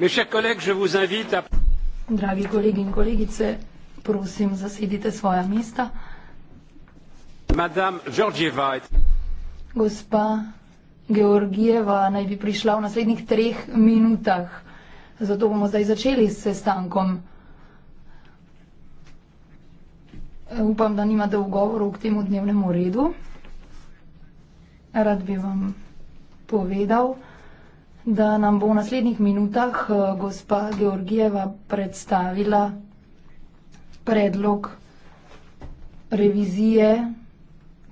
Dragi kolegi in kolegice, prosim, zasedite svoja mesta. Gospa Georgijeva naj bi prišla v naslednjih treh minutah, zato bomo zdaj začeli s sestankom. Upam, da nimate ugovorov k temu dnevnemu redu. Rad bi vam povedal, da nam bo v naslednjih minutah eh, gospa Georgijeva predstavila predlog revizije,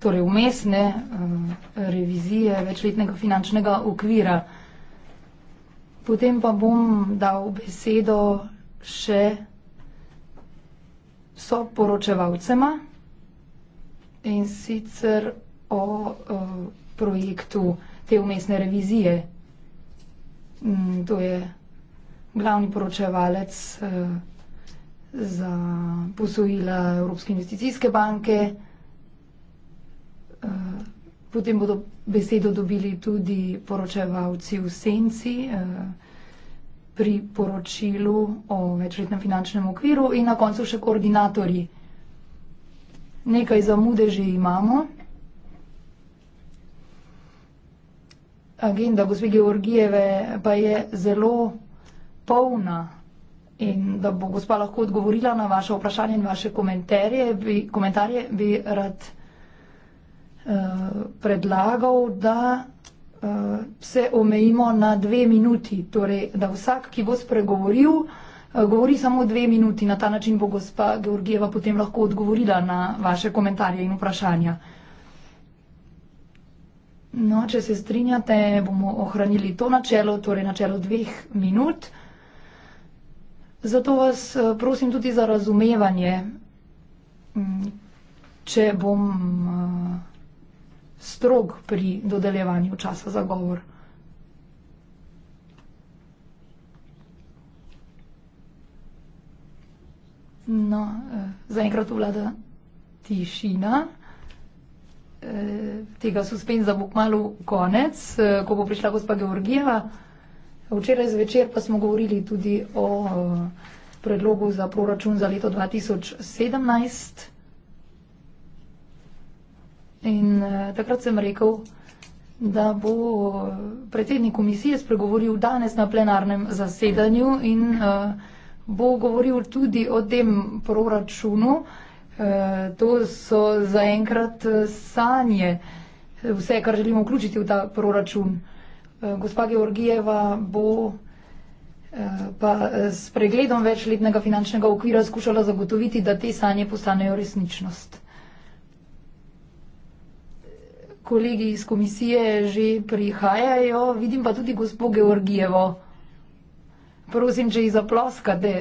torej umestne eh, revizije večletnega finančnega okvira. Potem pa bom dal besedo še soporočevalcema in sicer o, o eh, projektu te umestne revizije. Mm, to je glavni poročevalec eh, za posojila Evropske investicijske banke. Eh, potem bodo besedo dobili tudi poročevalci v senci eh, pri poročilu o večletnem finančnem okviru in na koncu še koordinatorji. Nekaj zamude že imamo. agenda gospe Georgijeve pa je zelo polna in da bo gospa lahko odgovorila na vaše vprašanje in vaše komentarje, bi, komentarje bi rad uh, predlagal, da uh, se omejimo na dve minuti, torej da vsak, ki bo spregovoril, eh, Govori samo dve minuti, na ta način bo gospa Georgijeva potem lahko odgovorila na vaše komentarje in vprašanja. No, če se strinjate, bomo ohranili to načelo, torej načelo dveh minut. Zato vas eh, prosim tudi za razumevanje. Mm, če bom eh, strog pri dodeljevanju časa za govor. No, eh, zaenkrat vlada tišina. Eh, tega suspenza bo kmalo konec, eh, ko bo prišla gospa Georgijeva. Včeraj zvečer pa smo govorili tudi o eh, predlogu za proračun za leto 2017. In takrat sem rekel, da bo predsednik komisije spregovoril danes na plenarnem zasedanju in bo govoril tudi o tem proračunu. Eh, to so zaenkrat eh, sanje, vse, kar želimo vključiti v ta proračun. Eh, gospa Georgijeva bo pa s pregledom večletnega finančnega okvira skušala zagotoviti, da te sanje postanejo resničnost. Kolegi iz komisije že prihajajo, vidim pa tudi gospo Georgijevo. Prosim, če ji zaploskate.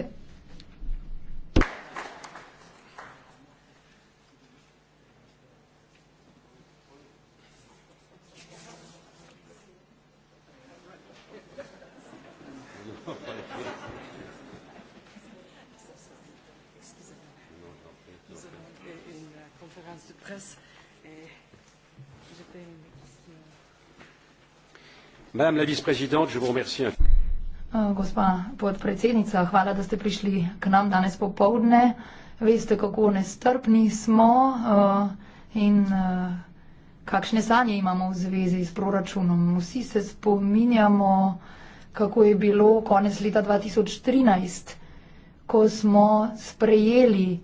Eh, gospa podpredsednica, hvala, da ste prišli k nam danes popovdne. Veste, kako nestrpni smo eh, in eh, kakšne sanje imamo v zvezi s proračunom. Vsi se spominjamo, kako je bilo konec leta 2013, ko smo sprejeli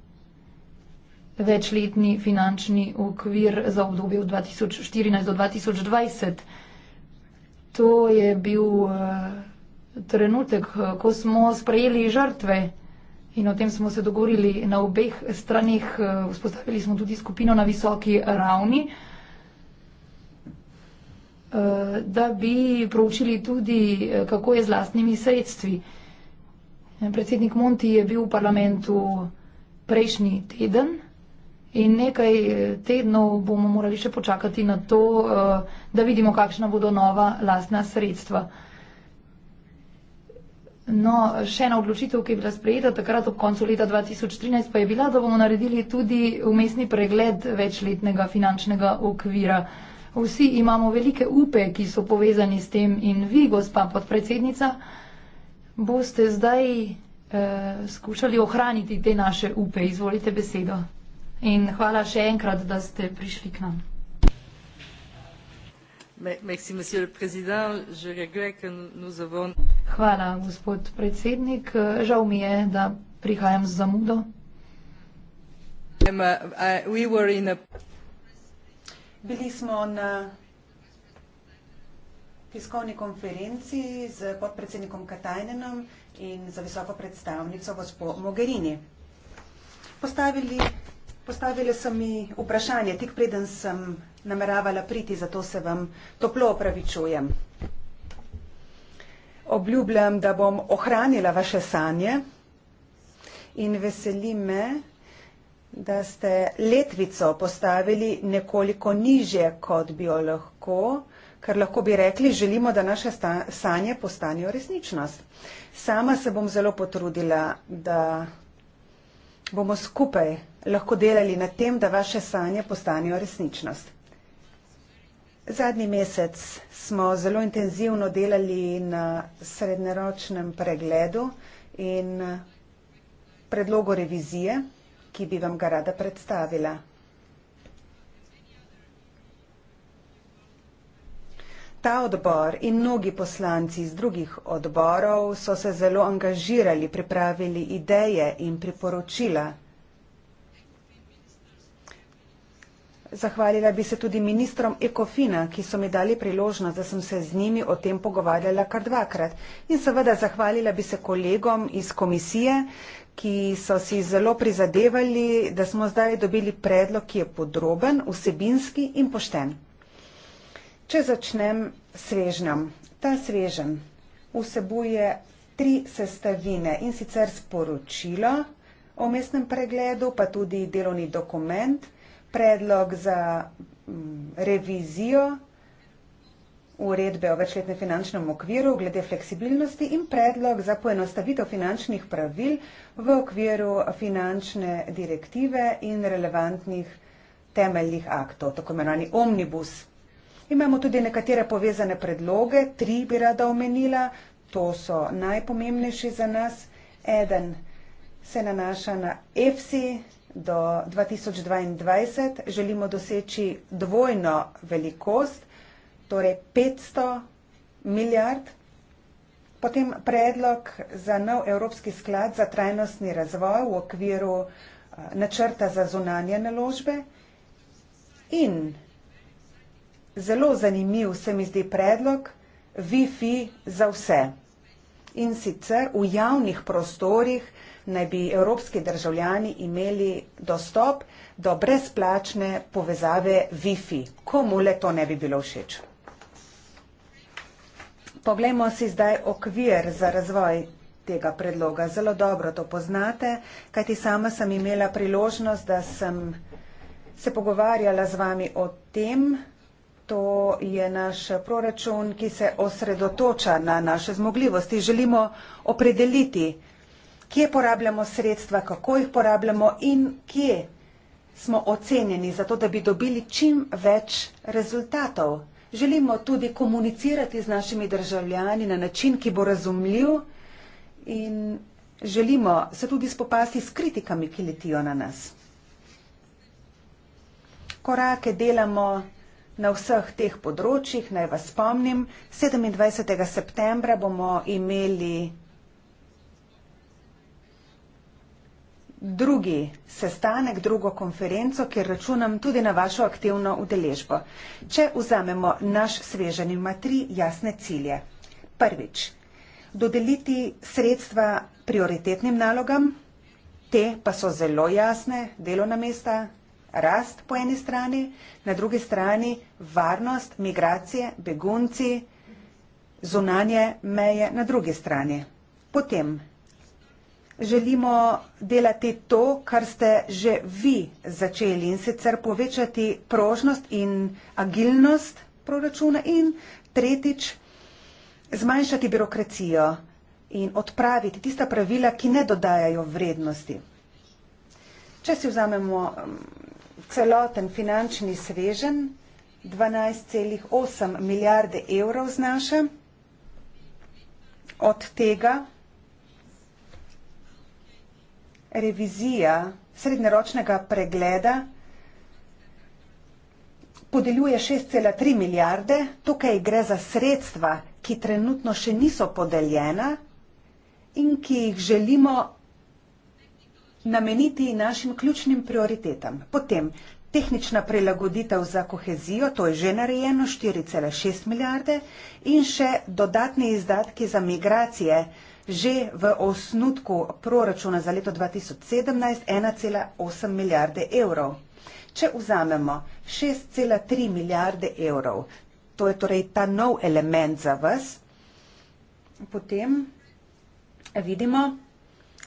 večletni finančni okvir za obdobje od 2014 do 2020. To je bil uh, trenutek, ko smo sprejeli žrtve in o tem smo se dogovorili na obeh stranih. Eh, vzpostavili smo tudi skupino na visoki ravni, uh, da bi proučili tudi, kako je z lastnimi sredstvi. Predsednik Monti je bil v parlamentu prejšnji teden. In nekaj eh, tednov bomo morali še počakati na to, eh, da vidimo, kakšna bodo nova lastna sredstva. No, še ena odločitev, ki je bila sprejeta takrat ob koncu leta 2013, pa je bila, da bomo naredili tudi umestni pregled večletnega finančnega okvira. Vsi imamo velike upe, ki so povezani s tem in vi, gospa podpredsednica, boste zdaj eh, skušali ohraniti te naše upe. Izvolite besedo. In hvala še enkrat, da ste prišli k nam. Hvala, gospod predsednik. Žal mi je, da prihajam z zamudo. Um, uh, uh, Bili smo na tiskovni konferenci z podpredsednikom Katajnenom in za visoko predstavnico gospod Mogherini. Postavili Postavili so mi vprašanje, tik preden sem nameravala priti, zato se vam toplo opravičujem. Obljubljam, da bom ohranila vaše sanje in veseli me, da ste letvico postavili nekoliko niže, kot bi jo lahko, ker lahko bi rekli, želimo, da naše sanje postanejo resničnost. Sama se bom zelo potrudila, da bomo skupaj lahko delali na tem, da vaše sanje postanejo resničnost. Zadnji mesec smo zelo intenzivno delali na srednjeročnem pregledu in predlogu revizije, ki bi vam ga rada predstavila. Ta odbor in mnogi poslanci iz drugih odborov so se zelo angažirali, pripravili ideje in priporočila Zahvalila bi se tudi ministrom Ekofina, ki so mi dali priložnost, da sem se z njimi o tem pogovarjala kar dvakrat. In seveda zahvalila bi se kolegom iz komisije, ki so si zelo prizadevali, da smo zdaj dobili predlog, ki je podroben, vsebinski in pošten. Če začnem svežnjem. Ta svežen vsebuje tri sestavine in sicer sporočilo o mestnem pregledu, pa tudi delovni dokument predlog za mm, revizijo uredbe o večletnem finančnem okviru glede fleksibilnosti in predlog za poenostavitev finančnih pravil v okviru finančne direktive in relevantnih temeljnih aktov, tako imenovani omnibus. Imamo tudi nekatere povezane predloge, tri bi rada omenila, to so najpomembnejši za nas. Eden se nanaša na EFSI, do 2022 želimo doseči dvojno velikost, torej 500 milijard. Potem predlog za nov Evropski sklad za trajnostni razvoj v okviru eh, načrta za zunanje naložbe in zelo zanimiv se mi zdi predlog Wi-Fi za vse. In sicer v javnih prostorih naj bi evropski državljani imeli dostop do brezplačne povezave Wi-Fi. Komu le to ne bi bilo všeč? Poglejmo si zdaj okvir za razvoj tega predloga. Zelo dobro to poznate, kajti sama sem imela priložnost, da sem se pogovarjala z vami o tem. To je naš proračun, ki se osredotoča na naše zmogljivosti. Želimo opredeliti, kje porabljamo sredstva, kako jih porabljamo in kje smo ocenjeni, zato da bi dobili čim več rezultatov. Želimo tudi komunicirati z našimi državljani na način, ki bo razumljiv in želimo se tudi spopasti s kritikami, ki letijo na nas. Korake delamo na vseh teh področjih, naj vas spomnim. 27. septembra bomo imeli drugi sestanek, drugo konferenco, kjer računam tudi na vašo aktivno udeležbo. Če vzamemo naš svežen ima tri jasne cilje. Prvič, dodeliti sredstva prioritetnim nalogam, te pa so zelo jasne, delovna mesta, rast po eni strani, na drugi strani varnost, migracije, begunci, zunanje meje na drugi strani. Potem želimo delati to, kar ste že vi začeli in sicer povečati prožnost in agilnost proračuna in tretjič zmanjšati birokracijo in odpraviti tista pravila, ki ne dodajajo vrednosti. Če si vzamemo um, celoten finančni svežen, 12,8 milijarde evrov znaša, od tega revizija srednjeročnega pregleda podeljuje 6,3 milijarde, tukaj gre za sredstva, ki trenutno še niso podeljena in ki jih želimo nameniti našim ključnim prioritetam. Potem tehnična prilagoditev za kohezijo, to je že narejeno 4,6 milijarde in še dodatni izdatki za migracije že v osnutku proračuna za leto 2017 1,8 milijarde evrov. Če vzamemo 6,3 milijarde evrov, to je torej ta nov element za vas, potem vidimo,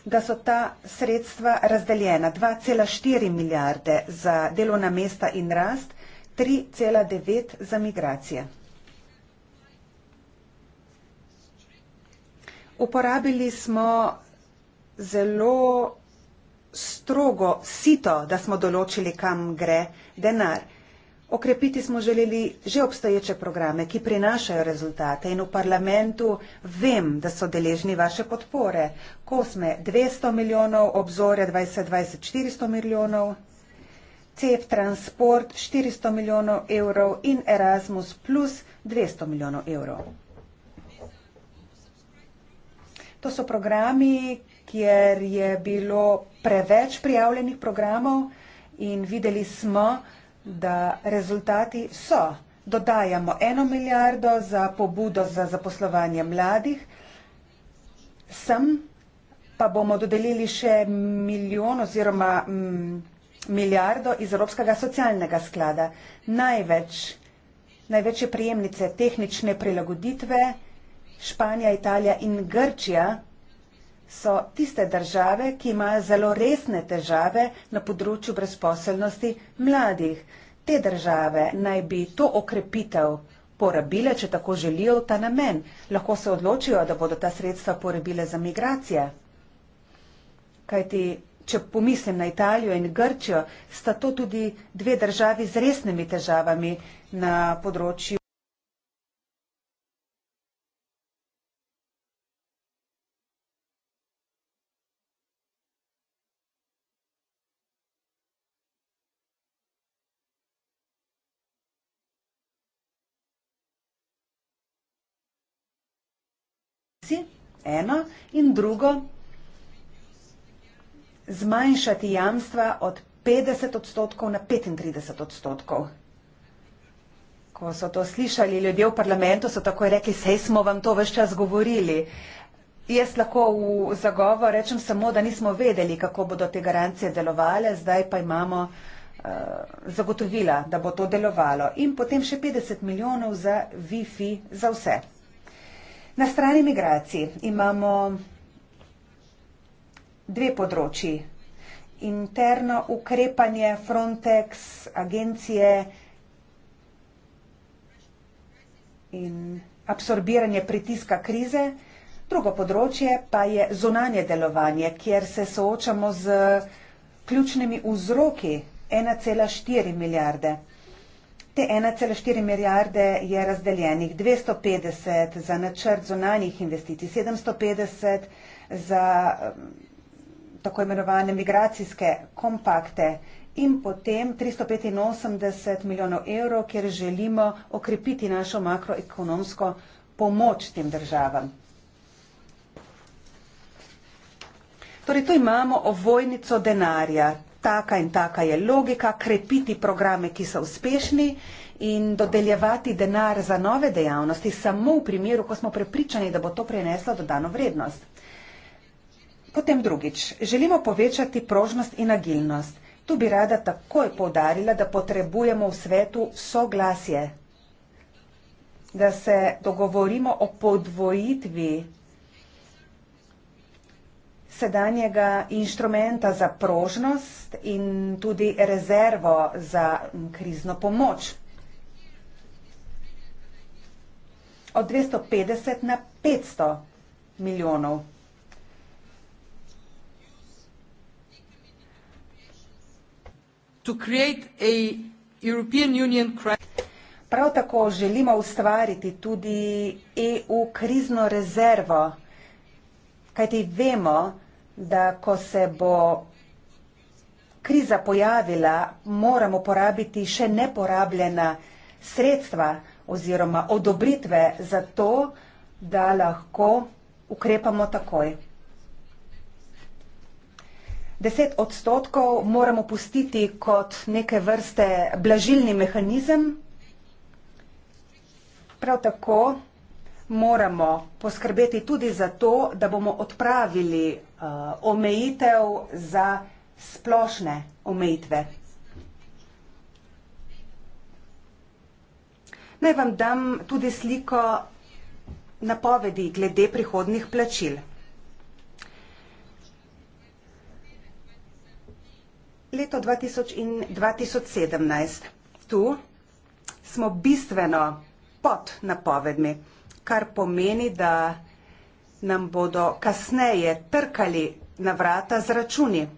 da so ta sredstva razdeljena 2,4 milijarde za delovna mesta in rast, 3,9 za migracije. uporabili smo zelo strogo sito, da smo določili, kam gre denar. Okrepiti smo želeli že obstoječe programe, ki prinašajo rezultate in v parlamentu vem, da so deležni vaše podpore. Kosme 200 milijonov, obzore 2020 400 milijonov, CEF transport 400 milijonov evrov in Erasmus plus 200 milijonov evrov. To so programi, kjer je bilo preveč prijavljenih programov in videli smo, da rezultati so. Dodajamo eno milijardo za pobudo za zaposlovanje mladih, sem pa bomo dodelili še milijon oziroma mm, milijardo iz Evropskega socialnega sklada. Največ, največje prijemnice tehnične prilagoditve, Španija, Italija in Grčija so tiste države, ki imajo zelo resne težave na področju brezposelnosti mladih. Te države naj bi to okrepitev porabile, če tako želijo, ta namen. Lahko se odločijo, da bodo ta sredstva porabile za migracije. Kajti, če pomislim na Italijo in Grčijo, sta to tudi dve državi z resnimi težavami na področju. eno, in drugo, zmanjšati jamstva od 50 odstotkov na 35 odstotkov. Ko so to slišali ljudje v parlamentu, so takoj rekli, sej smo vam to vse čas govorili. Jaz lahko v zagovor rečem samo, da nismo vedeli, kako bodo te garancije delovale, zdaj pa imamo uh, zagotovila, da bo to delovalo. In potem še 50 milijonov za Wi-Fi za vse. Na strani migracij imamo dve področji. Interno ukrepanje Frontex, agencije in absorbiranje pritiska krize. Drugo področje pa je zunanje delovanje, kjer se soočamo z ključnimi vzroki 1,4 milijarde. Te 1,4 milijarde je razdeljenih 250 za načrt zonanjih investicij, 750 za mm, tako imenovane migracijske kompakte in potem 385 milijonov evrov, kjer želimo okrepiti našo makroekonomsko pomoč tem državam. Torej, tu imamo ovojnico denarja, taka in taka je logika, krepiti programe, ki so uspešni in dodeljevati denar za nove dejavnosti samo v primeru, ko smo prepričani, da bo to prineslo dodano vrednost. Potem drugič, želimo povečati prožnost in agilnost. Tu bi rada takoj povdarila, da potrebujemo v svetu soglasje, da se dogovorimo o podvojitvi sedanjega inštrumenta za prožnost in tudi rezervo za krizno pomoč. Od 250 na 500 milijonov. Prav tako želimo ustvariti tudi EU krizno rezervo, kajti vemo, da ko se bo kriza pojavila, moramo porabiti še neporabljena sredstva oziroma odobritve za to, da lahko ukrepamo takoj. Deset odstotkov moramo pustiti kot neke vrste blažilni mehanizem. Prav tako moramo poskrbeti tudi za to, da bomo odpravili uh, omejitev za splošne omejitve. Naj vam dam tudi sliko napovedi glede prihodnih plačil. Leto 2000 in 2017. Tu smo bistveno pod napovedmi kar pomeni, da nam bodo kasneje trkali na vrata z računi.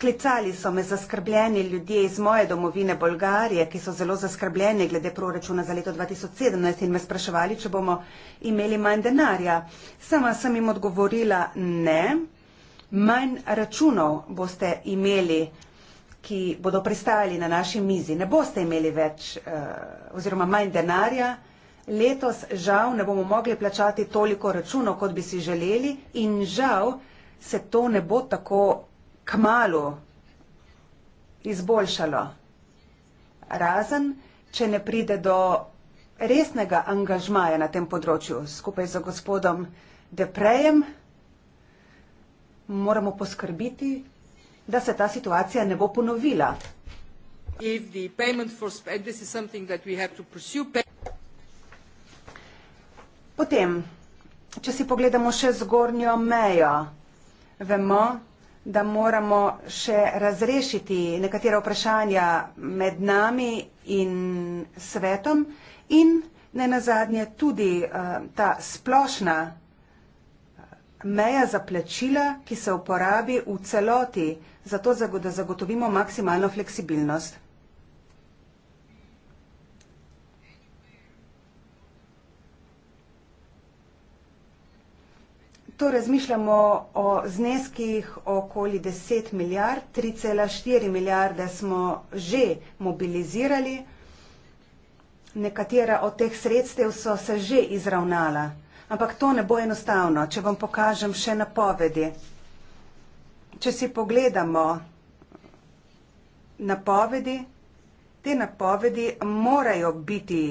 Klicali so me zaskrbljeni ljudje iz moje domovine Bolgarije, ki so zelo zaskrbljeni glede proračuna za leto 2017 in me spraševali, če bomo imeli manj denarja. Sama sem jim odgovorila ne, manj računov boste imeli, ki bodo pristajali na naši mizi. Ne boste imeli več eh, oziroma manj denarja letos žal ne bomo mogli plačati toliko računov, kot bi si želeli in žal se to ne bo tako kmalo izboljšalo. Razen, če ne pride do resnega angažmaja na tem področju skupaj z gospodom Deprejem, moramo poskrbiti, da se ta situacija ne bo ponovila. Potem, če si pogledamo še zgornjo mejo, vemo, da moramo še razrešiti nekatera vprašanja med nami in svetom in ne nazadnje tudi uh, ta splošna eh, meja za plačila, ki se uporabi v celoti, zato da zagotovimo maksimalno fleksibilnost. to razmišljamo o zneskih okoli 10 milijard, 3,4 milijarde smo že mobilizirali, nekatera od teh sredstev so se že izravnala. Ampak to ne bo enostavno, če vam pokažem še napovedi. Če si pogledamo napovedi, te napovedi morajo biti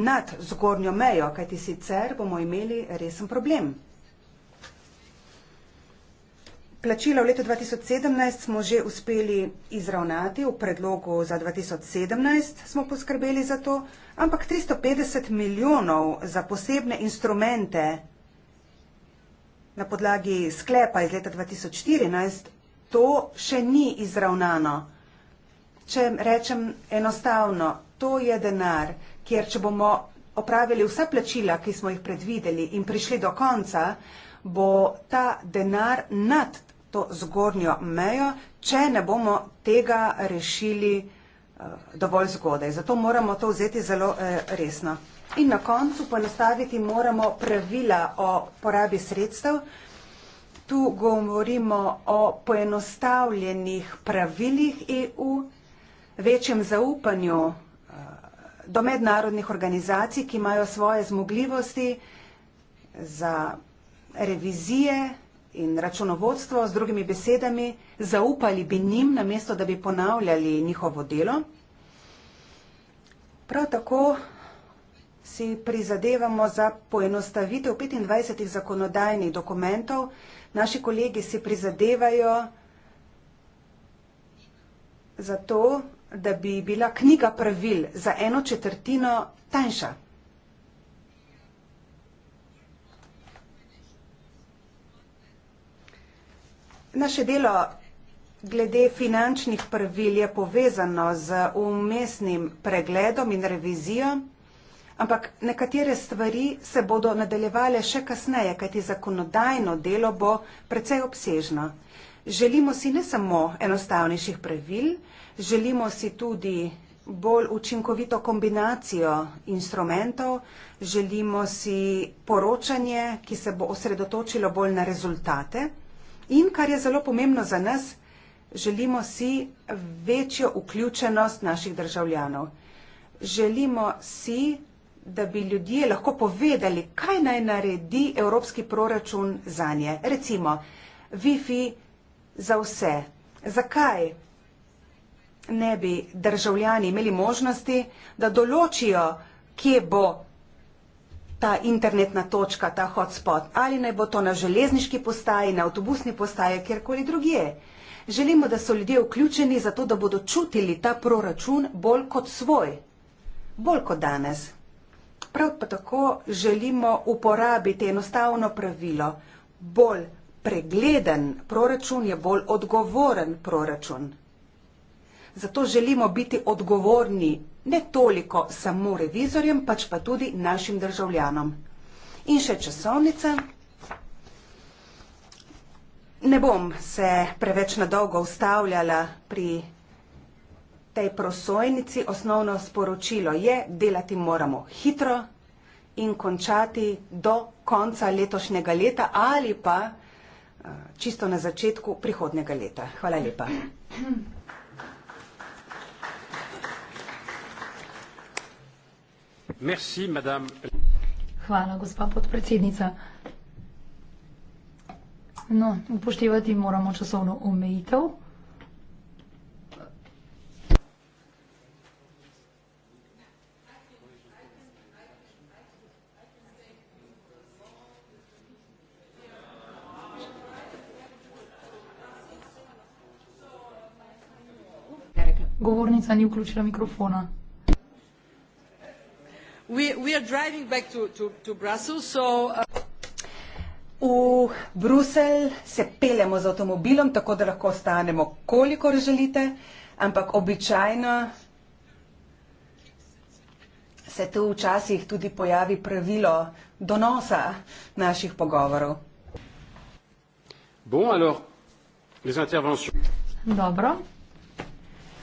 nad zgornjo mejo, kajti sicer bomo imeli resen problem. Plačila v letu 2017 smo že uspeli izravnati, v predlogu za 2017 smo poskrbeli za to, ampak 350 milijonov za posebne instrumente na podlagi sklepa iz leta 2014, to še ni izravnano. Če rečem enostavno, to je denar, kjer če bomo opravili vsa plačila, ki smo jih predvideli in prišli do konca, bo ta denar nad to zgornjo mejo, če ne bomo tega rešili eh, dovolj zgodaj. Zato moramo to vzeti zelo eh, resno. In na koncu ponastaviti moramo pravila o porabi sredstev. Tu govorimo o poenostavljenih pravilih EU, večjem zaupanju eh, do mednarodnih organizacij, ki imajo svoje zmogljivosti za revizije, in računovodstvo, z drugimi besedami, zaupali bi njim, namesto da bi ponavljali njihovo delo. Prav tako si prizadevamo za poenostavitev 25 zakonodajnih dokumentov. Naši kolegi si prizadevajo za to, da bi bila knjiga pravil za eno četrtino tanjša. Naše delo glede finančnih pravil je povezano z umestnim pregledom in revizijo, ampak nekatere stvari se bodo nadaljevale še kasneje, kajti zakonodajno delo bo precej obsežno. Želimo si ne samo enostavnejših pravil, želimo si tudi bolj učinkovito kombinacijo instrumentov, želimo si poročanje, ki se bo osredotočilo bolj na rezultate. In kar je zelo pomembno za nas, želimo si večjo vključenost naših državljanov. Želimo si, da bi ljudje lahko povedali, kaj naj naredi evropski proračun za nje. Recimo, Wi-Fi za vse. Zakaj ne bi državljani imeli možnosti, da določijo, kje bo ta internetna točka, ta hotspot, ali naj bo to na železniški postaji, na avtobusni postaji, kjerkoli drugje. Želimo, da so ljudje vključeni zato, da bodo čutili ta proračun bolj kot svoj, bolj kot danes. Prav pa tako želimo uporabiti enostavno pravilo, bolj pregleden proračun je bolj odgovoren proračun. Zato želimo biti odgovorni ne toliko samo revizorjem, pač pa tudi našim državljanom. In še časovnice. Ne bom se preveč nadolgo ustavljala pri tej prosojnici. Osnovno sporočilo je, delati moramo hitro in končati do konca letošnjega leta ali pa eh, čisto na začetku prihodnjega leta. Hvala lepa. Hvala lepa. Hvala, gospa podpredsednica. No, upoštevati moramo časovno omejitev. Govornica ni vključila mikrofona. We, we are driving back to, to, to Brussels, so, uh... V Bruselj se pelemo z avtomobilom, tako da lahko ostanemo, kolikor želite, ampak običajno se tu včasih tudi pojavi pravilo donosa naših pogovorov. Bon, alors, les Dobro.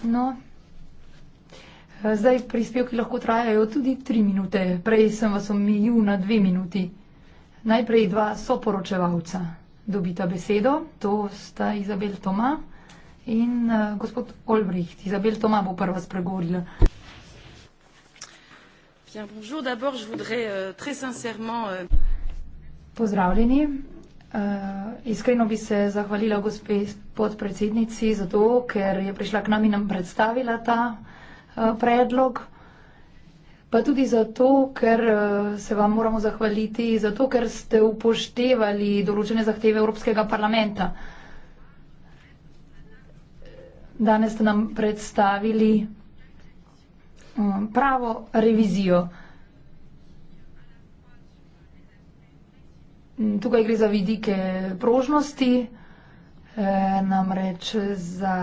No. Zdaj prispevki lahko trajajo tudi tri minute. Prej sem vas omejil na dve minuti. Najprej dva soporočevalca dobita besedo. To sta Izabel Toma in uh, gospod Olbricht. Izabel Toma bo prva spregovorila. Euh, euh, Pozdravljeni. Uh, iskreno bi se zahvalila gospe podpredsednici za to, ker je prišla k nam in nam predstavila ta uh, Eh, predlog, pa tudi zato, ker eh, se vam moramo zahvaliti, zato, ker ste upoštevali določene zahteve Evropskega parlamenta. Danes ste nam predstavili mm, pravo revizijo. Mm, tukaj gre za vidike prožnosti, eh, namreč za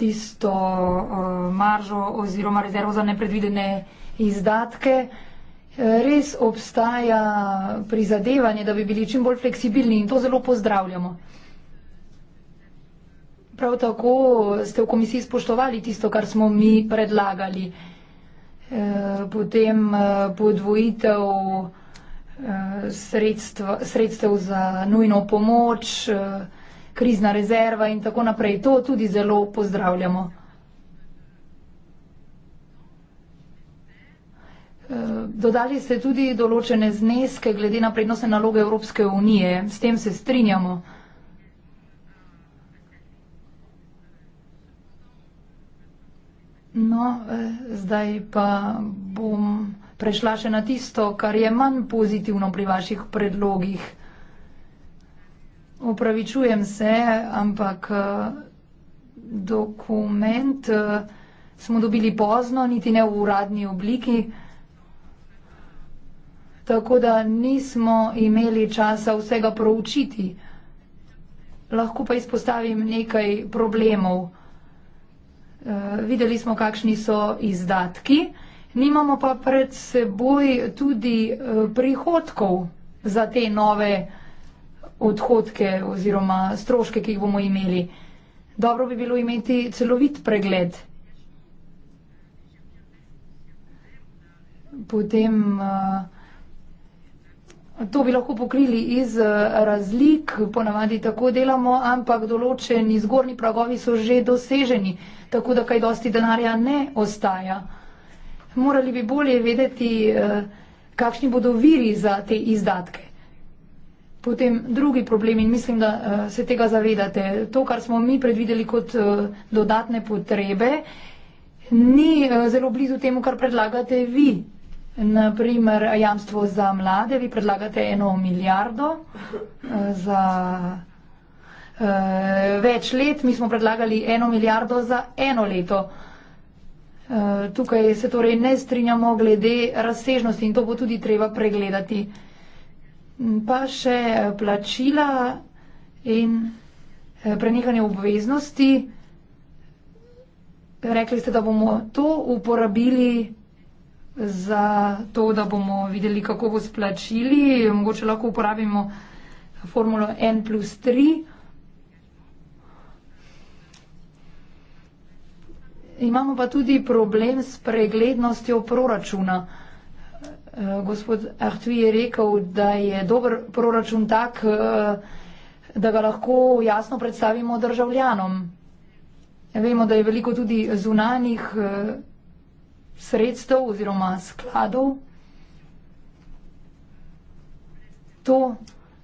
tisto uh, maržo oziroma rezervo za nepredvidene izdatke. Eh, res obstaja prizadevanje, da bi bili čim bolj fleksibilni in to zelo pozdravljamo. Prav tako ste v komisiji spoštovali tisto, kar smo mi predlagali. E, potem podvojitev e, sredstv, sredstev za nujno pomoč. E, krizna rezerva in tako naprej. To tudi zelo pozdravljamo. Eh, dodali ste tudi določene zneske glede na prednostne naloge Evropske unije. S tem se strinjamo. No, eh, zdaj pa bom prešla še na tisto, kar je manj pozitivno pri vaših predlogih. Opravičujem se, ampak eh, dokument eh, smo dobili pozno, niti ne v uradni obliki. Tako da nismo imeli časa vsega proučiti. Lahko pa izpostavim nekaj problemov. Eh, videli smo, kakšni so izdatki, nimamo pa pred seboj tudi prihodkov za te nove projekte odhodke oziroma stroške, ki jih bomo imeli. Dobro bi bilo imeti celovit pregled. Potem eh, to bi lahko pokrili iz eh, razlik, ponavadi tako delamo, ampak določeni zgornji pragovi so že doseženi, tako da kaj dosti denarja ne ostaja. Morali bi bolje vedeti, eh, kakšni bodo viri za te izdatke potem drugi problem in mislim, da uh, se tega zavedate. To, kar smo mi predvideli kot uh, dodatne potrebe, ni uh, zelo blizu temu, kar predlagate vi. Naprimer, jamstvo za mlade, vi predlagate eno milijardo uh, za uh, več let, mi smo predlagali eno milijardo za eno leto. Tukaj se torej ne strinjamo glede razsežnosti in to bo tudi treba pregledati. Uh, pa še eh, plačila in eh, prenehanje obveznosti. Rekli ste, da bomo to uporabili za to, da bomo videli, kako bo splačili. Mogoče lahko uporabimo formulo N plus 3. Imamo pa tudi problem s preglednostjo proračuna. Eh, gospod Artui je rekel, da je dober proračun tak, eh, da ga lahko jasno predstavimo državljanom. Vemo, da je veliko tudi zunanih eh, sredstev oziroma skladov. To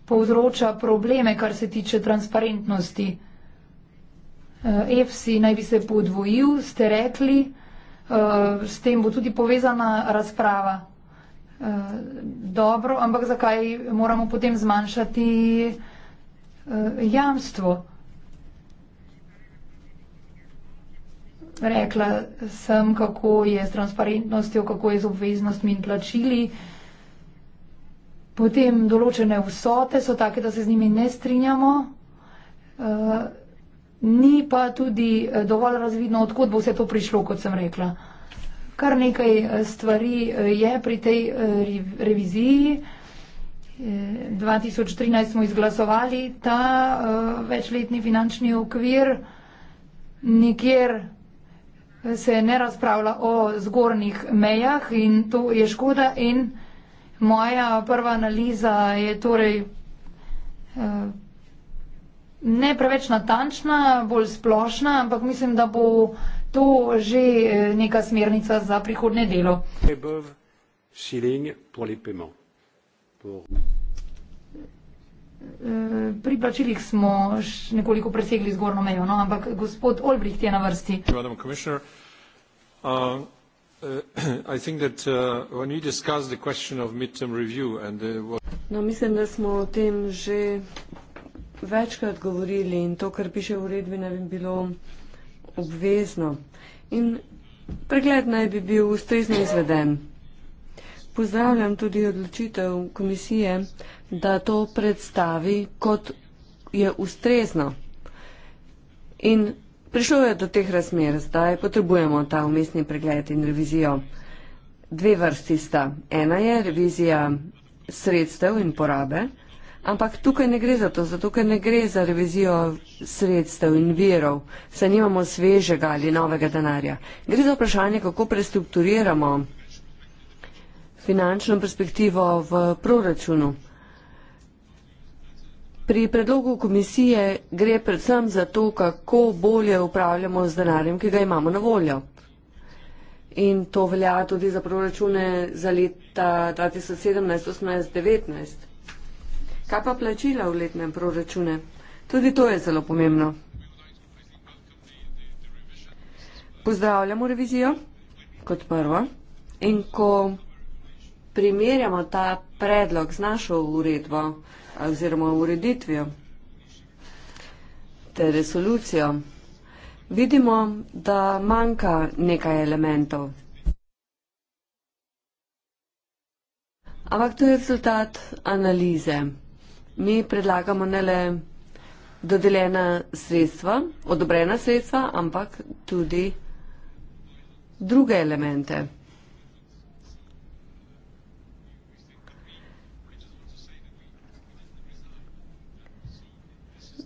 povzroča probleme, kar se tiče transparentnosti. EFSI naj bi se podvojil, ste rekli, s tem bo tudi povezana razprava. Eh, dobro, ampak zakaj moramo potem zmanjšati uh, jamstvo? Rekla sem, kako je s transparentnostjo, kako je z obveznostmi in plačili. Potem določene vsote so take, da se z njimi ne strinjamo. Uh, ni pa tudi dovolj razvidno, odkud bo vse to prišlo, kot sem rekla kar nekaj eh, stvari eh, je pri tej eh, reviziji. 2013 smo izglasovali ta večletni finančni okvir. Nikjer se ne razpravlja o zgornjih mejah in to je škoda in moja prva analiza je torej ne preveč natančna, bolj splošna, ampak mislim, da bo to že eh, neka smernica za prihodne delo? Eh, pri plačilih smo nekoliko presegli zgornjo mejo, no, ampak gospod Olbricht je na vrsti. Uh, eh, uh, uh, no, mislim, da smo o tem že večkrat govorili in to, kar piše v uredbi, ne bi bilo obvezno in pregled naj bi bil ustrezno izveden. Pozdravljam tudi odločitev komisije, da to predstavi kot je ustrezno. In prišlo je do teh razmer, zdaj potrebujemo ta umestni pregled in revizijo. Dve vrsti sta. Ena je revizija sredstev in porabe. Ampak tukaj ne gre za to, zato ker ne gre za revizijo sredstev in virov, saj nimamo svežega ali novega denarja. Gre za vprašanje, kako prestrukturiramo finančno perspektivo v proračunu. Pri predlogu komisije gre predvsem za to, kako bolje upravljamo z denarjem, ki ga imamo na voljo. In to velja tudi za proračune za leta 2017, 2018, 2019. Kaj pa plačila v letnem proračune? Tudi to je zelo pomembno. Pozdravljamo revizijo kot prvo in ko primerjamo ta predlog z našo uredbo eh, oziroma ureditvijo ter resolucijo, vidimo, da manjka nekaj elementov. Ampak to je rezultat analize mi predlagamo ne le dodeljena sredstva, odobrena sredstva, ampak tudi druge elemente.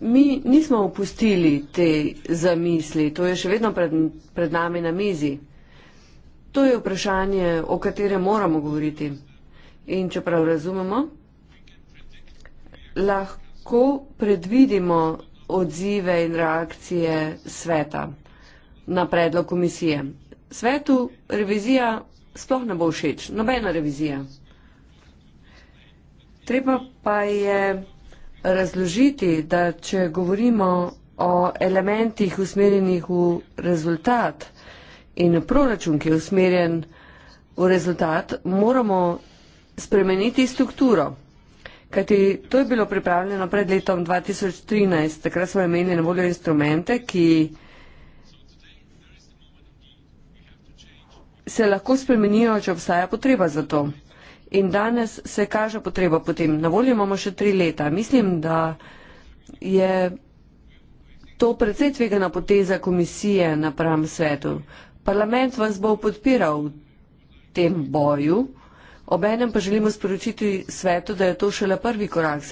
Mi nismo opustili te zamisli, to je še vedno pred, pred nami na mizi. To je vprašanje, o katerem moramo govoriti. In čeprav razumemo, lahko predvidimo odzive in reakcije sveta na predlog komisije? Svetu revizija sploh ne bo všeč, nobena revizija. Treba pa je razložiti, da če govorimo o elementih usmerjenih v rezultat in proračun, ki je usmerjen v rezultat, moramo spremeniti strukturo kajti to je bilo pripravljeno pred letom 2013. Takrat smo imeli na voljo instrumente, ki se lahko spremenijo, če obstaja potreba za to. In danes se kaže potreba potem. Na voljo imamo še tri leta. Mislim, da je to predvsej tvegana poteza komisije na pravem svetu. Parlament vas bo podpiral v tem boju. Obenem pa želimo sporočiti svetu, da je to šele prvi korak,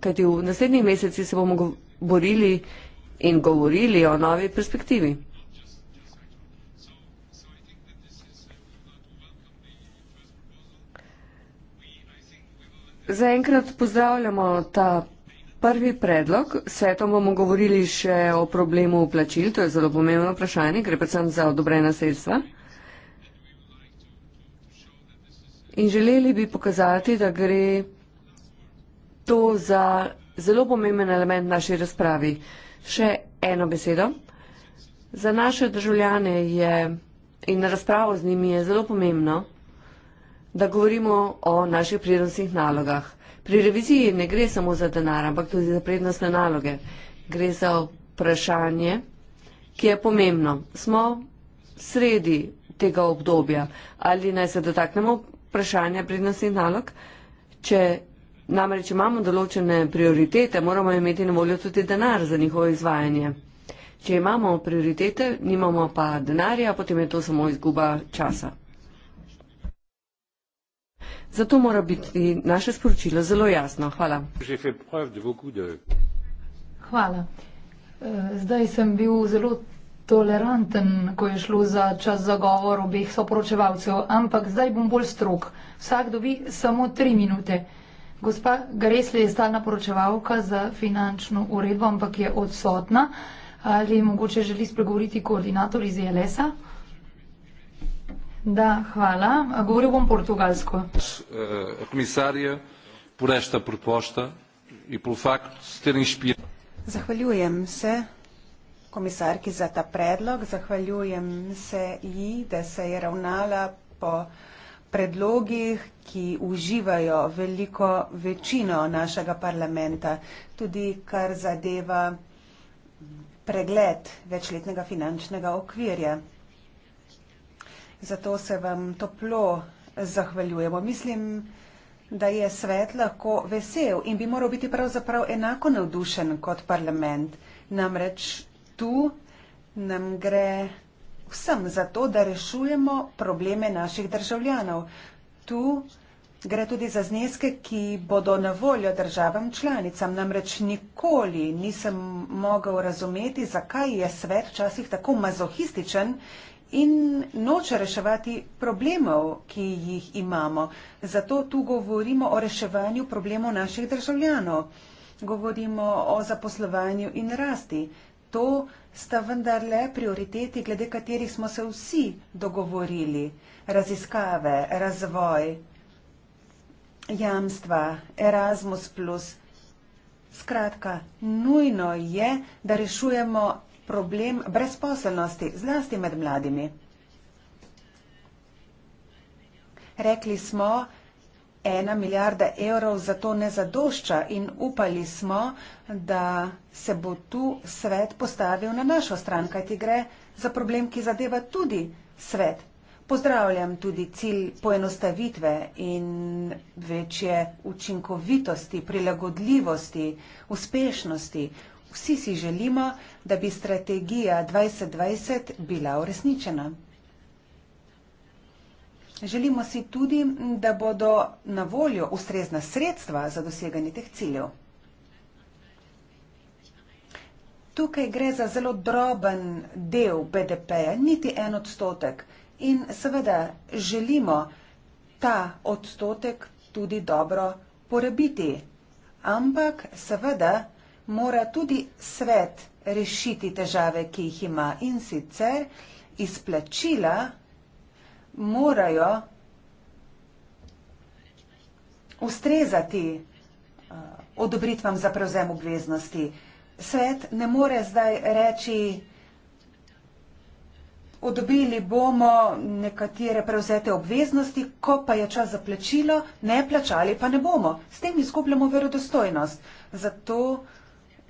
kajti v naslednjih mesecih se bomo borili in govorili o novi perspektivi. Zaenkrat pozdravljamo ta prvi predlog. Svetom bomo govorili še o problemu vplačil, to je zelo pomembno vprašanje, gre predvsem za odobrena sredstva. In želeli bi pokazati, da gre to za zelo pomemben element naši razpravi. Še eno besedo. Za naše državljane je in razpravo z njimi je zelo pomembno, da govorimo o naših prednostnih nalogah. Pri reviziji ne gre samo za denar, ampak tudi za prednostne naloge. Gre za vprašanje, ki je pomembno. Smo sredi tega obdobja ali naj se dotaknemo vprašanja prednostnih nalog. Če namreč imamo določene prioritete, moramo imeti na voljo tudi denar za njihovo izvajanje. Če imamo prioritete, nimamo pa denarja, potem je to samo izguba časa. Zato mora biti naše sporočilo zelo jasno. Hvala. Hvala. E, zdaj sem bil zelo toleranten, ko je šlo za čas zagovor obeh soporočevalcev, ampak zdaj bom bolj strok. Vsak dobi samo tri minute. Gospa Gresli je stalna poročevalka za finančno uredbo, ampak je odsotna. Ali mogoče želi spregovoriti koordinator iz ELS-a? Da, hvala. Govoril bom portugalsko. Komisarja, eh, porešta proposta in e po faktu ste inšpirali. Zahvaljujem se komisarki za ta predlog. Zahvaljujem se ji, da se je ravnala po predlogih, ki uživajo veliko večino našega parlamenta, tudi kar zadeva pregled večletnega finančnega okvirja. Zato se vam toplo zahvaljujemo. Mislim, da je svet lahko vesel in bi moral biti pravzaprav enako navdušen kot parlament. Namreč tu nam gre vsem za to, da rešujemo probleme naših državljanov. Tu gre tudi za zneske, ki bodo na voljo državam članicam. Namreč nikoli nisem mogel razumeti, zakaj je svet včasih tako mazohističen in noče reševati problemov, ki jih imamo. Zato tu govorimo o reševanju problemov naših državljanov. Govorimo o zaposlovanju in rasti to sta vendarle prioriteti, glede katerih smo se vsi dogovorili. Raziskave, razvoj, jamstva, Erasmus. Skratka, nujno je, da rešujemo problem brezposelnosti, zlasti med mladimi. Rekli smo, ena milijarda evrov za to ne zadošča in upali smo, da se bo tu svet postavil na našo stran, kaj ti gre za problem, ki zadeva tudi svet. Pozdravljam tudi cilj poenostavitve in večje učinkovitosti, prilagodljivosti, uspešnosti. Vsi si želimo, da bi strategija 2020 bila uresničena. Želimo si tudi, da bodo na voljo ustrezna sredstva za doseganje teh ciljev. Tukaj gre za zelo droben del BDP-ja, niti en odstotek. In seveda želimo ta odstotek tudi dobro porabiti. Ampak seveda mora tudi svet rešiti težave, ki jih ima in sicer izplačila morajo ustrezati eh, odobritvam za prevzem obveznosti. Svet ne more zdaj reči, odobrili bomo nekatere prevzete obveznosti, ko pa je čas za plačilo, ne plačali pa ne bomo. S tem izgubljamo verodostojnost. Zato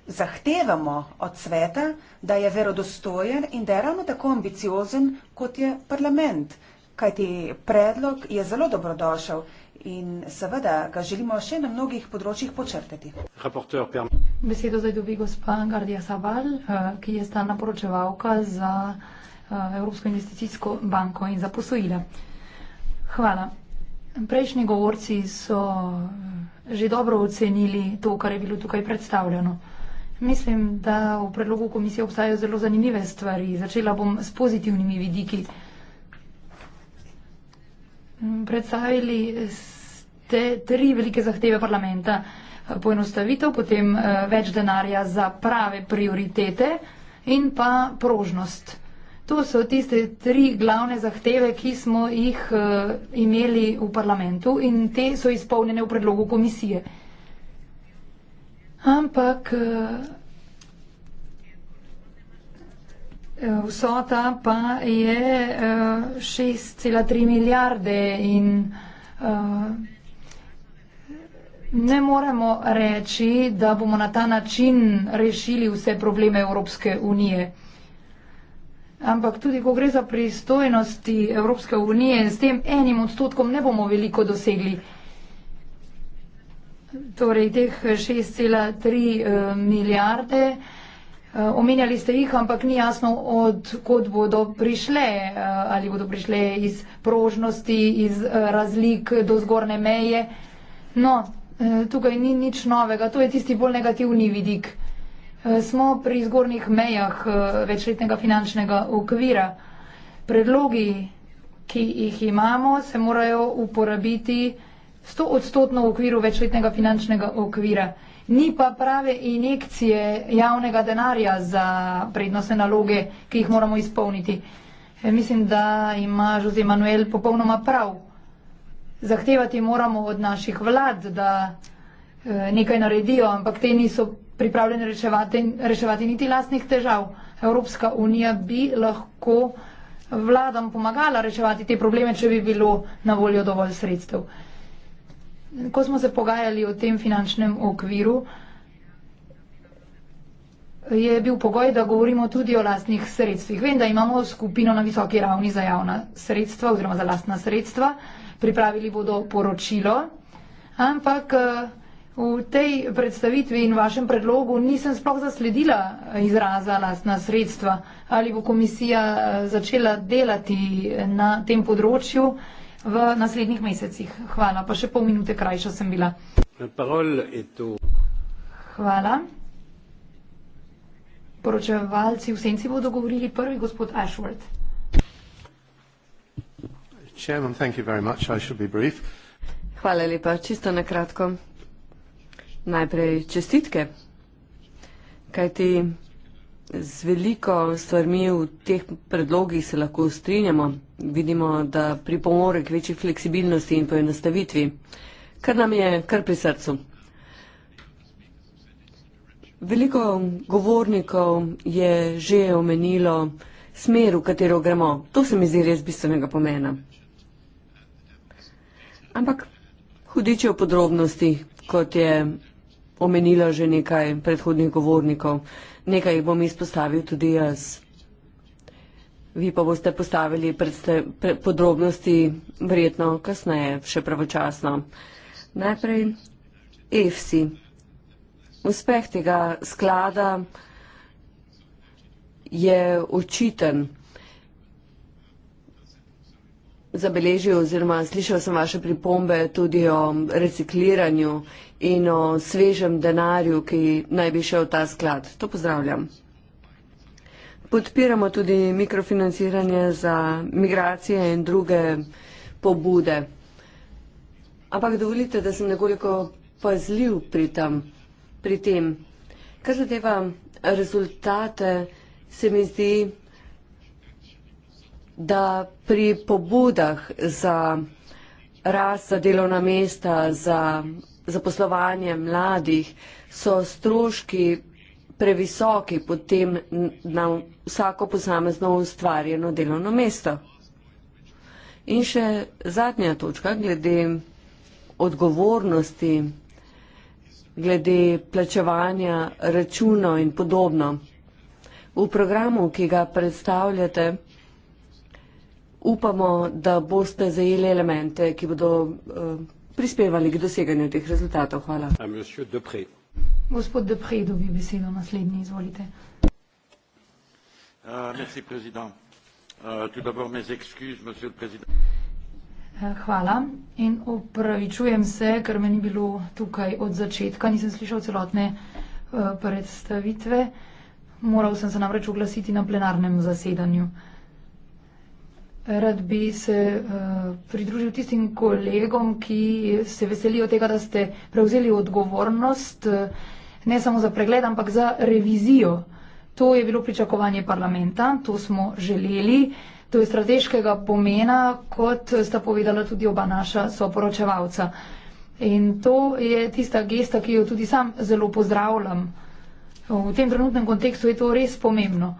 zahtevamo od sveta, da je verodostojen in da je ravno tako ambiciozen, kot je parlament kajti predlog je zelo dobrodošel in seveda ga želimo še na mnogih področjih počrtati. Besedo zdaj dobi gospa Gardija Sabal, eh, ki je stana poročevalka za eh, Evropsko investicijsko banko in za posojila. Hvala. Prejšnji govorci so eh, že dobro ocenili to, kar je bilo tukaj predstavljeno. Mislim, da v predlogu komisije obstajajo zelo zanimive stvari. Začela bom s pozitivnimi vidiki. Predstavili ste tri velike zahteve parlamenta. Poenostavitev, potem eh, več denarja za prave prioritete in pa prožnost. To so tiste tri glavne zahteve, ki smo jih eh, imeli v parlamentu in te so izpolnjene v predlogu komisije. Ampak eh, vsota pa je 6,3 eh, milijarde in eh, ne moremo reči, da bomo na ta način rešili vse probleme Evropske unije. Ampak tudi, ko gre za pristojnosti Evropske unije, s tem enim odstotkom ne bomo veliko dosegli. Torej, teh 6,3 eh, milijarde Eh, omenjali ste jih, ampak ni jasno, odkot bodo prišle, eh, ali bodo prišle iz prožnosti, iz eh, razlik do zgorne meje. No, tukaj ni nič novega, to je tisti bolj negativni vidik. Smo pri zgornjih mejah večletnega finančnega okvira. Predlogi, ki jih imamo, se morajo uporabiti 100 odstotno v okviru večletnega finančnega okvira ni pa prave injekcije javnega denarja za prednostne naloge, ki jih moramo izpolniti. E, mislim, da ima Jose Manuel popolnoma prav. Zahtevati moramo od naših vlad, da e, nekaj naredijo, ampak te niso pripravljene reševati, reševati niti lastnih težav. Evropska unija bi lahko vladam pomagala reševati te probleme, če bi bilo na voljo dovolj sredstev. Ko smo se pogajali o tem finančnem okviru, je bil pogoj, da govorimo tudi o lastnih sredstvih. Vem, da imamo skupino na visoki ravni za javna sredstva oziroma za lastna sredstva, pripravili bodo poročilo, ampak eh, v tej predstavitvi in vašem predlogu nisem sploh zasledila izraza lastna sredstva. Ali bo komisija eh, začela delati na tem področju? v naslednjih mesecih. Hvala, pa še pol minute krajša sem bila. Hvala. Poročevalci v senci bodo govorili prvi, gospod Ashworth. Chairman, thank you very much. I shall be brief. Hvala lepa, čisto na kratko. Najprej čestitke, kajti z veliko stvarmi v teh predlogih se lahko strinjamo vidimo, da pripomore k večji fleksibilnosti in poenostavitvi, kar nam je kar pri srcu. Veliko govornikov je že omenilo smer, v katero gremo. To se mi zdi res bistvenega pomena. Ampak hudiče v podrobnosti, kot je omenilo že nekaj predhodnih govornikov, nekaj jih bom izpostavil tudi jaz. Vi pa boste postavili predste, pre, podrobnosti verjetno kasneje, še pravočasno. Najprej EFSI. Uspeh tega sklada je očiten. Zabeležil oziroma slišal sem vaše pripombe tudi o recikliranju in o svežem denarju, ki naj bi šel v ta sklad. To pozdravljam. Podpiramo tudi mikrofinanciranje za migracije in druge pobude. Ampak dovolite, da sem nekoliko pazljiv pri, tam, pri tem. Kar zadeva rezultate, se mi zdi, da pri pobudah za rast, za delovna mesta, za zaposlovanje mladih so stroški previsoki potem na vsako posamezno ustvarjeno delovno mesto. In še zadnja točka glede odgovornosti, glede plačevanja računov in podobno. V programu, ki ga predstavljate, upamo, da boste zajeli elemente, ki bodo uh, prispevali k doseganju teh rezultatov. Hvala. Gospod Depre dobi besedo naslednji, izvolite. Euh, euh, euh, hvala in opravičujem se, ker me ni bilo tukaj od začetka, nisem slišal celotne, uh, predstavitve. Moral sem se namreč oglasiti na plenarnem zasedanju. Rad bi se uh, pridružil tistim kolegom, ki se veselijo tega, da ste prevzeli odgovornost eh, ne samo za pregled, ampak za revizijo. To je bilo pričakovanje parlamenta, to smo želeli, to je strateškega pomena, kot sta povedala tudi oba naša soporočevalca. In to je tista gesta, ki jo tudi sam zelo pozdravljam. V tem trenutnem kontekstu je to res pomembno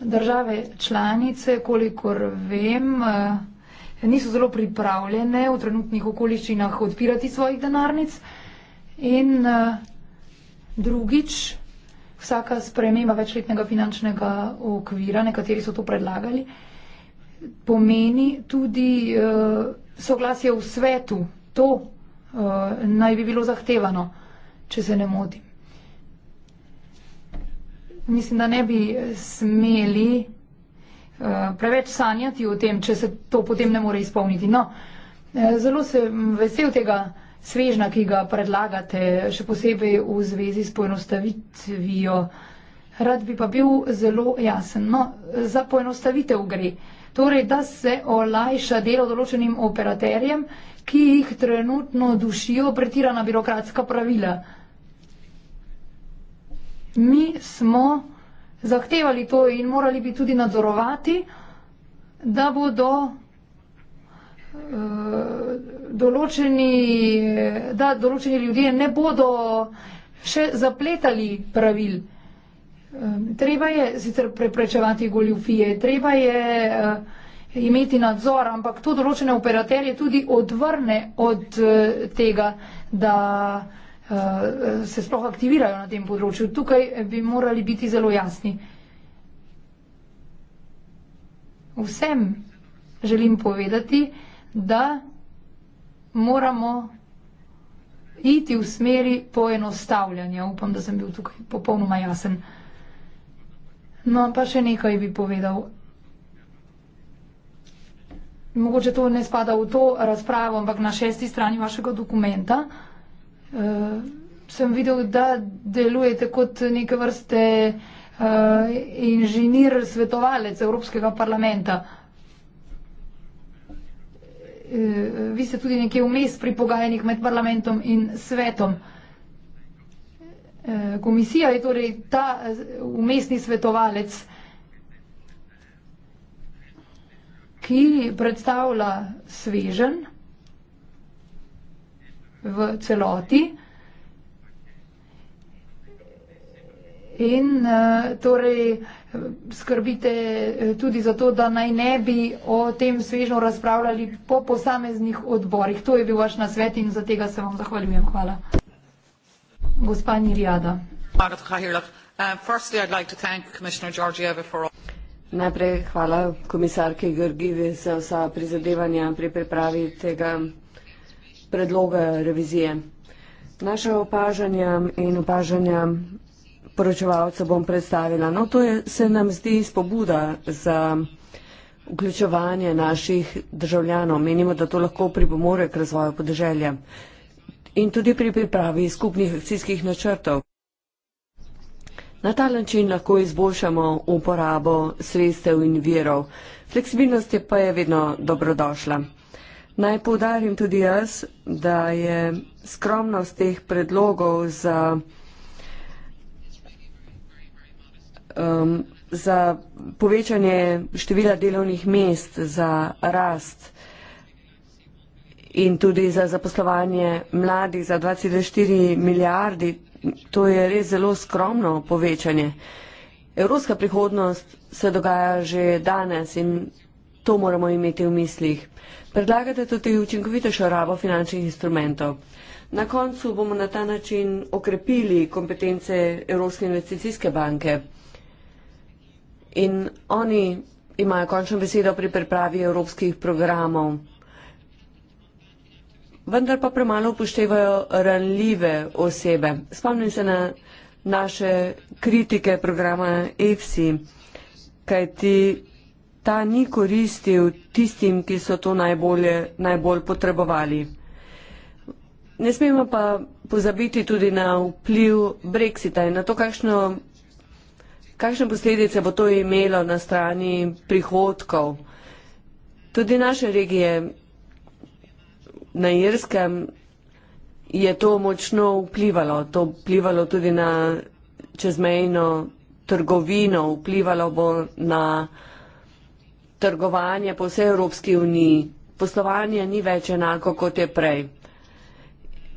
države članice, kolikor vem, eh, niso zelo pripravljene v trenutnih okoliščinah odpirati svojih denarnic. In eh, drugič, vsaka sprememba večletnega finančnega okvira, nekateri so to predlagali, pomeni tudi eh, soglasje v svetu. To naj bi bilo zahtevano, če se ne motim mislim, da ne bi smeli uh, preveč sanjati o tem, če se to potem ne more izpolniti. No, eh, zelo sem vesel tega svežna, ki ga predlagate, še posebej v zvezi s poenostavitvijo. Rad bi pa bil zelo jasen. No, za poenostavitev gre. Torej, da se olajša delo določenim operaterjem, ki jih trenutno dušijo pretirana birokratska pravila mi smo zahtevali to in morali bi tudi nadzorovati, da bodo eh, določeni, da določeni ljudje ne bodo še zapletali pravil. Eh, treba je sicer preprečevati goljufije, treba je eh, imeti nadzor, ampak to določene operaterje tudi odvrne od tega, da Eh, se sploh aktivirajo na tem področju. Tukaj bi morali biti zelo jasni. Vsem želim povedati, da moramo iti v smeri poenostavljanja. Upam, da sem bil tukaj popolnoma jasen. No, pa še nekaj bi povedal. Mogoče to ne spada v to razpravo, ampak na šesti strani vašega dokumenta uh, sem videl, da delujete kot neke vrste uh, inženir svetovalec Evropskega parlamenta. Uh, vi ste tudi nekje vmes pri pogajanjih med parlamentom in svetom. Komisija je torej ta umestni svetovalec, ki predstavlja svežen v celoti. In eh, torej skrbite eh, tudi za to, da naj ne bi o tem svežno razpravljali po posameznih odborih. To je bil vaš nasvet in za tega se vam zahvaljujem. Hvala. Gospa Nirjada. Uh, Najprej hvala komisarki Grgivi za vsa prizadevanja pri pripravi tega predloga revizije. Naše opažanja in opažanja poročevalca bom predstavila. No, to je, se nam zdi spobuda za vključevanje naših državljanov. Menimo, da to lahko pripomore k razvoju podeželja in tudi pri pripravi skupnih akcijskih načrtov. Na ta način lahko izboljšamo uporabo sredstev in virov. Fleksibilnost je pa je vedno dobrodošla. Uh, Naj povdarim tudi jaz, da je skromnost teh predlogov za, um, za povečanje števila delovnih mest, za rast in tudi za zaposlovanje mladih za 2,4 milijardi, to je res zelo skromno povečanje. Evropska prihodnost se dogaja že danes in To moramo imeti v mislih. Predlagate tudi učinkovitejšo rabo finančnih instrumentov. Na koncu bomo na ta način okrepili kompetence Evropske investicijske banke. In oni imajo končno besedo pri pripravi evropskih programov. Vendar pa premalo upoštevajo ranljive osebe. Spomnim se na naše kritike programa EFSI, kajti ta ni koristil tistim, ki so to najbolje, najbolj potrebovali. Ne smemo pa pozabiti tudi na vpliv Brexita in na to, kakšno, kakšne posledice bo to imelo na strani prihodkov. Tudi naše regije na Irskem je to močno vplivalo. To vplivalo tudi na čezmejno trgovino, vplivalo bo na trgovanje po vsej Evropski uniji, poslovanje ni več enako kot je prej.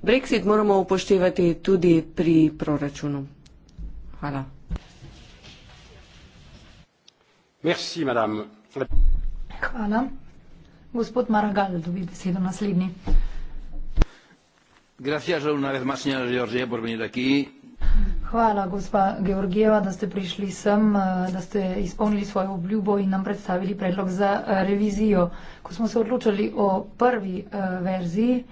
Brexit moramo upoštevati tudi pri proračunu. Hvala. Merci, Hvala. Gospod Maragal, da dobi besedo naslednji. Gracias una vez más, señora Georgia, por venir aquí. Hvala, gospa Georgijeva, da ste prišli sem, eh, da ste izpolnili svojo obljubo in nam predstavili predlog za eh, revizijo. Ko smo se odločali o prvi eh, verziji,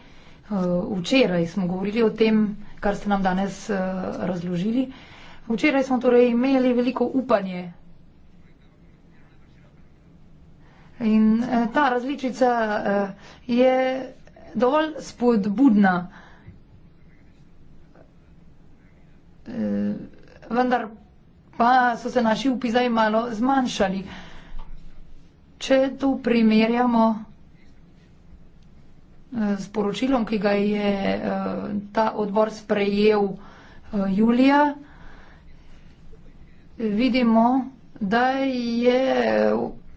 včeraj smo govorili o tem, kar ste nam danes razložili. Včeraj smo torej imeli veliko upanje. In ta različica je dovolj spodbudna. Eh, vendar pa so se naši upizaji malo zmanjšali. Če to primerjamo eh, s poročilom, ki ga je eh, ta odbor sprejel julija, vidimo, da, je,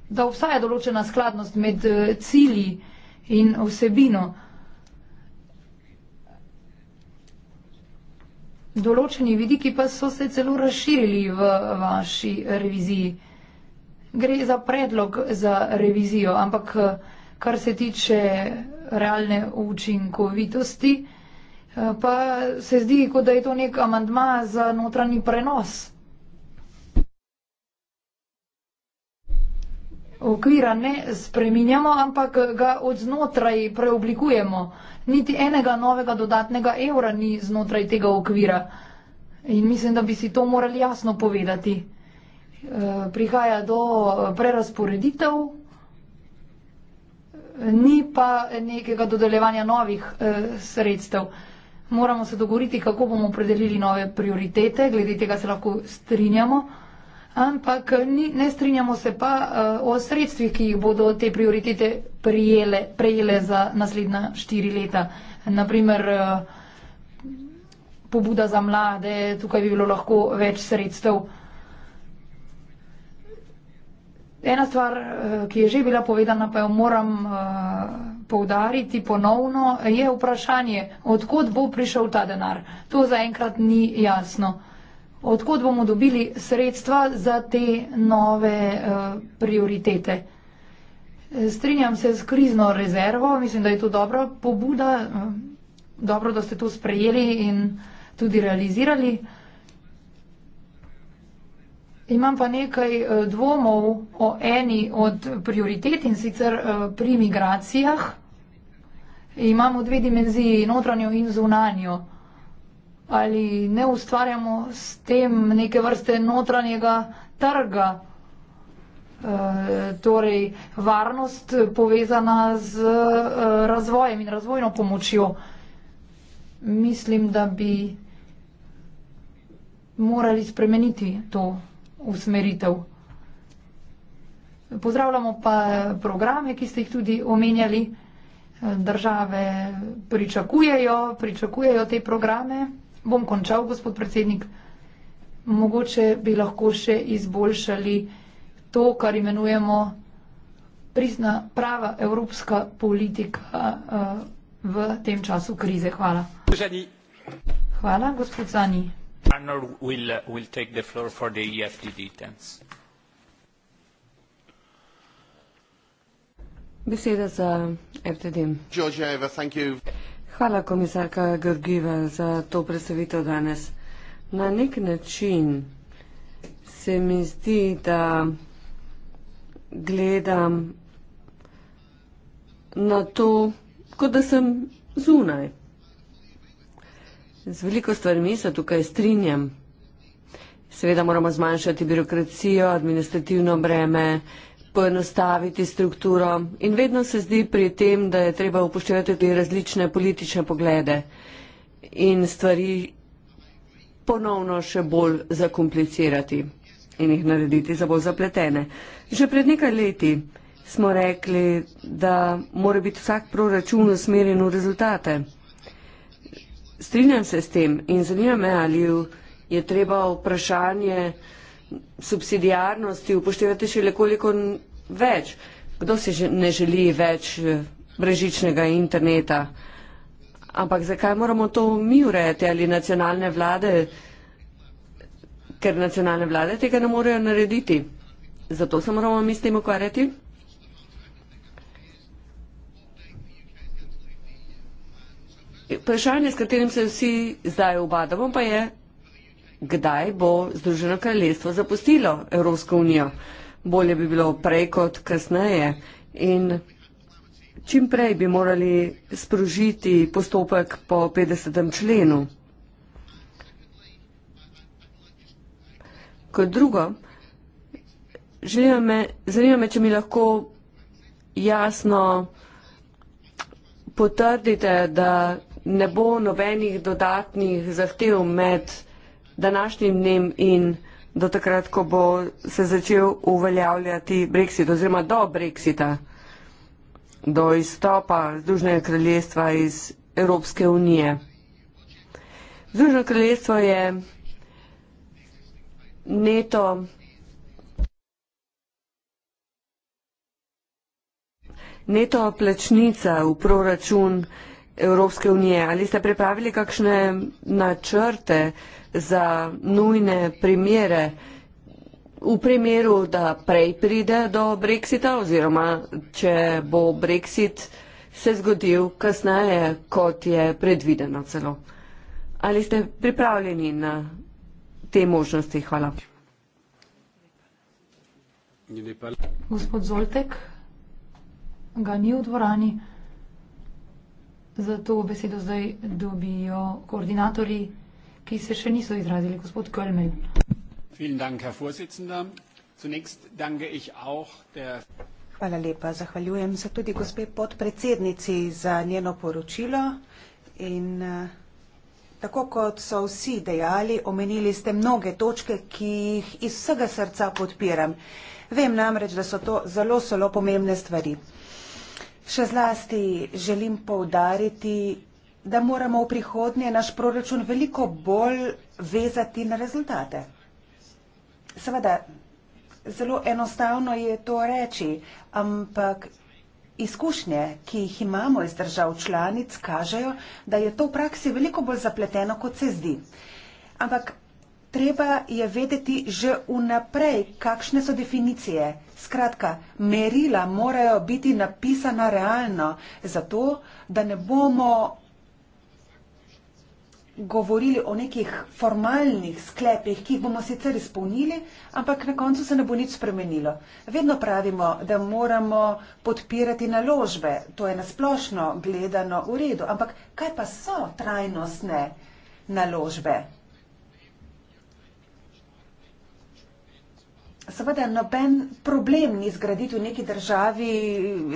da obstaja določena skladnost med cilji in vsebino. določeni vidiki pa so se celo razširili v vaši reviziji. Gre za predlog za revizijo, ampak eh, kar se tiče realne učinkovitosti, eh, pa se zdi, kot da je to nek amandma za notranji prenos okvira ne spreminjamo, ampak ga od znotraj preoblikujemo. Niti enega novega dodatnega evra ni znotraj tega okvira. In mislim, da bi si to morali jasno povedati. E, prihaja do prerasporeditev, ni pa nekega dodeljevanja novih e, sredstev. Moramo se dogovoriti, kako bomo opredelili nove prioritete, glede tega se lahko strinjamo ampak ni, ne strinjamo se pa uh, o sredstvih, ki jih bodo te prioritete prijele, prejele za naslednja štiri leta. Naprimer, eh, pobuda za mlade, tukaj bi bilo lahko več sredstev. Ena stvar, eh, ki je že bila povedana, pa jo moram poudariti ponovno, je vprašanje, odkot bo prišel ta denar. To zaenkrat ni jasno. Odkud bomo dobili sredstva za te nove eh, prioritete? Eh, strinjam se s krizno rezervo, mislim, da je to dobra pobuda, eh, dobro, da ste to sprejeli in tudi realizirali. Imam pa nekaj dvomov o eni od prioritet in sicer pri migracijah. Imamo dve dimenziji, notranjo in zunanjo ali ne ustvarjamo s tem neke vrste notranjega trga. E, torej, varnost povezana z e, razvojem in razvojno pomočjo. Mislim, da bi morali spremeniti to usmeritev. Pozdravljamo pa programe, ki ste jih tudi omenjali. Eh, države pričakujejo, pričakujejo te programe. Bom končal, gospod predsednik. Mogoče bi lahko še izboljšali to, kar imenujemo prizna prava evropska politika eh, v tem času krize. Hvala. Zani. Hvala, gospod Zani. Will, will take the floor for the EFTD, Beseda za e FTD. Georgieva, thank you. Hvala, komisarka Gorgiva, za to predstavitev danes. Na nek način se mi zdi, da gledam na to, kot da sem zunaj. Z veliko stvarmi se tukaj strinjam. Seveda moramo zmanjšati birokracijo, administrativno breme, poenostaviti strukturo in vedno se zdi pri tem, da je treba upoštevati tudi različne politične poglede in stvari ponovno še bolj zakomplicirati in jih narediti za bolj zapletene. Že pred nekaj leti smo rekli, da mora biti vsak proračun usmerjen v rezultate. Strinjam se s tem in zanima me, ali je treba vprašanje subsidijarnosti upoštevati še le koliko več. Kdo si ne želi več eh, brežičnega interneta? Ampak zakaj moramo to mi urejati ali nacionalne vlade? Ker nacionalne vlade tega ne morejo narediti. Zato se moramo mi s tem ukvarjati. Vprašanje, s katerim se vsi zdaj obadamo, pa je, kdaj bo Združeno kraljestvo zapustilo Evropsko unijo. Bolje bi bilo prej kot kasneje in čim prej bi morali sprožiti postopek po 50. členu. Kot drugo, me, zanima me, če mi lahko jasno potrdite, da ne bo nobenih dodatnih zahtev med današnjim dnem in do takrat, ko bo se začel uveljavljati Brexit oziroma do Brexita, do izstopa Združenega kraljestva iz Evropske unije. Združeno kraljestvo je neto neto plačnica v proračun Evropske unije. Ali ste pripravili kakšne načrte, za nujne primere. V primeru, da prej pride do Brexita oziroma, če bo Brexit se zgodil kasneje, kot je predvideno celo. Ali ste pripravljeni na te možnosti? Hvala. Gospod Zoltek, ga ni v dvorani, zato besedo zdaj dobijo koordinatorji ki se še niso izrazili. Gospod Kölmel. Hvala lepa. Zahvaljujem se tudi gospe podpredsednici za njeno poročilo. In eh, tako kot so vsi dejali, omenili ste mnoge točke, ki jih iz vsega srca podpiram. Vem namreč, da so to zelo, zelo pomembne stvari. Še zlasti želim poudariti da moramo v prihodnje naš proračun veliko bolj vezati na rezultate. Seveda, zelo enostavno je to reči, ampak izkušnje, ki jih imamo iz držav članic, kažejo, da je to v praksi veliko bolj zapleteno, kot se zdi. Ampak treba je vedeti že vnaprej, kakšne so definicije. Skratka, merila morajo biti napisana realno, zato da ne bomo govorili o nekih formalnih sklepih, ki jih bomo sicer izpolnili, ampak na koncu se ne bo nič spremenilo. Vedno pravimo, da moramo podpirati naložbe, to je nasplošno gledano v redu, ampak kaj pa so trajnostne naložbe? Seveda, noben problem ni zgraditi v neki državi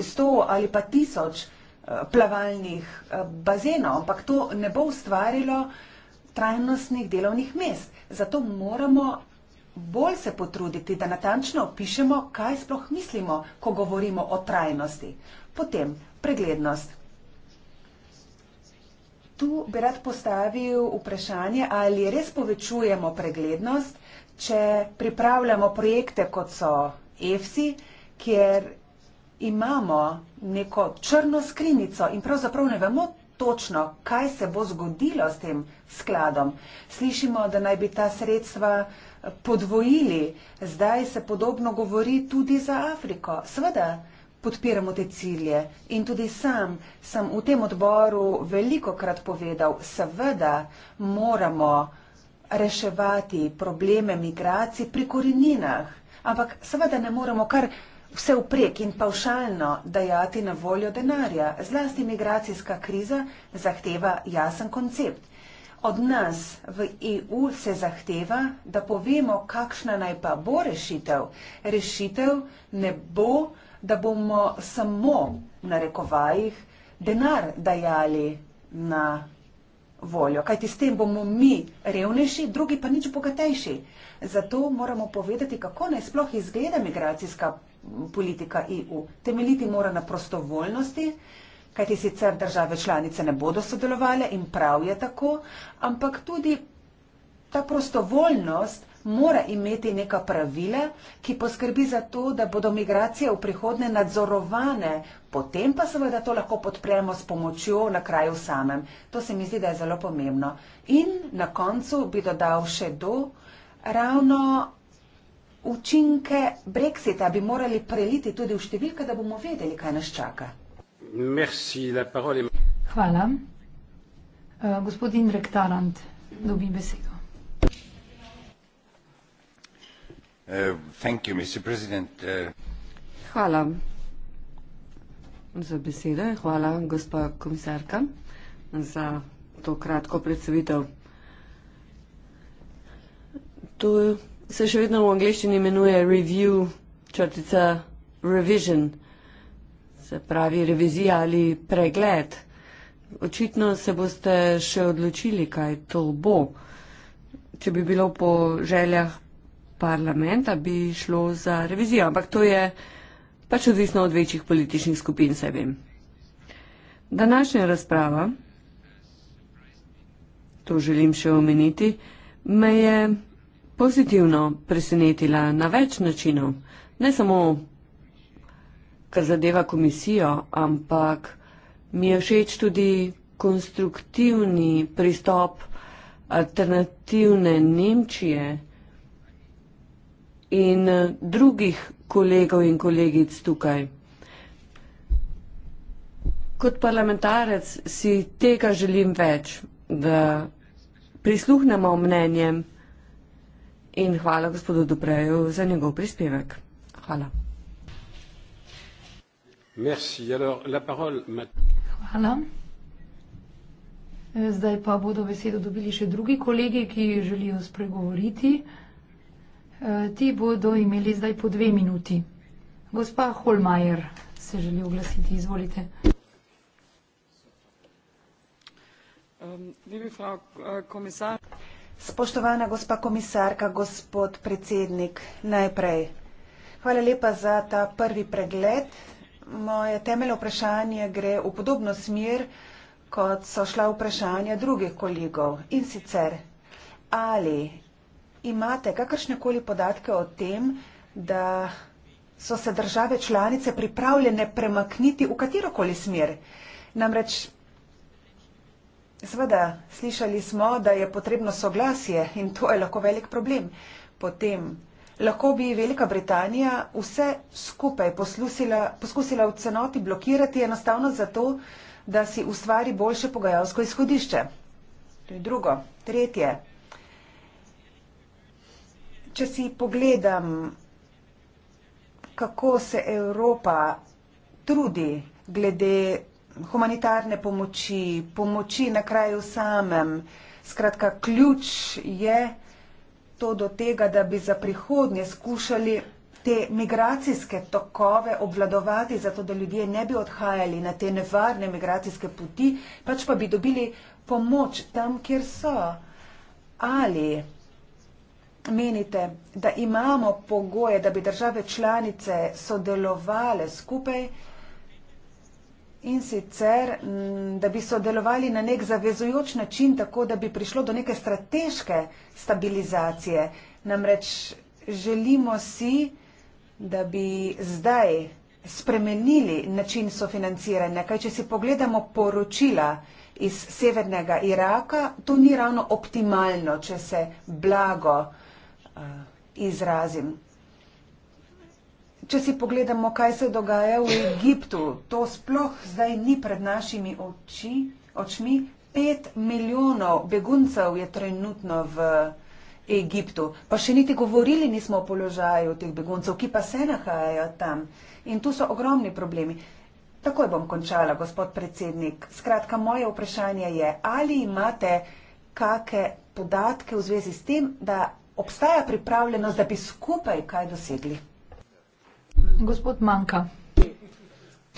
sto ali pa tisoč plavalnih eh, bazenov, ampak to ne bo ustvarilo trajnostnih delovnih mest. Zato moramo bolj se potruditi, da natančno opišemo, kaj sploh mislimo, ko govorimo o trajnosti. Potem preglednost. Tu bi rad postavil vprašanje, ali res povečujemo preglednost, če pripravljamo projekte, kot so EFSI, kjer imamo neko črno skrinjico in pravzaprav ne vemo točno, kaj se bo zgodilo s tem skladom. Slišimo, da naj bi ta sredstva eh, podvojili. Zdaj se podobno govori tudi za Afriko. Sveda podpiramo te cilje in tudi sam sem v tem odboru veliko krat povedal, seveda moramo reševati probleme migracij pri koreninah, ampak seveda ne moremo kar vse uprek in pavšalno dajati na voljo denarja. Zlasti migracijska kriza zahteva jasen koncept. Od nas v EU se zahteva, da povemo, kakšna naj pa bo rešitev. Rešitev ne bo, da bomo samo na rekovajih denar dajali na voljo. Kaj ti s tem bomo mi revnejši, drugi pa nič bogatejši. Zato moramo povedati, kako naj sploh izgleda migracijska politika EU. Temeljiti mora na prostovoljnosti, kajti sicer države članice ne bodo sodelovali in prav je tako, ampak tudi ta prostovoljnost mora imeti neka pravila, ki poskrbi za to, da bodo migracije v prihodne nadzorovane, potem pa seveda to lahko podpremo s pomočjo na kraju samem. To se mi zdi, da je zelo pomembno. In na koncu bi dodal še do ravno učinke Brexita bi morali preliti tudi v številke, da bomo vedeli, kaj nas čaka. Merci, Hvala. Uh, eh, gospodin Rektarant, dobi besedo. Uh, thank you, Mr. President. Uh... Hvala za besede. Hvala, gospa komisarka, za to kratko predstavitev. To je se še vedno v angleščini imenuje review, črtica revision, se pravi revizija ali pregled. Očitno se boste še odločili, kaj to bo. Če bi bilo po željah parlamenta, bi šlo za revizijo, ampak to je pač odvisno od večjih političnih skupin, se vem. Današnja razprava, to želim še omeniti, me je pozitivno presenetila na več načinov, ne samo kar zadeva komisijo, ampak mi je všeč tudi konstruktivni pristop alternativne Nemčije in drugih kolegov in kolegic tukaj. Kot parlamentarec si tega želim več, da prisluhnemo mnenjem in hvala gospodu Dupreju za njegov prispevek. Hvala. Merci. Alors, la parole... Hvala. Zdaj pa bodo besedo dobili še drugi kolegi, ki želijo spregovoriti. E, ti bodo imeli zdaj po dve minuti. Gospa Holmajer se želi oglasiti. Izvolite. Um, Frau, uh, äh, komisar. Spoštovana gospa komisarka, gospod predsednik, najprej. Hvala lepa za ta prvi pregled. Moje temeljno vprašanje gre v podobno smer, kot so šla vprašanja drugih kolegov. In sicer, ali imate kakršnekoli podatke o tem, da so se države članice pripravljene premakniti v katerokoli smer? Namreč Seveda, slišali smo, da je potrebno soglasje in to je lahko velik problem. Potem lahko bi Velika Britanija vse skupaj poskusila v cenoti blokirati enostavno zato, da si ustvari boljše pogajalsko izhodišče. To je drugo. Tretje. Če si pogledam, kako se Evropa trudi glede humanitarne pomoči, pomoči na kraju samem. Skratka, ključ je to do tega, da bi za prihodnje skušali te migracijske tokove obvladovati, zato da ljudje ne bi odhajali na te nevarne migracijske puti, pač pa bi dobili pomoč tam, kjer so. Ali menite, da imamo pogoje, da bi države članice sodelovale skupaj? In sicer, mm, da bi sodelovali na nek zavezujoč način, tako da bi prišlo do neke strateške stabilizacije. Namreč želimo si, da bi zdaj spremenili način sofinanciranja. Kaj, če si pogledamo poročila iz severnega Iraka, to ni ravno optimalno, če se blago uh, izrazim če si pogledamo, kaj se dogaja v Egiptu, to sploh zdaj ni pred našimi oči, očmi. Pet milijonov beguncev je trenutno v Egiptu. Pa še niti govorili nismo o položaju teh beguncev, ki pa se nahajajo tam. In tu so ogromni problemi. Takoj bom končala, gospod predsednik. Skratka, moje vprašanje je, ali imate kakšne podatke v zvezi s tem, da obstaja pripravljenost, da bi skupaj kaj dosegli? Gospod Manka.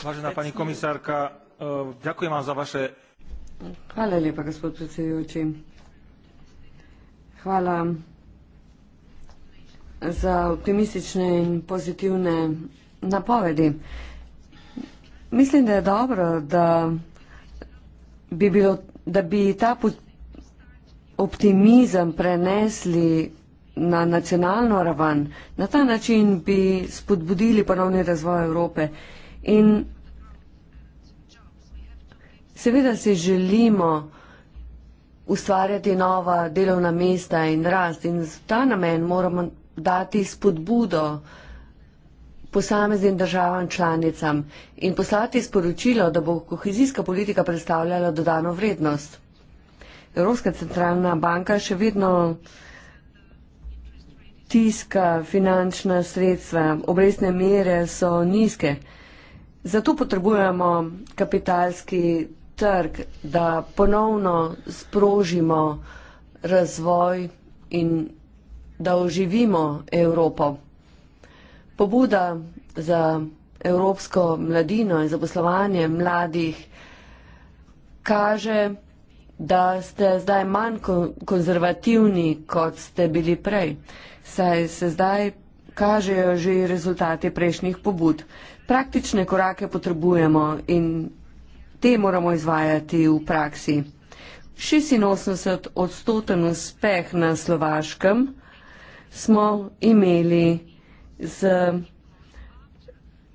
Važena pani komisarka, e, ďakujem vám za vaše... Hvala lepa, gospod predsedujoči. Hvala za optimistične in pozitivne napovedi. Mislim, da je dobro, da bi, bilo, da bi ta optimizem prenesli na nacionalno raven. Na ta način bi spodbudili ponovni razvoj Evrope. In seveda si želimo ustvarjati nova delovna mesta in rast in za ta namen moramo dati spodbudo posameznim državam članicam in poslati sporočilo, da bo kohezijska politika predstavljala dodano vrednost. Evropska centralna banka še vedno tiska, finančna sredstva, obrestne mere so nizke. Zato potrebujemo kapitalski trg, da ponovno sprožimo razvoj in da oživimo Evropo. Pobuda za evropsko mladino in zaposlovanje mladih kaže, da ste zdaj manj konzervativni, kot ste bili prej saj se zdaj kažejo že rezultati prejšnjih pobud. Praktične korake potrebujemo in te moramo izvajati v praksi. 86 odstoten uspeh na Slovaškem smo imeli z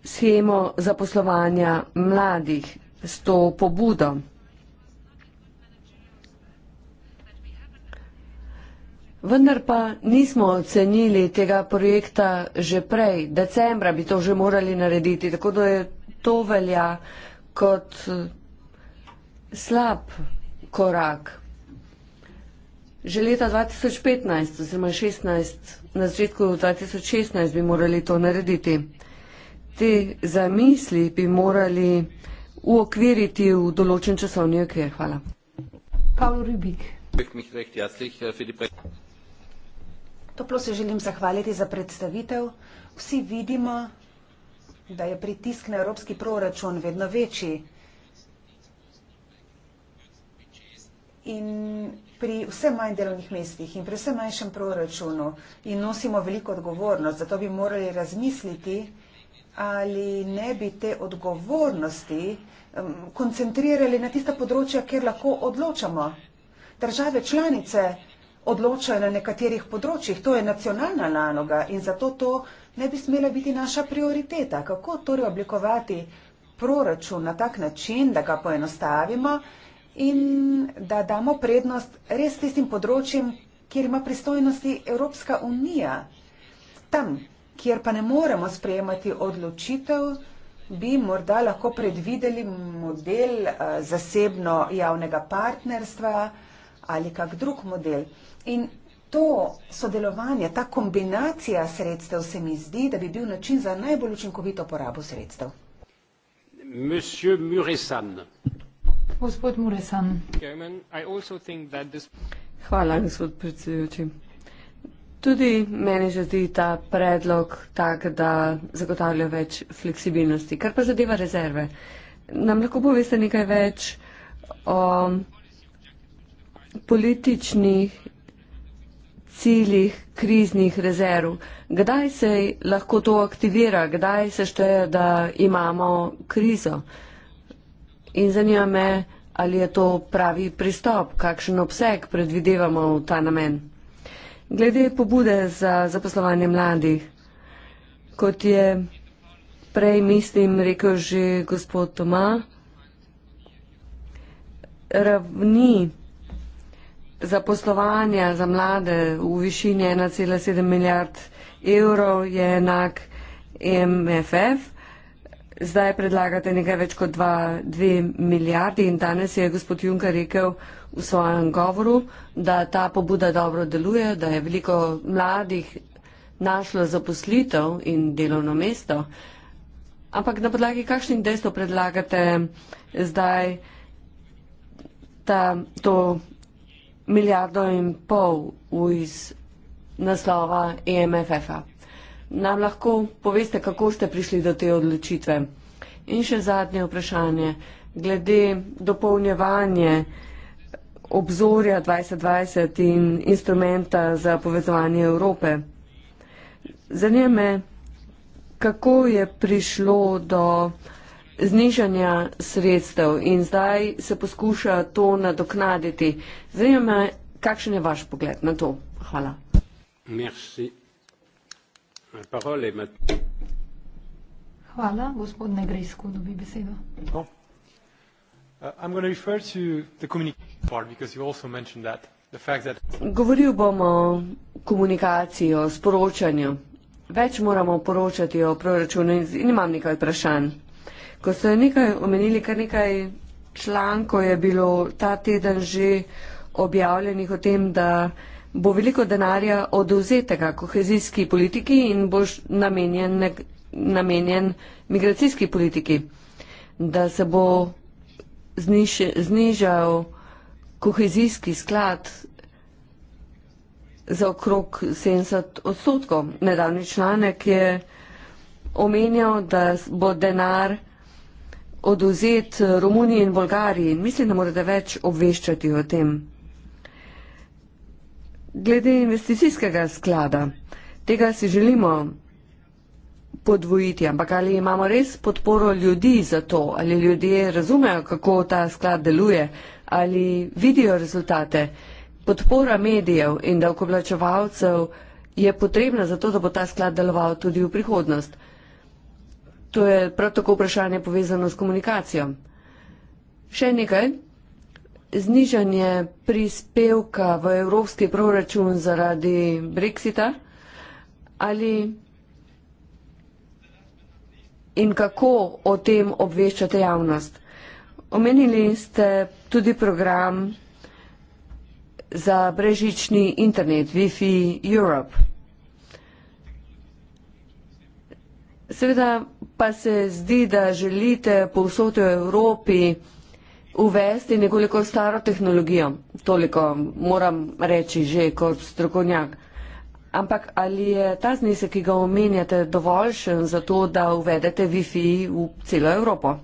schemo zaposlovanja mladih s to pobudo. Vendar pa nismo ocenili tega projekta že prej. Decembra bi to že morali narediti, tako da je to velja kot eh, slab korak. Že leta 2015 oziroma 2016, na začetku 2016 bi morali to narediti. Te zamisli bi morali uokviriti v določen časovni okvir. Hvala. Paul Rubik. Toplo se želim zahvaliti za predstavitev. Vsi vidimo, da je pritisk na evropski proračun vedno večji. In pri vse manj delovnih mestih in pri vse manjšem proračunu in nosimo veliko odgovornost, zato bi morali razmisliti, ali ne bi te odgovornosti um, koncentrirali na tista področja, kjer lahko odločamo. Države članice odločajo na nekaterih področjih. To je nacionalna naloga in zato to ne bi smela biti naša prioriteta. Kako torej oblikovati proračun na tak način, da ga poenostavimo in da damo prednost res tistim področjem, kjer ima pristojnosti Evropska unija. Tam, kjer pa ne moremo sprejemati odločitev, bi morda lahko predvideli model eh, zasebno javnega partnerstva ali kak drug model. In to sodelovanje, ta kombinacija sredstev se mi zdi, da bi bil način za najbolj učinkovito porabo sredstev. Gospod Muresan. Hvala, gospod predsedujoči. Tudi meni se zdi ta predlog tak, da zagotavlja več fleksibilnosti. Kar pa zadeva rezerve, nam lahko poveste nekaj več o političnih ciljih kriznih rezerv. Kdaj se lahko to aktivira, kdaj se šteje, da imamo krizo? In zanima me, ali je to pravi pristop, kakšen obseg predvidevamo v ta namen. Glede pobude za zaposlovanje mladih, kot je prej, mislim, rekel že gospod Toma, ravni zaposlovanja za mlade v višini 1,7 milijard evrov je enak MFF. Zdaj predlagate nekaj več kot 2 milijardi in danes je gospod Juncker rekel v svojem govoru, da ta pobuda dobro deluje, da je veliko mladih našlo zaposlitev in delovno mesto. Ampak na podlagi kakšnih dejstev predlagate zdaj ta, to milijardo in pol iz naslova EMFF-a. Nam lahko poveste, kako ste prišli do te odločitve? In še zadnje vprašanje. Glede dopolnjevanje obzorja 2020 in instrumenta za povezovanje Evrope. Zanima me, kako je prišlo do znižanja sredstev in zdaj se poskuša to nadoknaditi. Zanima me, kakšen je vaš pogled na to? Hvala. Merci. Hvala. Gospod Negrisko dobi besedo. Oh. Uh, Govoril bom o komunikaciji, o sporočanju. Več moramo poročati o proračunu in imam nekaj vprašanj. Ko ste nekaj omenili, kar nekaj člankov je bilo ta teden že objavljenih o tem, da bo veliko denarja oduzetega kohezijski politiki in bo namenjen, namenjen migracijski politiki, da se bo zniš, znižal kohezijski sklad za okrog 70 odstotkov. Nedavni članek je omenjal, da bo denar oduzeti eh, Romuniji in Bolgariji. Mislim, da morate več obveščati o tem. Glede investicijskega sklada, tega si želimo podvojiti, ampak ali imamo res podporo ljudi za to, ali ljudje razumejo, kako ta sklad deluje, ali vidijo rezultate. Podpora medijev in davkoplačevalcev je potrebna za to, da bo ta sklad deloval tudi v prihodnost. To je prav tako vprašanje povezano s komunikacijo. Še nekaj. Znižanje prispevka v evropski proračun zaradi Brexita ali in kako o tem obveščate javnost. Omenili ste tudi program za brežični internet, Wi-Fi Europe. Seveda pa se zdi, da želite povsod v Evropi uvesti nekoliko staro tehnologijo. Toliko moram reči že kot strokovnjak. Ampak ali je ta znesek, ki ga omenjate, dovoljšen za to, da uvedete Wi-Fi v celo Evropo?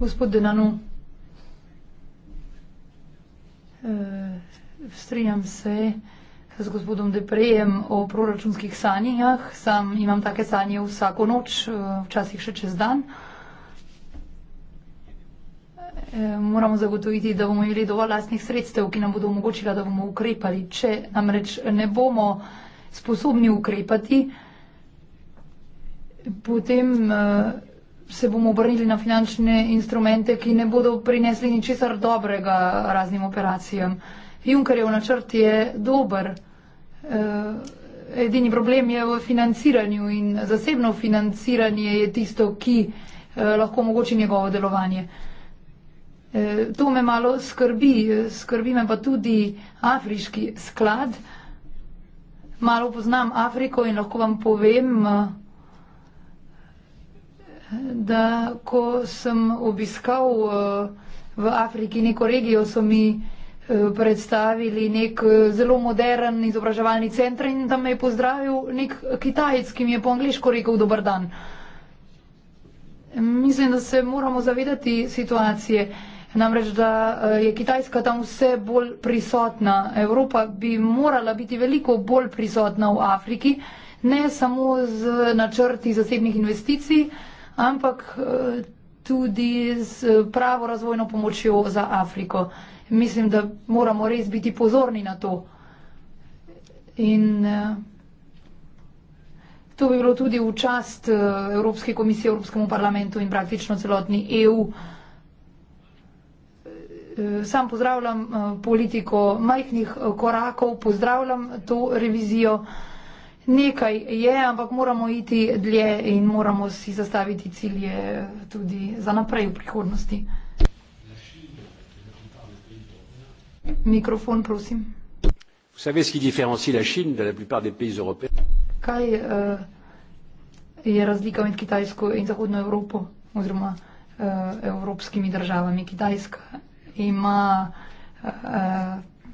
Gospod Denanu, eh, strijam se, z gospodom Deprejem o proračunskih sanjih. Ja, sam imam take sanje vsako noč, eh, včasih še čez dan. Eh, moramo zagotoviti, da bomo imeli dovolj lastnih sredstev, ki nam bodo omogočila, da bomo ukrepali. Če namreč ne bomo sposobni ukrepati, potem eh, se bomo obrnili na finančne instrumente, ki ne bodo prinesli ničesar dobrega raznim operacijam. Junkerjev načrt je dober, eh, edini problem je v financiranju in zasebno financiranje je tisto, ki eh, lahko omogoči njegovo delovanje. Eh, to me malo skrbi, skrbi me pa tudi afriški sklad. Malo poznam Afriko in lahko vam povem, da ko sem obiskal v Afriki neko regijo, so mi Eh, predstavili nek eh, zelo modern izobraževalni center in tam me je pozdravil nek Kitajec, ki mi je po angliško rekel dober dan. Mislim, da se moramo zavedati situacije. Namreč, da eh, je Kitajska tam vse bolj prisotna. Evropa bi morala biti veliko bolj prisotna v Afriki, ne samo z načrti zasebnih investicij, ampak tudi z pravo razvojno pomočjo za Afriko mislim, da moramo res biti pozorni na to. In uh, to bi bilo tudi v čast uh, Evropske komisije, Evropskemu parlamentu in praktično celotni EU. Eh, sam pozdravljam politiko majhnih korakov, pozdravljam to revizijo. Nekaj je, ampak moramo iti dlje in moramo si zastaviti cilje tudi za naprej v prihodnosti. Mikrofon, prosim. Vous savez ce qui différencie la Chine de la plupart des pays européens Kaj uh, je razlika med Kitajsko in Zahodno Evropo, oziroma uh, evropskimi državami? Kitajska ima uh,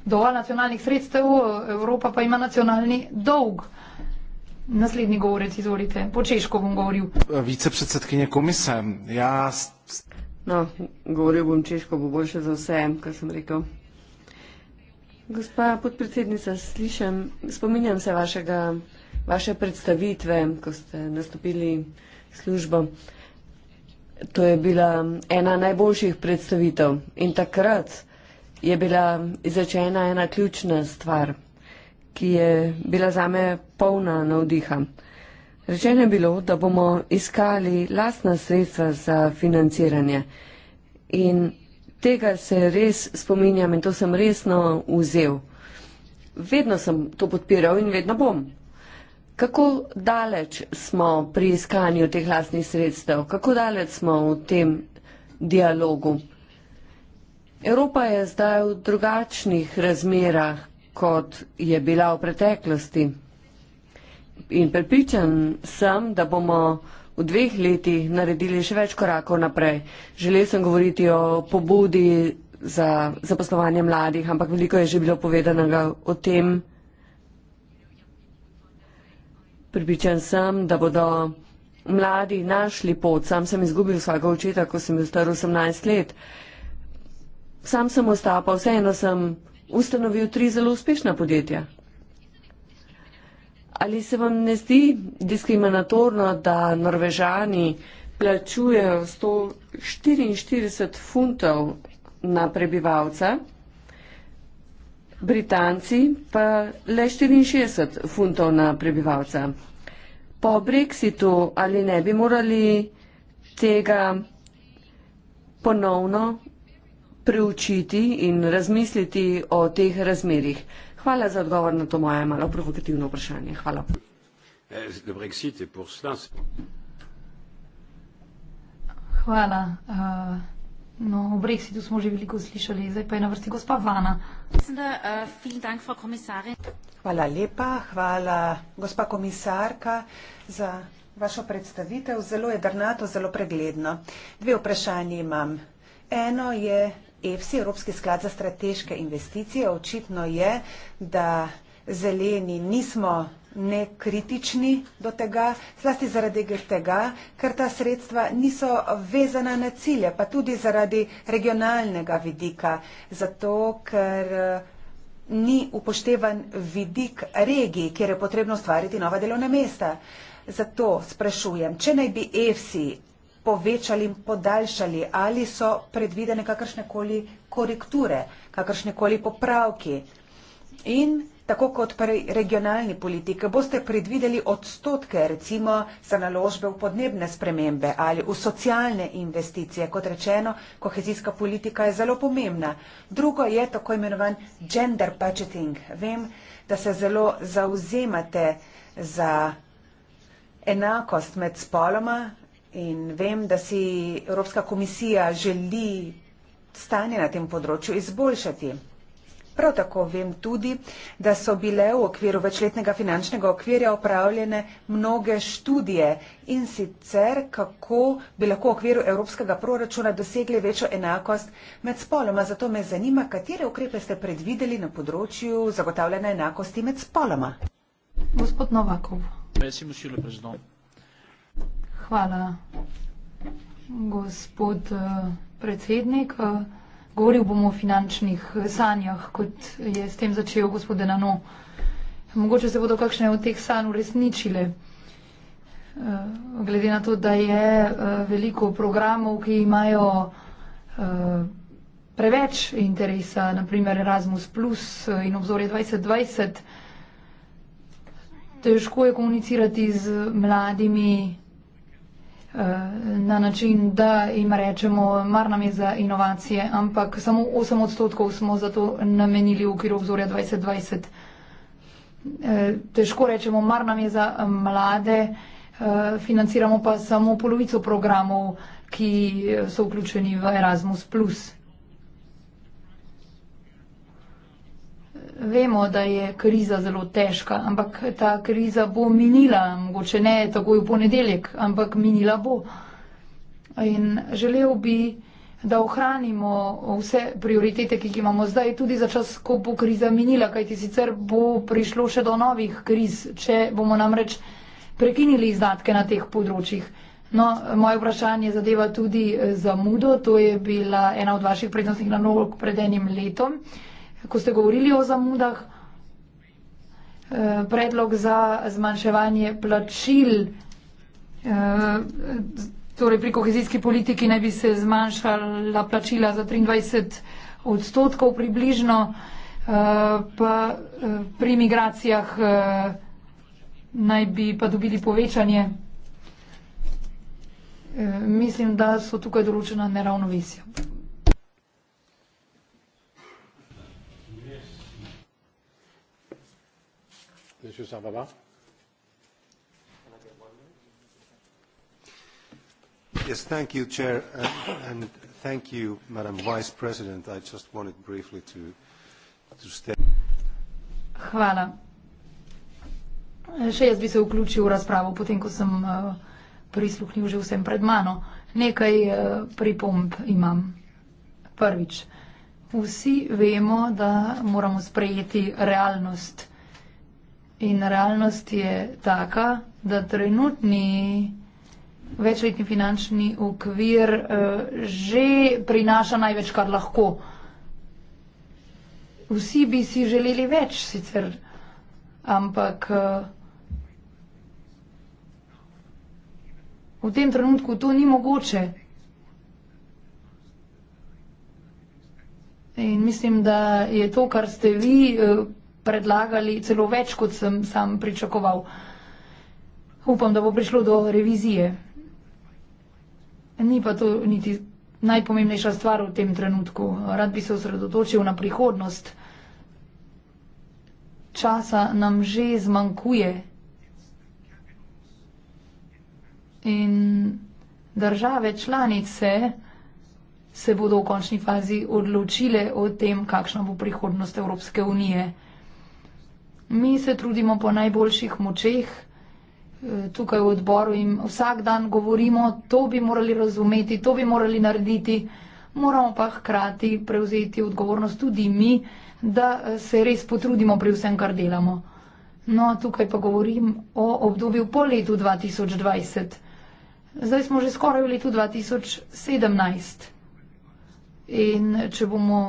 dovolj nacionalnih sredstev, Evropa pa ima nacionalni dolg. Naslednji govorec, izvolite. Po češko bom govoril. Vicepredsedkinje komise, ja. No, govoril bom češko, bo boljše za vse, kar sem rekel. Gospa podpredsednica, slišem, spominjam se vašega, vaše predstavitve, ko ste nastopili službo. To je bila ena najboljših predstavitev in takrat je bila izrečena ena ključna stvar, ki je bila zame polna navdiha. Rečeno je bilo, da bomo iskali lastna sredstva za financiranje in tega se res spominjam in to sem resno vzel. Vedno sem to podpiral in vedno bom. Kako daleč smo pri iskanju teh lastnih sredstev, kako daleč smo v tem dialogu? Evropa je zdaj v drugačnih razmerah, kot je bila v preteklosti. In pripričan sem, da bomo v dveh letih naredili še več korakov naprej. Želel sem govoriti o pobudi za zaposlovanje mladih, ampak veliko je že bilo povedanega o tem. Pripričan sem, da bodo mladi našli pot. Sam sem izgubil svojega očeta, ko sem bil star 18 let. Sam sem ostal, pa vseeno sem ustanovil tri zelo uspešna podjetja. Ali se vam ne zdi diskriminatorno, da Norvežani plačujejo 144 funtov na prebivalca, Britanci pa le 64 funtov na prebivalca? Po Brexitu ali ne bi morali tega ponovno preučiti in razmisliti o teh razmerih? Hvala za odgovor na to moje malo provokativno vprašanje. Hvala. Hvala. Eh, no, o brexitu smo že veliko slišali, zdaj pa je na vrsti gospa Vana. Eh, Hvala lepa. Hvala, gospa komisarka, za vašo predstavitev. Zelo jedrnato, zelo pregledno. Dve vprašanji imam. Eno je EPSI, Evropski sklad za strateške investicije, očitno je, da zeleni nismo nekritični do tega, zlasti zaradi tega, ker ta sredstva niso vezana na cilje, pa tudi zaradi regionalnega vidika, zato ker eh, ni upoštevan vidik regij, kjer je potrebno ustvariti nova delovna mesta. Zato sprašujem, če naj bi EFSI povečali in podaljšali, ali so predvidene kakršnekoli korekture, kakršnekoli popravki. In tako kot pri regionalni politiki, boste predvideli odstotke recimo za naložbe v podnebne spremembe ali v socialne investicije. Kot rečeno, kohezijska politika je zelo pomembna. Drugo je tako imenovan gender budgeting. Vem, da se zelo zauzemate za enakost med spoloma, In vem, da si Evropska komisija želi stanje na tem področju izboljšati. Prav tako vem tudi, da so bile v okviru večletnega finančnega okvirja opravljene mnoge študije in sicer, kako bi lahko v okviru evropskega proračuna dosegli večjo enakost med spoloma. Zato me zanima, katere ukrepe ste predvideli na področju zagotavljanja enakosti med spoloma. Gospod Novakov. Merci, Hvala, gospod eh, predsednik. Eh, govoril bom o finančnih eh, sanjah, kot je s tem začel gospod Denano. Mogoče se bodo kakšne od teh sanj uresničile. Glede na to, da je veliko programov, ki imajo preveč interesa, naprimer Erasmus Plus in obzorje 2020, težko je komunicirati z mladimi, Eh, na način, da jim rečemo, mar nam je za inovacije, ampak samo 8 odstotkov smo za to namenili v okviru obzorja 2020. Eh, težko rečemo, mar nam je za eh, mlade, financiramo pa samo polovico programov, ki so vključeni v Erasmus. Vemo, da je kriza zelo težka, ampak ta kriza bo minila, mogoče ne takoj v ponedeljek, ampak minila bo. In želel bi, da ohranimo vse prioritete, ki jih imamo zdaj, tudi za čas, ko bo kriza minila, kajti sicer bo prišlo še do novih kriz, če bomo namreč prekinili izdatke na teh področjih. No, moje vprašanje zadeva tudi eh, zamudo, to je bila ena od vaših prednostnih nalog pred enim letom ko ste govorili o zamudah, eh, predlog za zmanjševanje plačil, eh, torej pri kohezijski politiki naj bi se zmanjšala plačila za 23 odstotkov približno, eh, pa pri migracijah naj bi pa dobili povečanje. Mislim, da so tukaj določena neravnovesja. Monsieur Sarvaba. Yes, thank you, Chair, uh, and thank you, Madam Vice President. I just wanted briefly to to state. Hvala. Še jaz bi se vključil v razpravo, potem ko sem uh, prisluhnil že vsem pred mano. Nekaj uh, pripomb imam. Prvič, vsi vemo, da moramo sprejeti realnost In realnost je taka, da trenutni večletni finančni ukvir uh, eh, že prinaša največ, kar lahko. Vsi bi si želeli več sicer, ampak uh, v tem trenutku to ni mogoče. In mislim, da je to, kar ste vi. Uh, predlagali celo več, kot sem sam pričakoval. Upam, da bo prišlo do revizije. Ni pa to niti najpomembnejša stvar v tem trenutku. Rad bi se osredotočil na prihodnost. Časa nam že zmanjkuje. In države članice se bodo v končni fazi odločile o tem, kakšna bo prihodnost Evropske unije. Mi se trudimo po najboljših močeh e, tukaj v odboru in vsak dan govorimo, to bi morali razumeti, to bi morali narediti, moramo pa hkrati prevzeti odgovornost tudi mi, da e, se res potrudimo pri vsem, kar delamo. No, tukaj pa govorim o obdobju po letu 2020. Zdaj smo že skoraj v letu 2017. In če bomo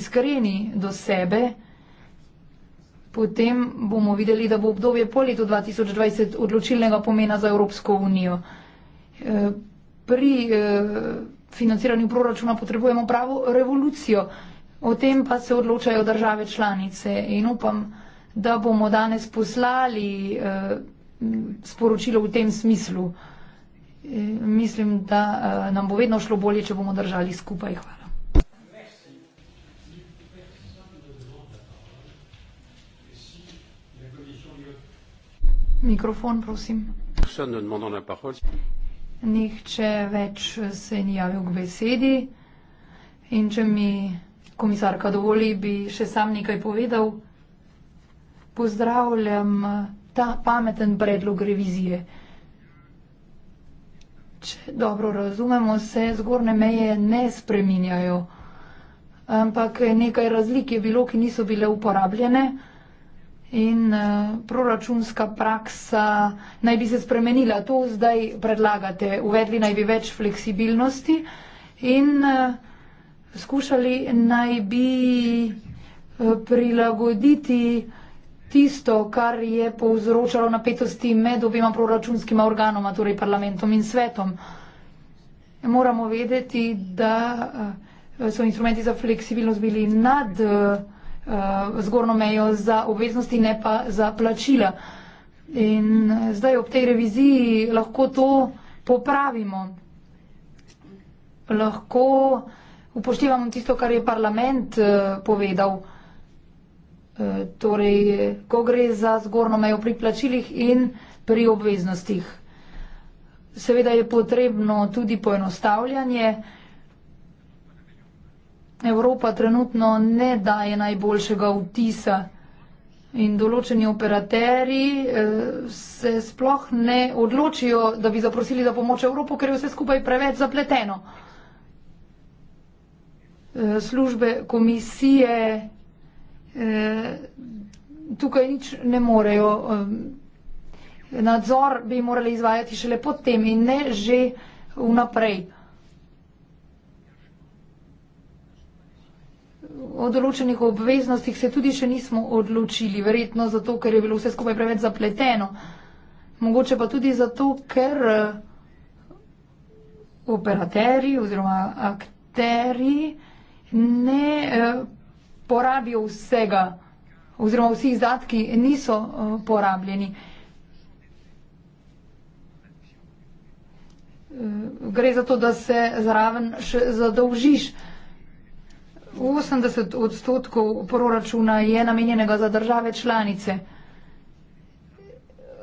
iskreni do sebe, potem bomo videli, da bo obdobje po letu 2020 odločilnega pomena za Evropsko unijo. E, pri e, financiranju proračuna potrebujemo pravo revolucijo, o tem pa se odločajo države članice in upam, da bomo danes poslali e, sporočilo v tem smislu. Mislim, da nam bo vedno šlo bolje, če bomo držali skupaj. Hvala. Mikrofon, prosim. Nihče več se ni javil k besedi. In če mi komisarka dovoli, bi še sam nekaj povedal. Pozdravljam ta pameten predlog revizije. Če dobro razumemo, se zgorne meje ne spreminjajo, ampak nekaj razlik je bilo, ki niso bile uporabljene in eh, proračunska praksa naj bi se spremenila. To zdaj predlagate. Uvedli naj bi več fleksibilnosti in eh, skušali naj bi eh, prilagoditi tisto, kar je povzročalo napetosti med obima proračunskima organoma, torej parlamentom in svetom. Moramo vedeti, da so instrumenti za fleksibilnost bili nad uh, zgornjo mejo za obveznosti, ne pa za plačila. In eh, zdaj ob tej reviziji lahko to popravimo. Lahko upoštevamo tisto, kar je parlament uh, povedal. Torej, ko gre za zgornjo mejo pri plačilih in pri obveznostih. Seveda je potrebno tudi poenostavljanje, uh, Evropa trenutno ne daje najboljšega vtisa in določeni operaterji eh, se sploh ne odločijo, da bi zaprosili za pomoč Evropo, ker je vse skupaj preveč zapleteno. Eh, službe komisije eh, tukaj nič ne morejo. Nadzor bi morali izvajati šele pod tem in ne že vnaprej. o določenih obveznostih se tudi še nismo odločili, verjetno zato, ker je bilo vse skupaj preveč zapleteno. Mogoče pa tudi zato, ker eh, operaterji oziroma akteri ne eh, porabijo vsega oziroma vsi izdatki niso eh, porabljeni. Gre za to, da se zraven še zadolžiš. 80 odstotkov proračuna je namenjenega za države članice.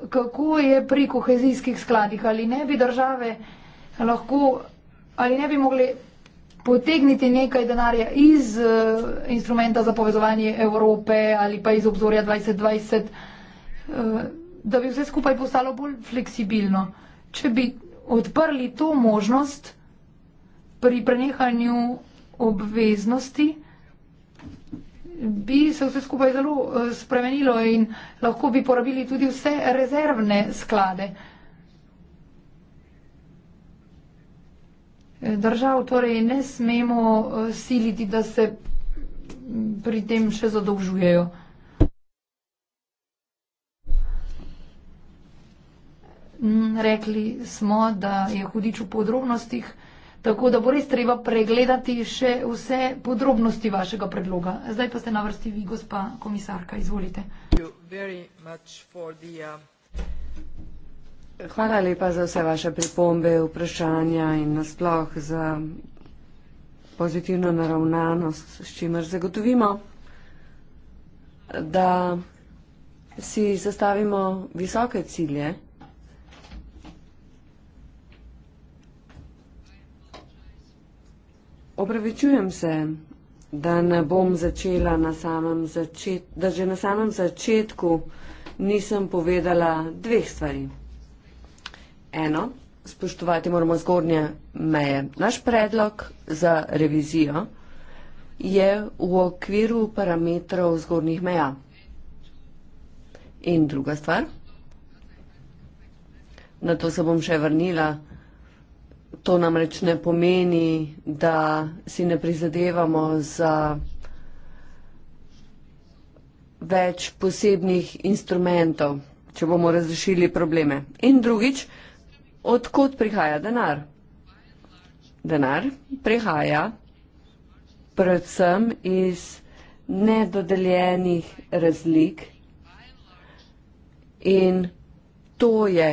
Kako je pri kohezijskih skladih? Ali ne bi države lahko, ali ne bi mogli potegniti nekaj denarja iz uh, instrumenta za povezovanje Evrope ali pa iz obzorja 2020, uh, eh, da bi vse skupaj postalo bolj fleksibilno? Če bi odprli to možnost pri prenehanju obveznosti, bi se vse skupaj zelo eh, spremenilo in lahko bi porabili tudi vse rezervne sklade. Eh, držav torej ne smemo eh, siliti, da se pri tem še zadolžujejo. Mm, rekli smo, da je hudič v podrobnostih. Tako da bo res treba pregledati še vse podrobnosti vašega predloga. Zdaj pa ste na vrsti vi, gospa komisarka, izvolite. Uh, Hvala lepa za vse vaše pripombe, vprašanja in nasploh za pozitivno naravnanost, s čimer zagotovimo, da si zastavimo visoke cilje. Opravičujem se, da ne bom začela na samem začetku, da že na samem začetku nisem povedala dveh stvari. Eno, spoštovati moramo zgornje meje. Naš predlog za revizijo je v okviru parametrov zgornjih meja. In druga stvar, na to se bom še vrnila. To namreč ne pomeni, da si ne prizadevamo za več posebnih instrumentov, če bomo razrešili probleme. In drugič, odkot prihaja denar? Denar prihaja predvsem iz nedodeljenih razlik in to je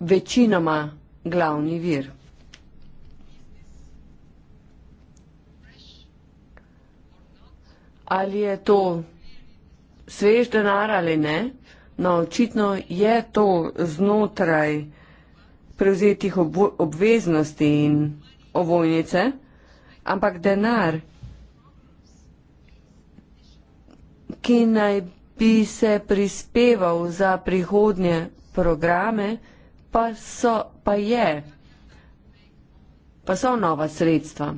večinoma glavni vir. Ali je to svež denar ali ne? No, očitno je to znotraj prevzetih obveznosti in ovojnice, ampak denar, ki naj bi se prispeval za prihodnje programe, pa, so, pa je, pa so nova sredstva.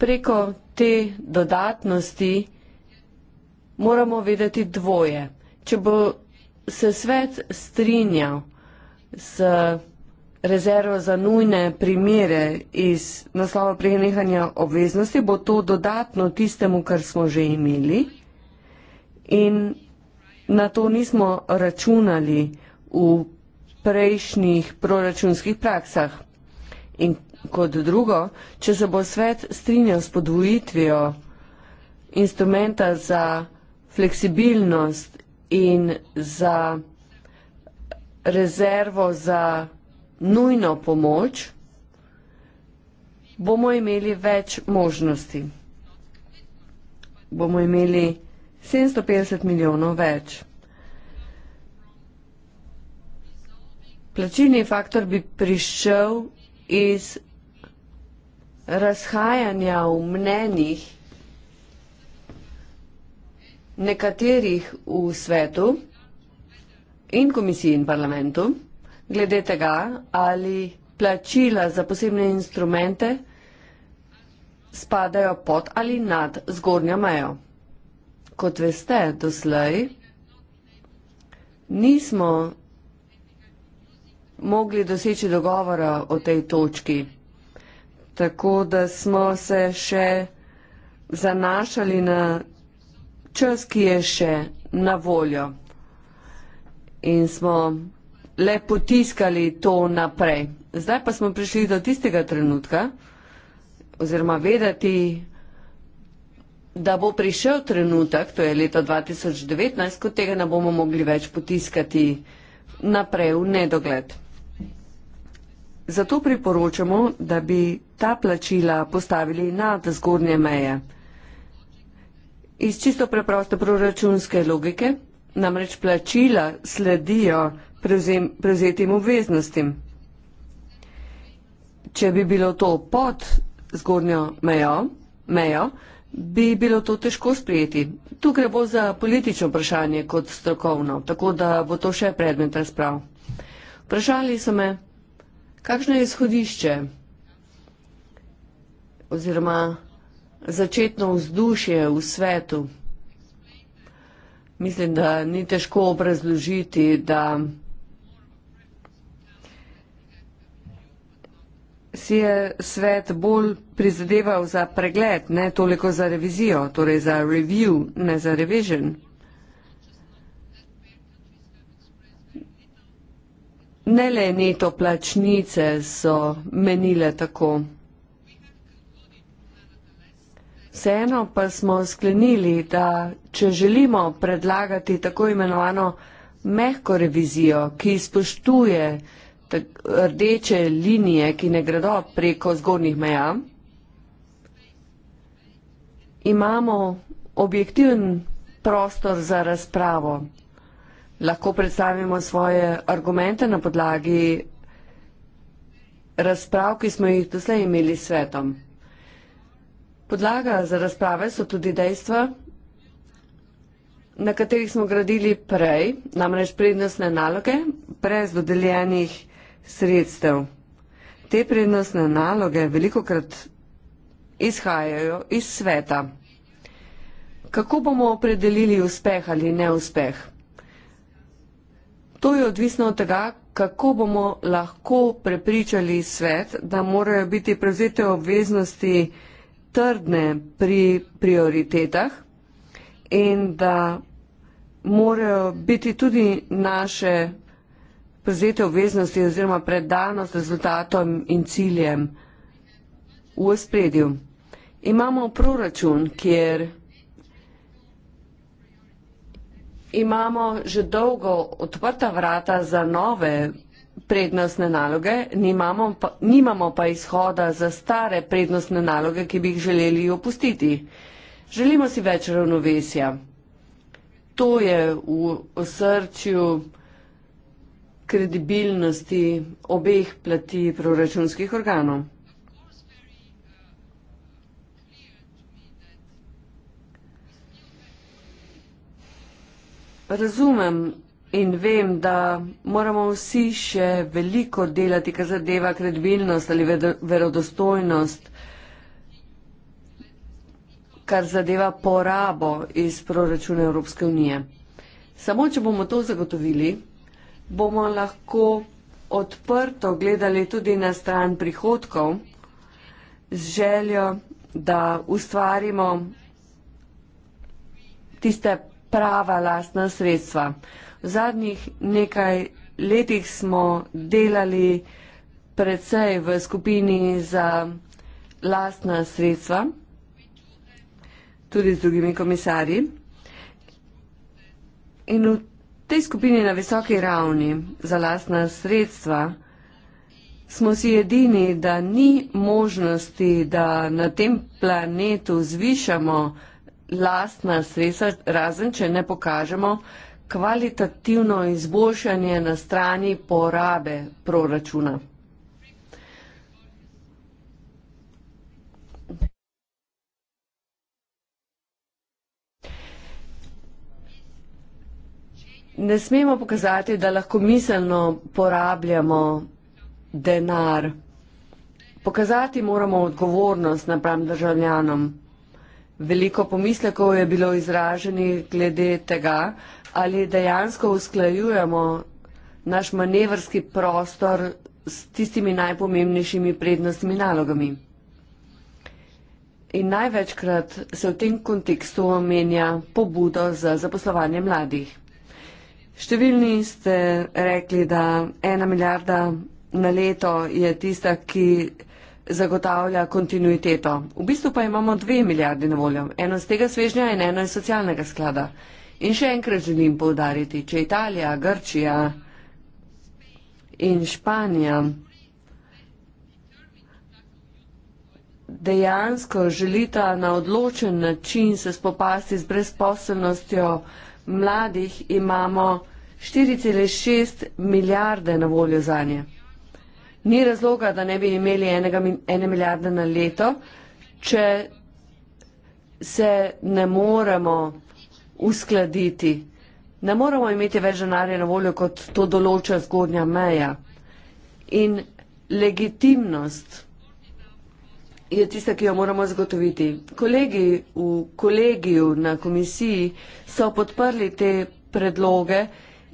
Preko te dodatnosti moramo vedeti dvoje. Če bo se svet strinjal s rezervo za nujne primere iz naslova prenehanja obveznosti, bo to dodatno tistemu, kar smo že imeli. In na to nismo računali v prejšnjih proračunskih praksah. In kot drugo, če se bo svet strinjal s podvojitvijo instrumenta za fleksibilnost in za rezervo za nujno pomoč, bomo imeli več možnosti. Bomo imeli 750 milijonov več. Plačilni faktor bi prišel iz razhajanja v mnenjih nekaterih v svetu in komisiji in parlamentu glede tega, ali plačila za posebne instrumente spadajo pod ali nad zgornjo mejo. Kot veste, doslej nismo mogli doseči dogovora o tej točki, tako da smo se še zanašali na čas, ki je še na voljo in smo le potiskali to naprej. Zdaj pa smo prišli do tistega trenutka oziroma vedeti, da bo prišel trenutek, to je leto 2019, ko tega ne bomo mogli več potiskati naprej v nedogled. Zato priporočamo, da bi ta plačila postavili nad zgornje meje. Iz čisto preproste proračunske logike namreč plačila sledijo prevzem, prevzetim obveznostim. Če bi bilo to pod zgornjo mejo, mejo bi bilo to težko sprejeti. Tu gre bolj za politično vprašanje kot strokovno, tako da bo to še predmet razprav. Vprašali so me, kakšno je izhodišče oziroma začetno vzdušje v svetu. Mislim, da ni težko obrazložiti, da si je svet bolj prizadeval za pregled, ne toliko za revizijo, torej za review, ne za revision. Ne le neto plačnice so menile tako. Vseeno pa smo sklenili, da če želimo predlagati tako imenovano mehko revizijo, ki spoštuje rdeče linije, ki ne gredo preko zgornjih meja, imamo objektiven prostor za razpravo. Lahko predstavimo svoje argumente na podlagi razprav, ki smo jih doslej imeli s svetom. Podlaga za razprave so tudi dejstva, na katerih smo gradili prej, namreč prednostne naloge, brez dodeljenih sredstev. Te prednostne naloge veliko krat izhajajo iz sveta. Kako bomo opredelili uspeh ali neuspeh? To je odvisno od tega, kako bomo lahko prepričali svet, da morajo biti prevzete obveznosti trdne pri prioritetah in da morajo biti tudi naše prevzete obveznosti oziroma predanost rezultatom in ciljem v ospredju. Imamo proračun, kjer imamo že dolgo odprta vrata za nove prednostne naloge, nimamo pa, nimamo pa izhoda za stare prednostne naloge, ki bi jih želeli opustiti. Želimo si več ravnovesja. To je v osrčju kredibilnosti obeh plati proračunskih organov. Razumem in vem, da moramo vsi še veliko delati, kar zadeva kredibilnost ali verodostojnost, kar zadeva porabo iz proračuna Evropske unije. Samo, če bomo to zagotovili, bomo lahko odprto gledali tudi na stran prihodkov z željo, da ustvarimo tiste prava lastna sredstva. V zadnjih nekaj letih smo delali predvsej v skupini za lastna sredstva, tudi z drugimi komisarji. In v tej skupini na visoki ravni za lastna sredstva smo si edini, da ni možnosti, da na tem planetu zvišamo lastna sredstva, razen če ne pokažemo kvalitativno izboljšanje na strani porabe proračuna. ne smemo pokazati, da lahko miselno porabljamo denar. Pokazati moramo odgovornost napram državljanom. Veliko pomislekov je bilo izraženi glede tega, ali dejansko usklajujemo naš manevrski prostor s tistimi najpomembnejšimi prednostmi nalogami. In največkrat se v tem kontekstu omenja pobudo za zaposlovanje mladih. Številni ste rekli, da ena milijarda na leto je tista, ki zagotavlja kontinuiteto. V bistvu pa imamo dve milijardi na voljo. Eno iz tega svežnja in eno iz socialnega sklada. In še enkrat želim povdariti, če Italija, Grčija in Španija dejansko želita na odločen način se spopasti z brezposobnostjo mladih, imamo 4,6 milijarde na voljo za nje. Ni razloga, da ne bi imeli enega, ene milijarde na leto, če se ne moremo uskladiti. Ne moremo imeti več denarja na voljo, kot to določa zgodnja meja. In legitimnost je tista, ki jo moramo zagotoviti. Kolegi v kolegiju na komisiji so podprli te predloge,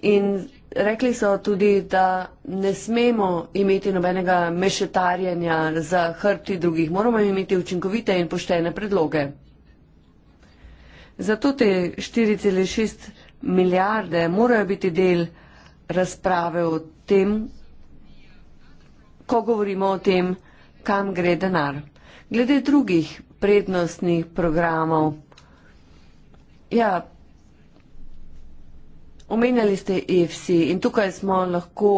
In rekli so tudi, da ne smemo imeti nobenega mešetarjenja za hrti drugih, moramo imeti učinkovite in poštene predloge. Zato te 4,6 milijarde morajo biti del razprave o tem, ko govorimo o tem, kam gre denar. Glede drugih prednostnih programov, ja, Omenjali ste EFC in tukaj smo lahko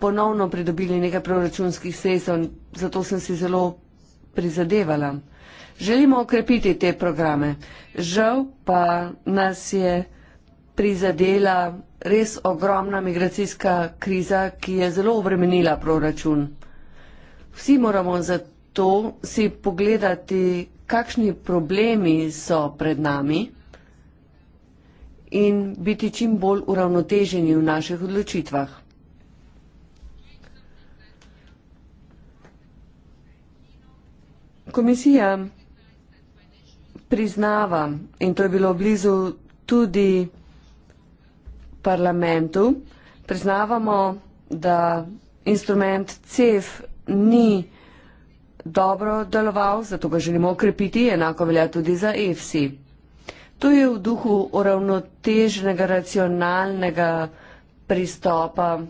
ponovno pridobili nekaj proračunskih sredstev, zato sem si zelo prizadevala. Želimo okrepiti te programe. Žal pa nas je prizadela res ogromna migracijska kriza, ki je zelo obremenila proračun. Vsi moramo zato si pogledati, kakšni problemi so pred nami in biti čim bolj uravnoteženi v naših odločitvah. Komisija priznava, in to je bilo blizu tudi parlamentu, priznavamo, da instrument CEF ni dobro deloval, zato ga želimo okrepiti, enako velja tudi za EFSI. To je v duhu uravnotežnega, racionalnega pristopa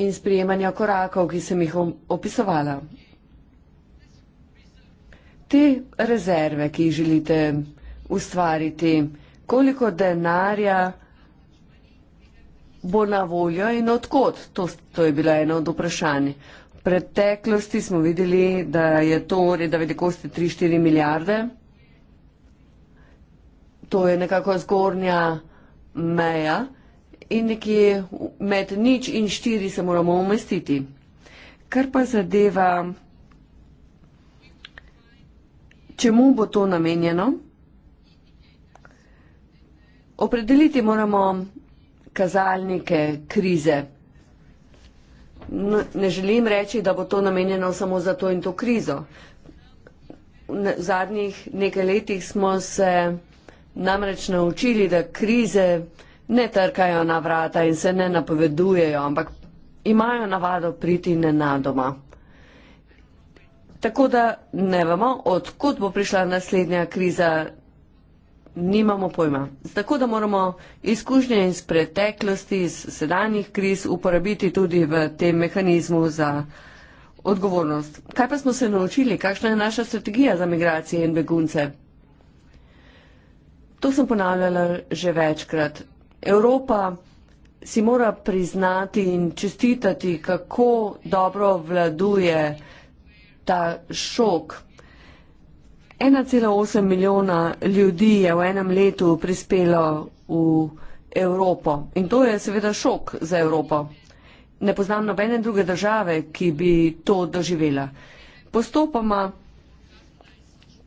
in sprejemanja korakov, ki sem jih opisovala. Te rezerve, ki jih želite ustvariti, koliko denarja bo na voljo in odkot? To, to je bila ena od vprašanj. V preteklosti smo videli, da je to reda velikosti 3-4 milijarde to je nekako zgornja meja in nekje med nič in štiri se moramo umestiti. Kar pa zadeva, čemu bo to namenjeno, opredeliti moramo kazalnike krize. Ne želim reči, da bo to namenjeno samo za to in to krizo. V zadnjih nekaj letih smo se namreč naučili, da krize ne trkajo na vrata in se ne napovedujejo, ampak imajo navado priti nenadoma. Tako da ne vemo, odkud bo prišla naslednja kriza, nimamo pojma. Tako da moramo izkušnje iz preteklosti, iz sedanjih kriz uporabiti tudi v tem mehanizmu za odgovornost. Kaj pa smo se naučili, kakšna je naša strategija za migracije in begunce? To sem ponavljala že večkrat. Evropa si mora priznati in čestitati, kako dobro vladuje ta šok. 1,8 milijona ljudi je v enem letu prispelo v Evropo in to je seveda šok za Evropo. Ne poznam nobene druge države, ki bi to doživela. Postopoma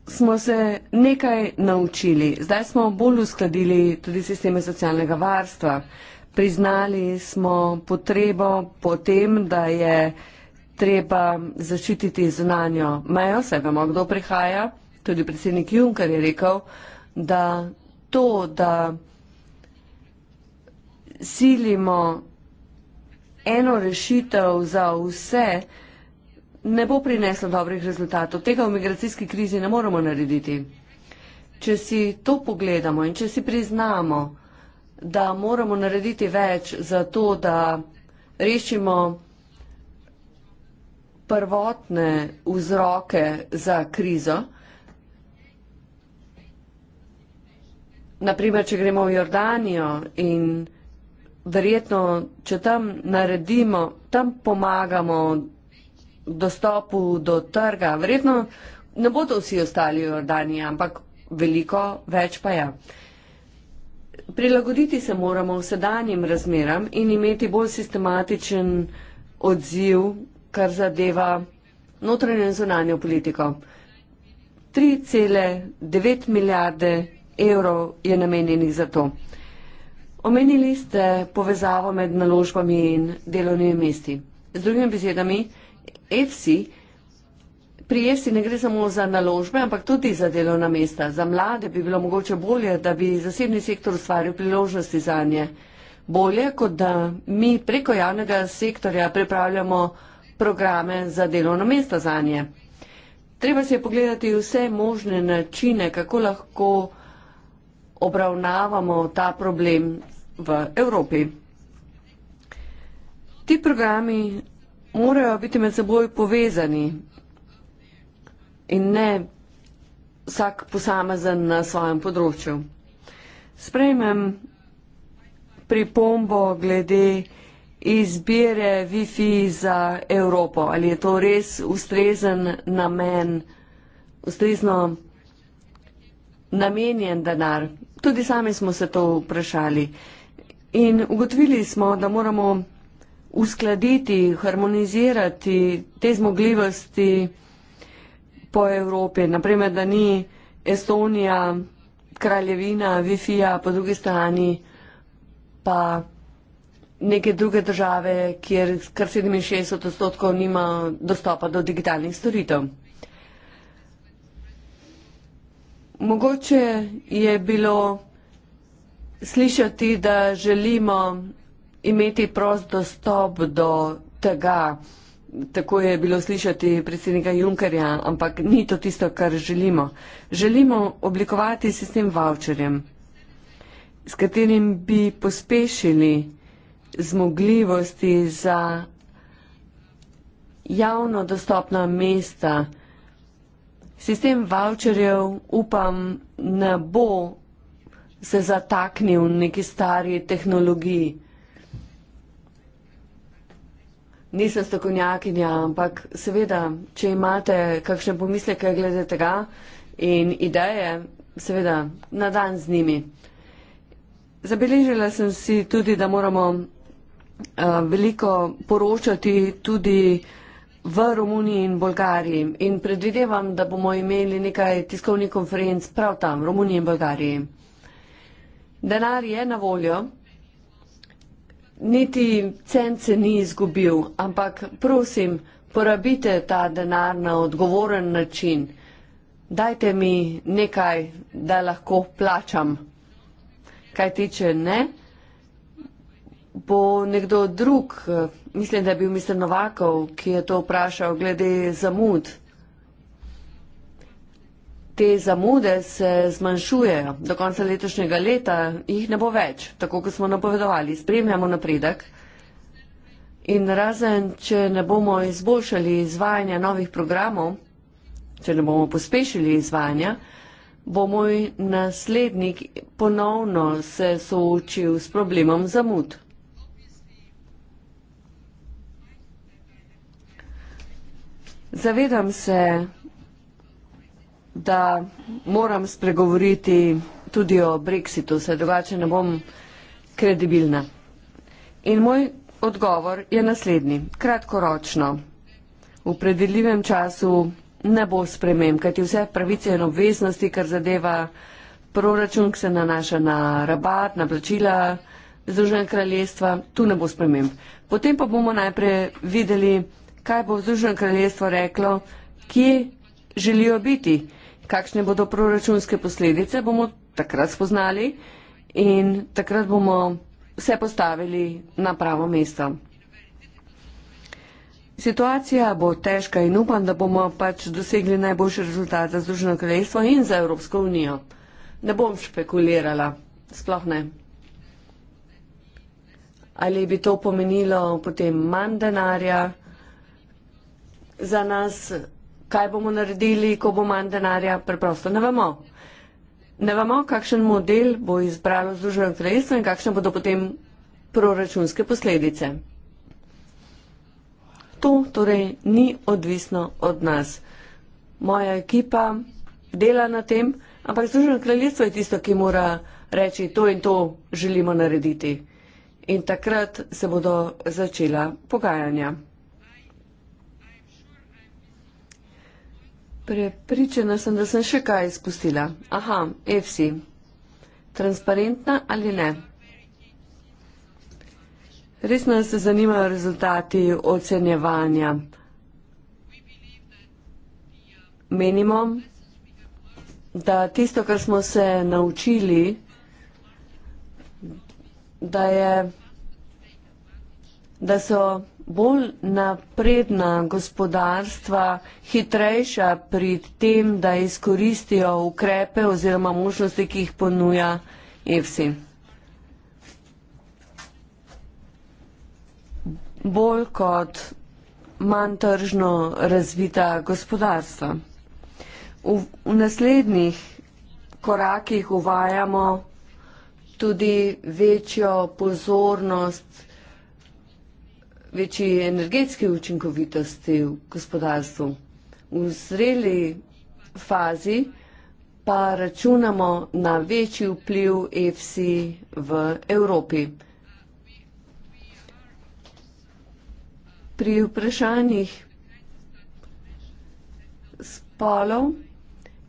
smo se nekaj naučili. Zdaj smo bolj uskladili tudi sisteme socialnega varstva. Priznali smo potrebo po tem, da je treba zaščititi zunanjo mejo, saj vemo, kdo prihaja. Tudi predsednik Juncker je rekel, da to, da silimo eno rešitev za vse, ne bo prineslo dobrih rezultatov. Tega v migracijski krizi ne moremo narediti. Če si to pogledamo in če si priznamo, da moramo narediti več za to, da rešimo prvotne vzroke za krizo, naprimer, če gremo v Jordanijo in verjetno, če tam naredimo, tam pomagamo dostopu do trga. Verjetno ne bodo vsi ostali v Jordaniji, ampak veliko več pa je. Ja. Prilagoditi se moramo vsedanjim razmeram in imeti bolj sistematičen odziv, kar zadeva notranjo in zunanjo politiko. 3,9 milijarde evrov je namenjenih za to. Omenili ste povezavo med naložbami in delovnimi mesti. Z drugimi besedami, EFSI, pri EFSI ne gre samo za naložbe, ampak tudi za delovna mesta. Za mlade bi bilo mogoče bolje, da bi zasebni sektor ustvaril priložnosti za nje. Bolje, kot da mi preko javnega sektorja pripravljamo programe za delovna mesta za nje. Treba si je pogledati vse možne načine, kako lahko obravnavamo ta problem v Evropi. Ti programi morajo biti med seboj povezani in ne vsak posamezen na svojem področju. Sprejmem pripombo glede izbire Wi-Fi za Evropo. Ali je to res ustrezen namen, ustrezno namenjen denar? Tudi sami smo se to vprašali. In ugotovili smo, da moramo uskladiti, harmonizirati te zmogljivosti po Evropi. Naprimer, da ni Estonija, kraljevina, Wi-Fi-ja, po drugi strani pa neke druge države, kjer kar 67 odstotkov nima dostopa do digitalnih storitev. Mogoče je bilo slišati, da želimo imeti prost dostop do tega, tako je bilo slišati predsednika Junkerja, ampak ni to tisto, kar želimo. Želimo oblikovati sistem voucherjem, s katerim bi pospešili zmogljivosti za javno dostopna mesta. Sistem voucherjev, upam, ne bo se zataknil v neki stari tehnologiji. Nisem strokovnjakinja, ampak seveda, če imate kakšne pomisleke glede tega in ideje, seveda, na dan z njimi. Zabeležila sem si tudi, da moramo uh, veliko poročati tudi v Romuniji in Bolgariji in predvidevam, da bomo imeli nekaj tiskovnih konferenc prav tam, v Romuniji in Bolgariji. Denar je na voljo niti cence ni izgubil, ampak prosim, porabite ta denar na odgovoren način. Dajte mi nekaj, da lahko plačam. Kaj tiče ne, bo nekdo drug, eh, mislim, da je bil mister Novakov, ki je to vprašal glede zamud. Te zamude se zmanjšujejo. Do konca letošnjega leta jih ne bo več, tako kot smo napovedovali. Spremljamo napredek. In razen, če ne bomo izboljšali izvajanja novih programov, če ne bomo pospešili izvajanja, bo moj naslednik ponovno se soočil s problemom zamud. Zavedam se, da da moram spregovoriti tudi o Brexitu, saj drugače ne bom kredibilna. In moj odgovor je naslednji. Kratkoročno, v predvidljivem času ne bo spremem, kajti vse pravice in obveznosti, kar zadeva proračun, ki se nanaša na rabat, na plačila Združenega kraljestva, tu ne bo spremem. Potem pa bomo najprej videli, kaj bo Združeno kraljestvo reklo, kje želijo biti kakšne bodo proračunske posledice, bomo takrat spoznali in takrat bomo vse postavili na pravo mesto. Situacija bo težka in upam, da bomo pač dosegli najboljše rezultate za Združeno kraljestvo in za Evropsko unijo. Ne bom špekulirala, sploh ne. Ali bi to pomenilo potem manj denarja za nas kaj bomo naredili, ko bo manj denarja, preprosto ne vemo. Ne vemo, kakšen model bo izbralo Združeno kraljestvo in kakšne bodo potem proračunske posledice. To torej ni odvisno od nas. Moja ekipa dela na tem, ampak Združeno kraljestvo je tisto, ki mora reči, to in to želimo narediti. In takrat se bodo začela pogajanja. Prepričana sem, da sem še kaj izpustila. Aha, EFSI. Transparentna ali ne? Res nas zanimajo rezultati ocenjevanja. Menimo, da tisto, kar smo se naučili, da, je, da so bolj napredna gospodarstva hitrejša pri tem, da izkoristijo ukrepe oziroma možnosti, ki jih ponuja EFSI? Bolj kot manj tržno razvita gospodarstva. V, v naslednjih korakih uvajamo tudi večjo pozornost, večji energetski učinkovitosti v gospodarstvu. V zreli fazi pa računamo na večji vpliv EFSI v Evropi. Pri vprašanjih spolov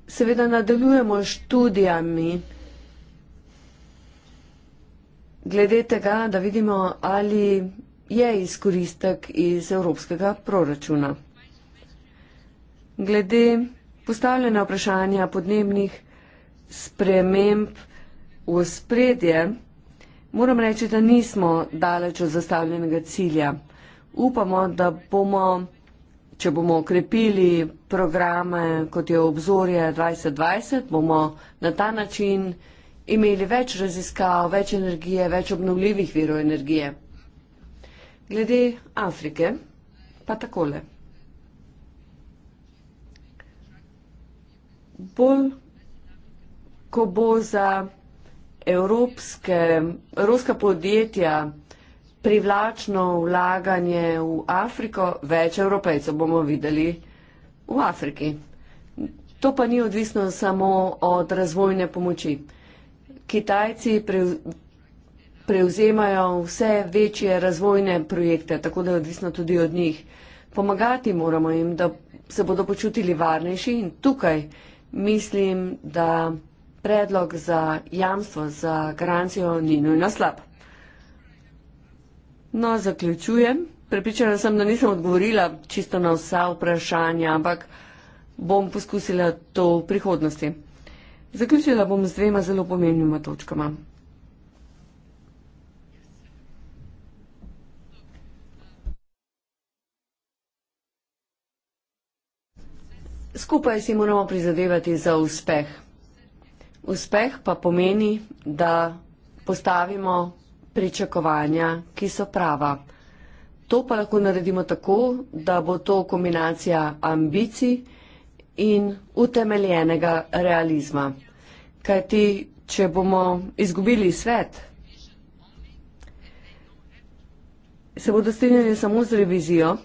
seveda nadaljujemo študijami glede tega, da vidimo, ali je izkoristek iz evropskega proračuna. Glede postavljena vprašanja podnebnih sprememb v spredje, moram reči, da nismo daleč od zastavljenega cilja. Upamo, da bomo, če bomo okrepili programe, kot je obzorje 2020, bomo na ta način imeli več raziskav, več energije, več obnovljivih virov energije. Glede Afrike pa takole. Bolj, ko bo za evropske, evropska podjetja privlačno vlaganje v Afriko, več evropejcev bomo videli v Afriki. To pa ni odvisno samo od razvojne pomoči. Kitajci prevzemajo vse večje razvojne projekte, tako da je odvisno tudi od njih. Pomagati moramo jim, da se bodo počutili varnejši in tukaj mislim, da predlog za jamstvo, za garancijo ni nujno slab. No, zaključujem. Prepričana sem, da nisem odgovorila čisto na vsa vprašanja, ampak bom poskusila to v prihodnosti. Zaključila bom z dvema zelo pomembnima točkama. Skupaj si moramo prizadevati za uspeh. Uspeh pa pomeni, da postavimo pričakovanja, ki so prava. To pa lahko naredimo tako, da bo to kombinacija ambicij in utemeljenega realizma. Kajti, če bomo izgubili svet, se bodo strinjali samo z revizijo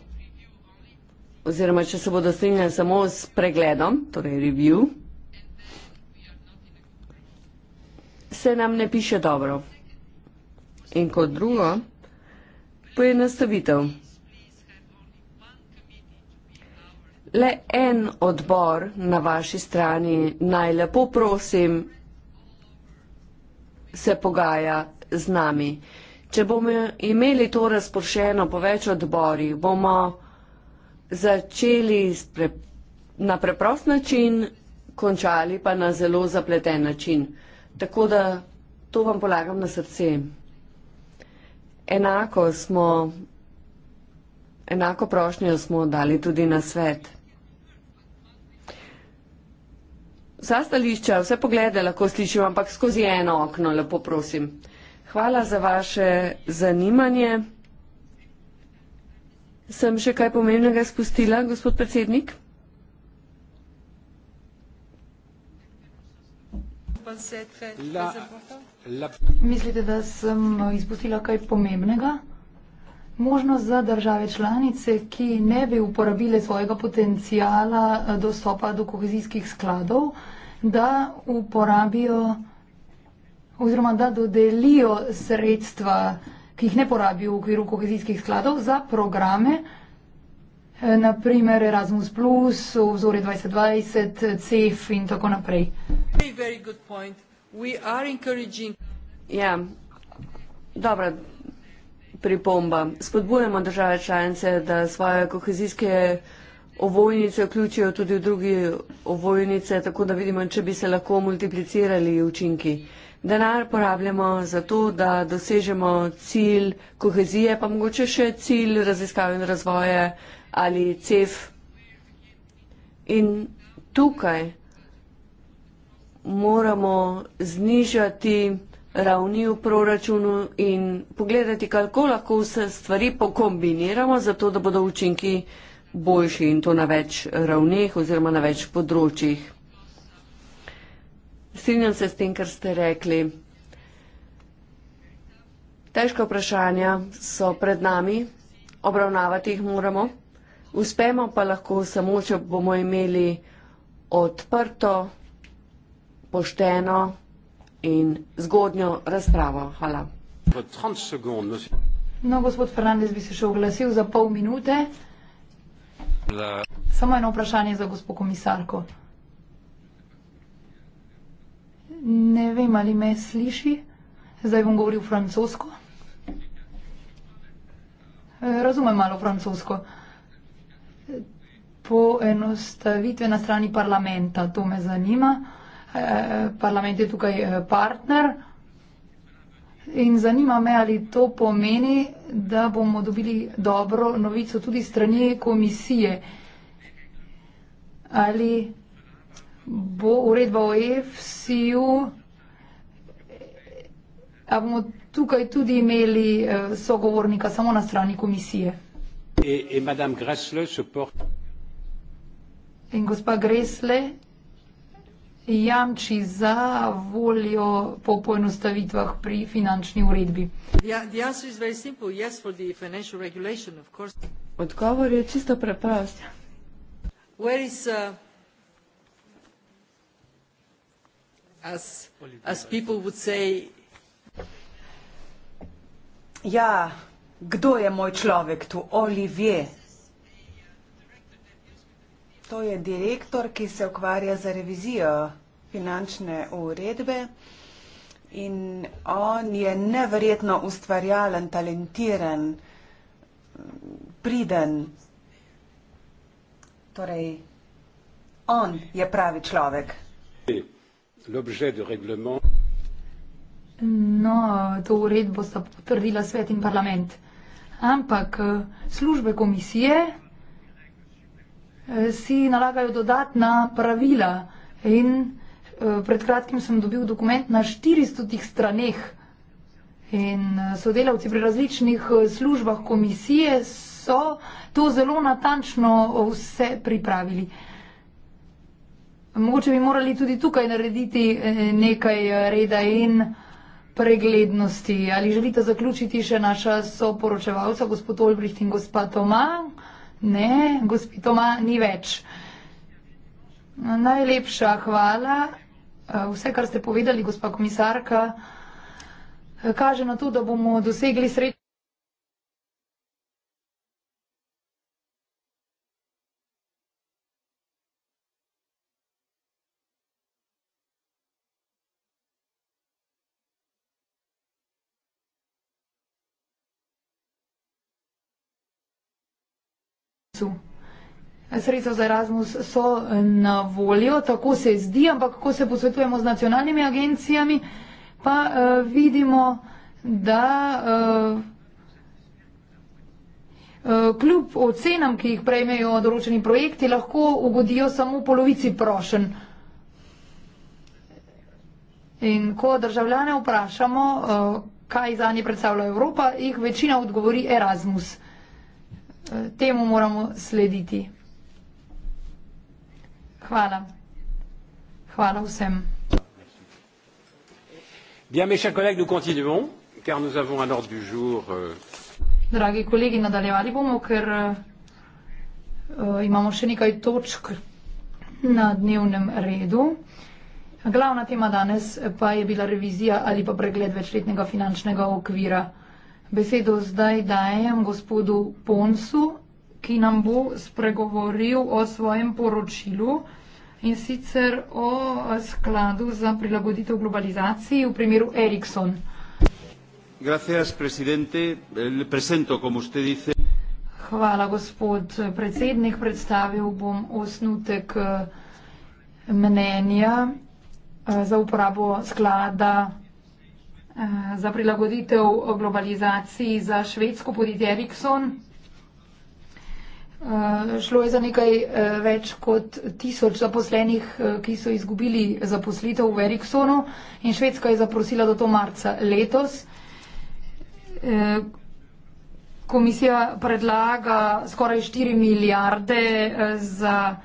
oziroma če se bodo strinjali samo s pregledom, torej review, se nam ne piše dobro. In kot drugo, poenostavitev. Le en odbor na vaši strani naj lepo prosim se pogaja z nami. Če bomo imeli to razpršeno po več odborih, bomo začeli pre, na preprost način, končali pa na zelo zapleten način. Tako da to vam polagam na srce. Enako smo, enako prošnjo smo dali tudi na svet. Vsa stališča, vse poglede lahko slišim, ampak skozi eno okno, lepo prosim. Hvala za vaše zanimanje. Sem še kaj pomembnega spustila, gospod predsednik? La, la. Mislite, da sem eh, izpustila kaj pomembnega? Možnost za države članice, ki ne bi uporabile svojega potencijala eh, dostopa do kohezijskih skladov, da uporabijo oziroma da dodelijo sredstva ki jih ne porabi v okviru kohezijskih skladov za programe, eh, naprimer Erasmus+, Obzorje 2020, CEF in tako naprej. Very, very encouraging... Ja, dobra pripomba. Spodbujamo države članice, da svoje kohezijske ovojnice vključijo tudi v druge ovojnice, tako da vidimo, če bi se lahko multiplicirali učinki denar porabljamo za to, da dosežemo cilj kohezije, pa mogoče še cilj raziskave in razvoje ali CEF. In tukaj moramo znižati ravni v proračunu in pogledati, kako lahko vse stvari pokombiniramo, zato da bodo učinki boljši in to na več ravneh oziroma na več področjih. Strinjam se s tem, kar ste rekli. Težka vprašanja so pred nami, obravnavati jih moramo. Uspemo pa lahko samo, če bomo imeli odprto, pošteno in zgodnjo razpravo. Hvala. No, gospod Fernandez bi se še oglasil za pol minute. Samo eno vprašanje za gospod komisarko. Ne vem, ali me sliši. Zdaj bom govoril francosko. Eh, razumem malo francosko. Poenostavitve na strani parlamenta, to me zanima. Eh, parlament je tukaj eh, partner. In zanima me, ali to pomeni, da bomo dobili dobro novico tudi strani komisije. Ali bo uredba o EFSI-ju, a bomo tukaj tudi imeli eh, sogovornika samo na strani komisije? In gospa Gresle jamči za voljo po poenostavitvah pri finančni uredbi. Ja, Odgovor je čisto preprost. as, as torej. people would say, ja, kdo je moj človek tu, Olivier? To je direktor, ki se ukvarja za revizijo finančne uredbe in on je neverjetno ustvarjalen, talentiran, priden. Torej, on je pravi človek. Hey l'objet du règlement. Non, to uredbo sta potrdila svet in parlament. Ampak eh, službe komisije eh, si nalagajo dodatna pravila in eh, pred kratkim sem dobil dokument na 400 straneh in sodelavci pri različnih službah komisije so to zelo natančno vse pripravili. Mogoče bi morali tudi tukaj narediti eh, nekaj eh, reda in preglednosti. Ali želite zaključiti še naša soporočevalca, gospod Olbricht in gospa Toma? Ne, gospi Toma ni več. Najlepša hvala. Eh, vse, kar ste povedali, gospa komisarka, kaže na to, da bomo dosegli srečo. Erasmusu. Sredstva za Erasmus so na voljo, tako se zdi, ampak ko se posvetujemo z nacionalnimi agencijami, pa uh, vidimo, da uh, uh, kljub ocenam, ki jih prejmejo določeni projekti, lahko ugodijo samo polovici prošen. In ko državljane vprašamo, uh, kaj za njih predstavlja Evropa, jih večina odgovori Erasmus. Uh, temu moramo slediti. Hvala. Hvala vsem. Bien, mes chers collègues, nous continuons, car nous avons un ordre du jour. Euh... Dragi kolegi, nadaljevali bomo, ker euh, imamo še nekaj točk na dnevnem redu. Glavna tema danes pa je bila revizija ali pa pregled večletnega finančnega okvira. Besedo zdaj dajem gospodu Poncu, ki nam bo spregovoril o svojem poročilu in sicer o eh, skladu za prilagoditev globalizaciji v primeru Ericsson. Gracias, presidente. Eh, le presento, como usted dice. Hvala, gospod eh, predsednik. Predstavil bom osnutek mnenja za uporabo sklada za prilagoditev globalizaciji za švedsko podjetje Ericsson. Eh, šlo je za nekaj eh, več kot tisoč zaposlenih, eh, ki so izgubili zaposlitev v Ericssonu in Švedska je zaprosila do to marca letos. Komisija predlaga skoraj 4 milijarde za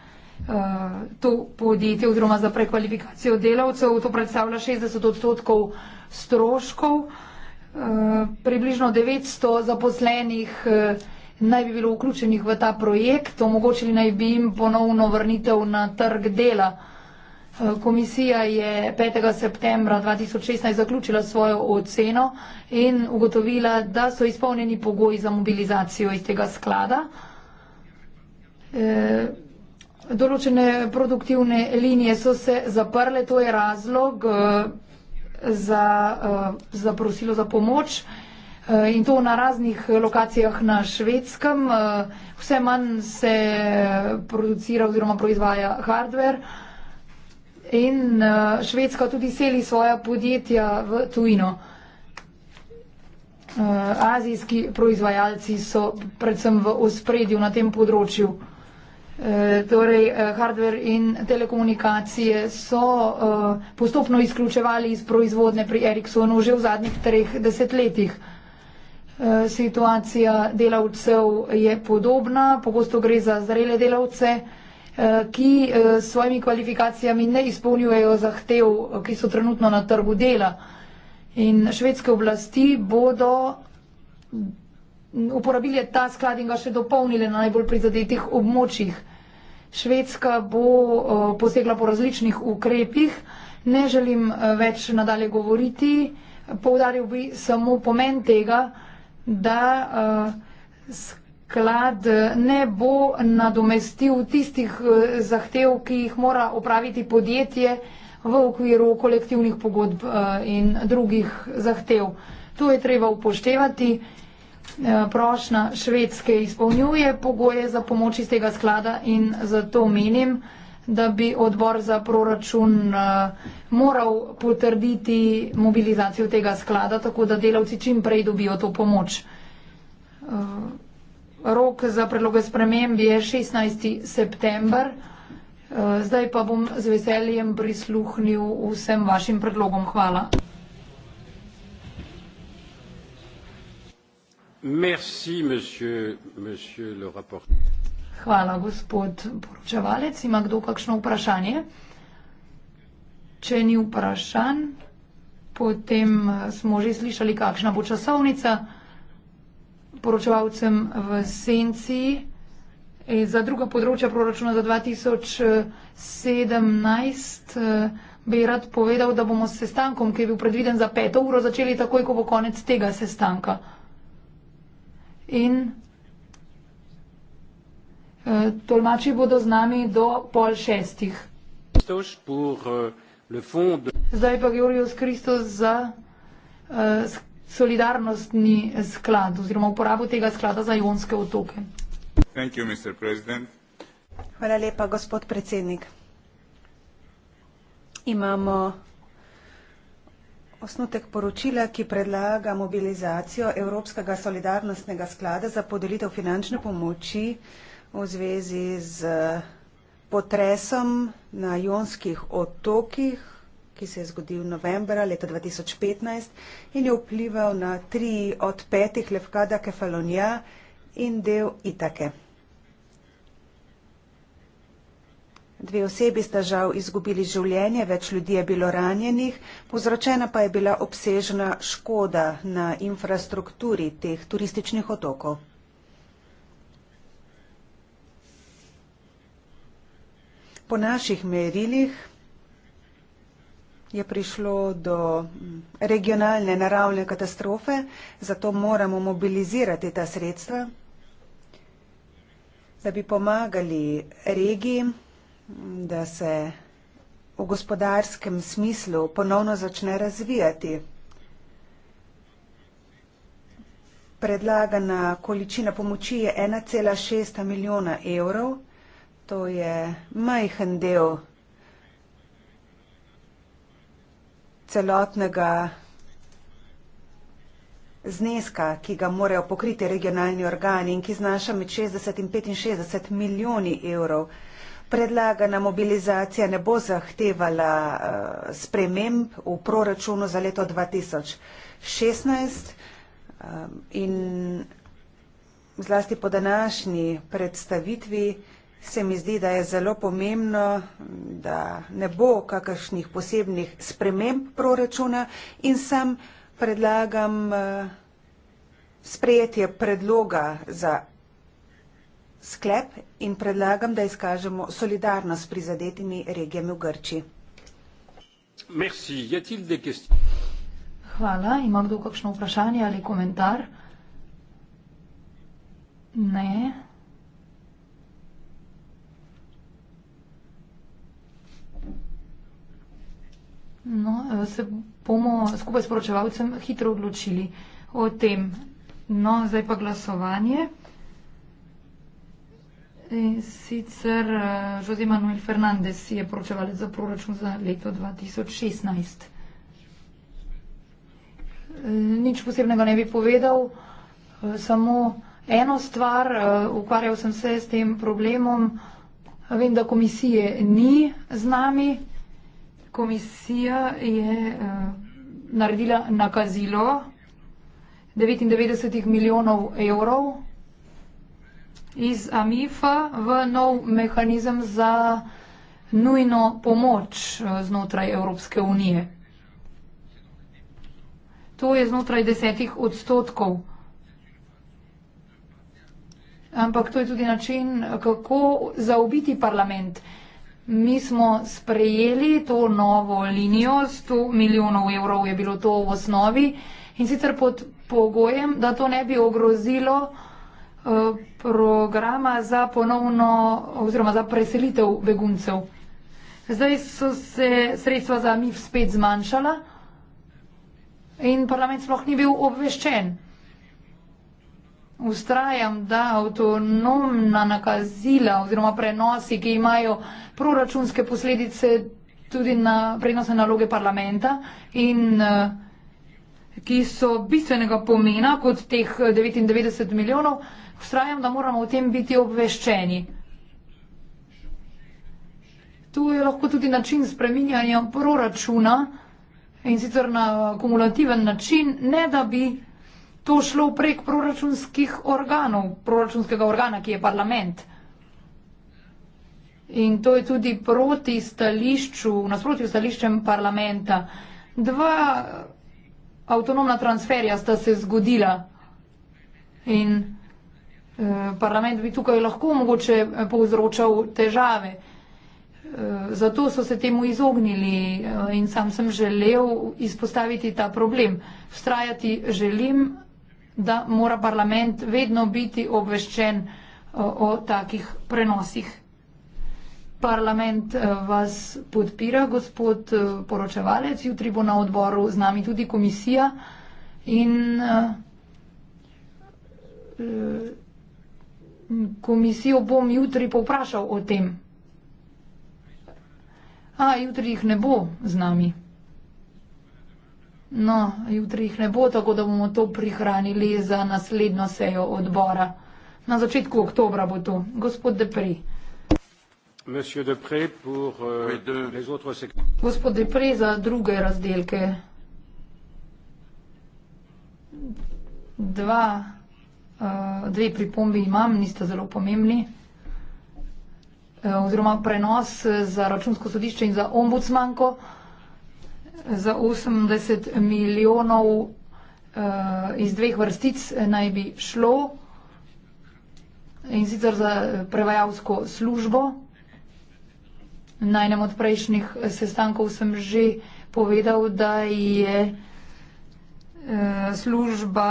to podjetje oziroma za prekvalifikacijo delavcev. To predstavlja 60 odstotkov stroškov. Eh, približno 900 zaposlenih eh, naj bi bilo vključenih v ta projekt, omogočili naj bi jim ponovno vrnitev na trg dela. Eh, komisija je 5. septembra 2016 zaključila svojo oceno in ugotovila, da so izpolnjeni pogoji za mobilizacijo iz tega sklada. Določene produktivne linije so se zaprle, to je razlog za, eh, za prosilo za pomoč eh, in to na raznih lokacijah na švedskem. Eh, vse manj se producira oziroma proizvaja hardware in švedska tudi seli svoja podjetja v tujino. Azijski proizvajalci so predvsem v ospredju na tem področju. Eh, torej eh, hardware in telekomunikacije so eh, postopno izključevali iz proizvodne pri Ericssonu že v zadnjih treh desetletjih. Situacija delavcev je podobna, pogosto gre za zrele delavce, ki s svojimi kvalifikacijami ne izpolnjujejo zahtev, ki so trenutno na trgu dela. In švedske oblasti bodo uporabili je ta sklad in ga še dopolnili na najbolj prizadetih območjih. Švedska bo eh, posegla po različnih ukrepih. Ne želim eh, več nadalje govoriti. Povdaril bi samo pomen tega, da eh, sklad ne bo nadomestil tistih zahtev, ki jih mora opraviti podjetje v okviru kolektivnih pogodb in drugih zahtev. To je treba upoštevati. Eh, prošnja Švedske izpolnjuje pogoje za pomoč iz tega sklada in zato menim, da bi odbor za proračun eh, moral potrditi mobilizacijo tega sklada, tako da delavci čim prej dobijo to pomoč. Eh, rok za predloge sprememb je 16. september. Zdaj pa bom z veseljem prisluhnil vsem vašim predlogom. Hvala. Merci, monsieur, monsieur le rapporteur. Hvala, gospod poročevalec. Ima kdo kakšno vprašanje? Če ni vprašanj, potem eh, smo že slišali, kakšna bo časovnica. Poročevalcem v senci e, za druga področja proračuna za 2017 eh, bi rad povedal, da bomo s sestankom, ki je bil predviden za peto uro, začeli takoj, ko bo konec tega sestanka in eh, tolmači bodo z nami do pol šestih. Eh, Zdaj pa Georgios Kristus za eh, solidarnostni sklad oziroma uporabo tega sklada za jonske otoke. You, Hvala lepa, gospod predsednik. Imamo Osnutek poročila, ki predlaga mobilizacijo Evropskega solidarnostnega sklada za podelitev finančne pomoči v zvezi z eh, potresom na Jonskih otokih, ki se je zgodil novembra leta 2015 in je vplival na tri od petih levkada Kefalonija in del Itake. Dve osebi sta žal izgubili življenje, več ljudi je bilo ranjenih, povzročena pa je bila obsežna škoda na infrastrukturi teh turističnih otokov. Po naših merilih je prišlo do regionalne naravne katastrofe, zato moramo mobilizirati ta sredstva, da bi pomagali regiji, da se v gospodarskem smislu ponovno začne razvijati. Predlagana količina pomoči je 1,6 milijona evrov, to je majhen del celotnega zneska, ki ga morajo pokriti regionalni organi in ki znaša med 60 in 65 milijoni evrov predlagana mobilizacija ne bo zahtevala eh, sprememb v proračunu za leto 2016 eh, in zlasti po današnji predstavitvi se mi zdi, da je zelo pomembno, da ne bo kakršnih posebnih sprememb proračuna in sam predlagam eh, sprejetje predloga za sklep in predlagam, da izkažemo solidarnost s prizadetimi regijami v Grči. Hvala. Ima kdo kakšno vprašanje ali komentar? Ne. No, eh, se bomo skupaj s poročevalcem hitro odločili o tem. No, zdaj pa glasovanje. In sicer uh, Jose Manuel Fernandez je poročevalec za proračun za leto 2016. E, eh, nič posebnega ne bi povedal, e, samo eno stvar, e, ukvarjal sem se s tem problemom. Vem, da komisije ni z nami. Komisija je e, naredila nakazilo 99 milijonov evrov iz AMIF-a v nov mehanizem za nujno pomoč eh, znotraj Evropske unije. To je znotraj desetih odstotkov. Ampak to je tudi način, kako zaobiti parlament. Mi smo sprejeli to novo linijo, 100 milijonov evrov je bilo to v osnovi in sicer pod pogojem, da to ne bi ogrozilo Eh, programa za ponovno oziroma za preselitev beguncev. Zdaj so se sredstva za MIF spet zmanjšala in parlament sploh ni bil obveščen. Ustrajam, da avtonomna nakazila oziroma prenosi, ki imajo proračunske posledice tudi na prenosne naloge parlamenta in eh, ki so bistvenega pomena kot teh 99 milijonov, Vztrajam, da moramo o tem biti obveščeni. Tu je lahko tudi način spreminjanja proračuna in sicer na kumulativen način, ne da bi to šlo prek proračunskih organov, proračunskega organa, ki je parlament. In to je tudi proti stališču, nasproti stališčem parlamenta. Dva avtonomna transferja sta se zgodila in Eh, parlament bi tukaj lahko mogoče eh, povzročal težave. Eh, zato so se temu izognili in sam sem želel izpostaviti ta problem. Vstrajati želim, da mora parlament vedno biti obveščen o takih prenosih. Parlament vas podpira, gospod poročevalec, jutri bo na odboru z nami tudi komisija in komisijo bom jutri povprašal o tem. A, jutri jih ne bo z nami. No, jutri jih ne bo, tako da bomo to prihranili za naslednjo sejo odbora. Na začetku oktobra bo to. Gospod Depri. Depri pour, uh, les Gospod Depri za druge razdelke. Dva Eh, dve pripombi imam, nista zelo pomembni. Eh, oziroma prenos eh, za računsko sodišče in za ombudsmanko za 80 milijonov iz dveh vrstic naj bi šlo in sicer za prevajalsko službo. Na enem od prejšnjih sestankov sem že povedal, da je služba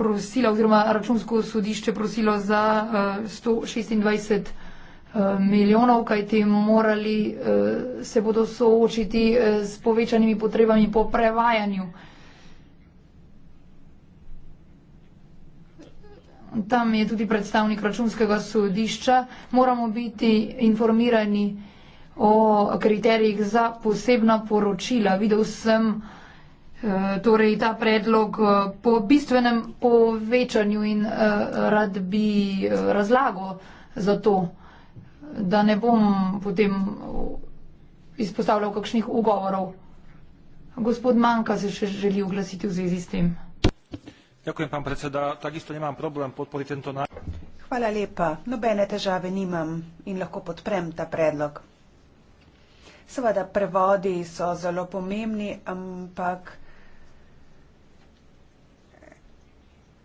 prosila, oziroma računsko sodišče prosilo za uh, 126 uh, milijonov, kajti morali uh, se bodo soočiti uh, s povečanimi potrebami po prevajanju. Tam je tudi predstavnik računskega sodišča. Moramo biti informirani o kriterijih za posebna poročila. Videl sem, uh, Eh, torej ta predlog eh, po bistvenem povečanju in eh, rad bi razlago za to, da ne bom potem izpostavljal kakšnih ugovorov. Gospod Manka se še želi oglasiti v zvezi s tem. Ďakujem, pán predseda. Takisto nemám problém podporiť tento návrh. Hvala lepa. Nobene težave nimam in lahko podprem ta predlog. Seveda, prevodi so zelo pomembni, ampak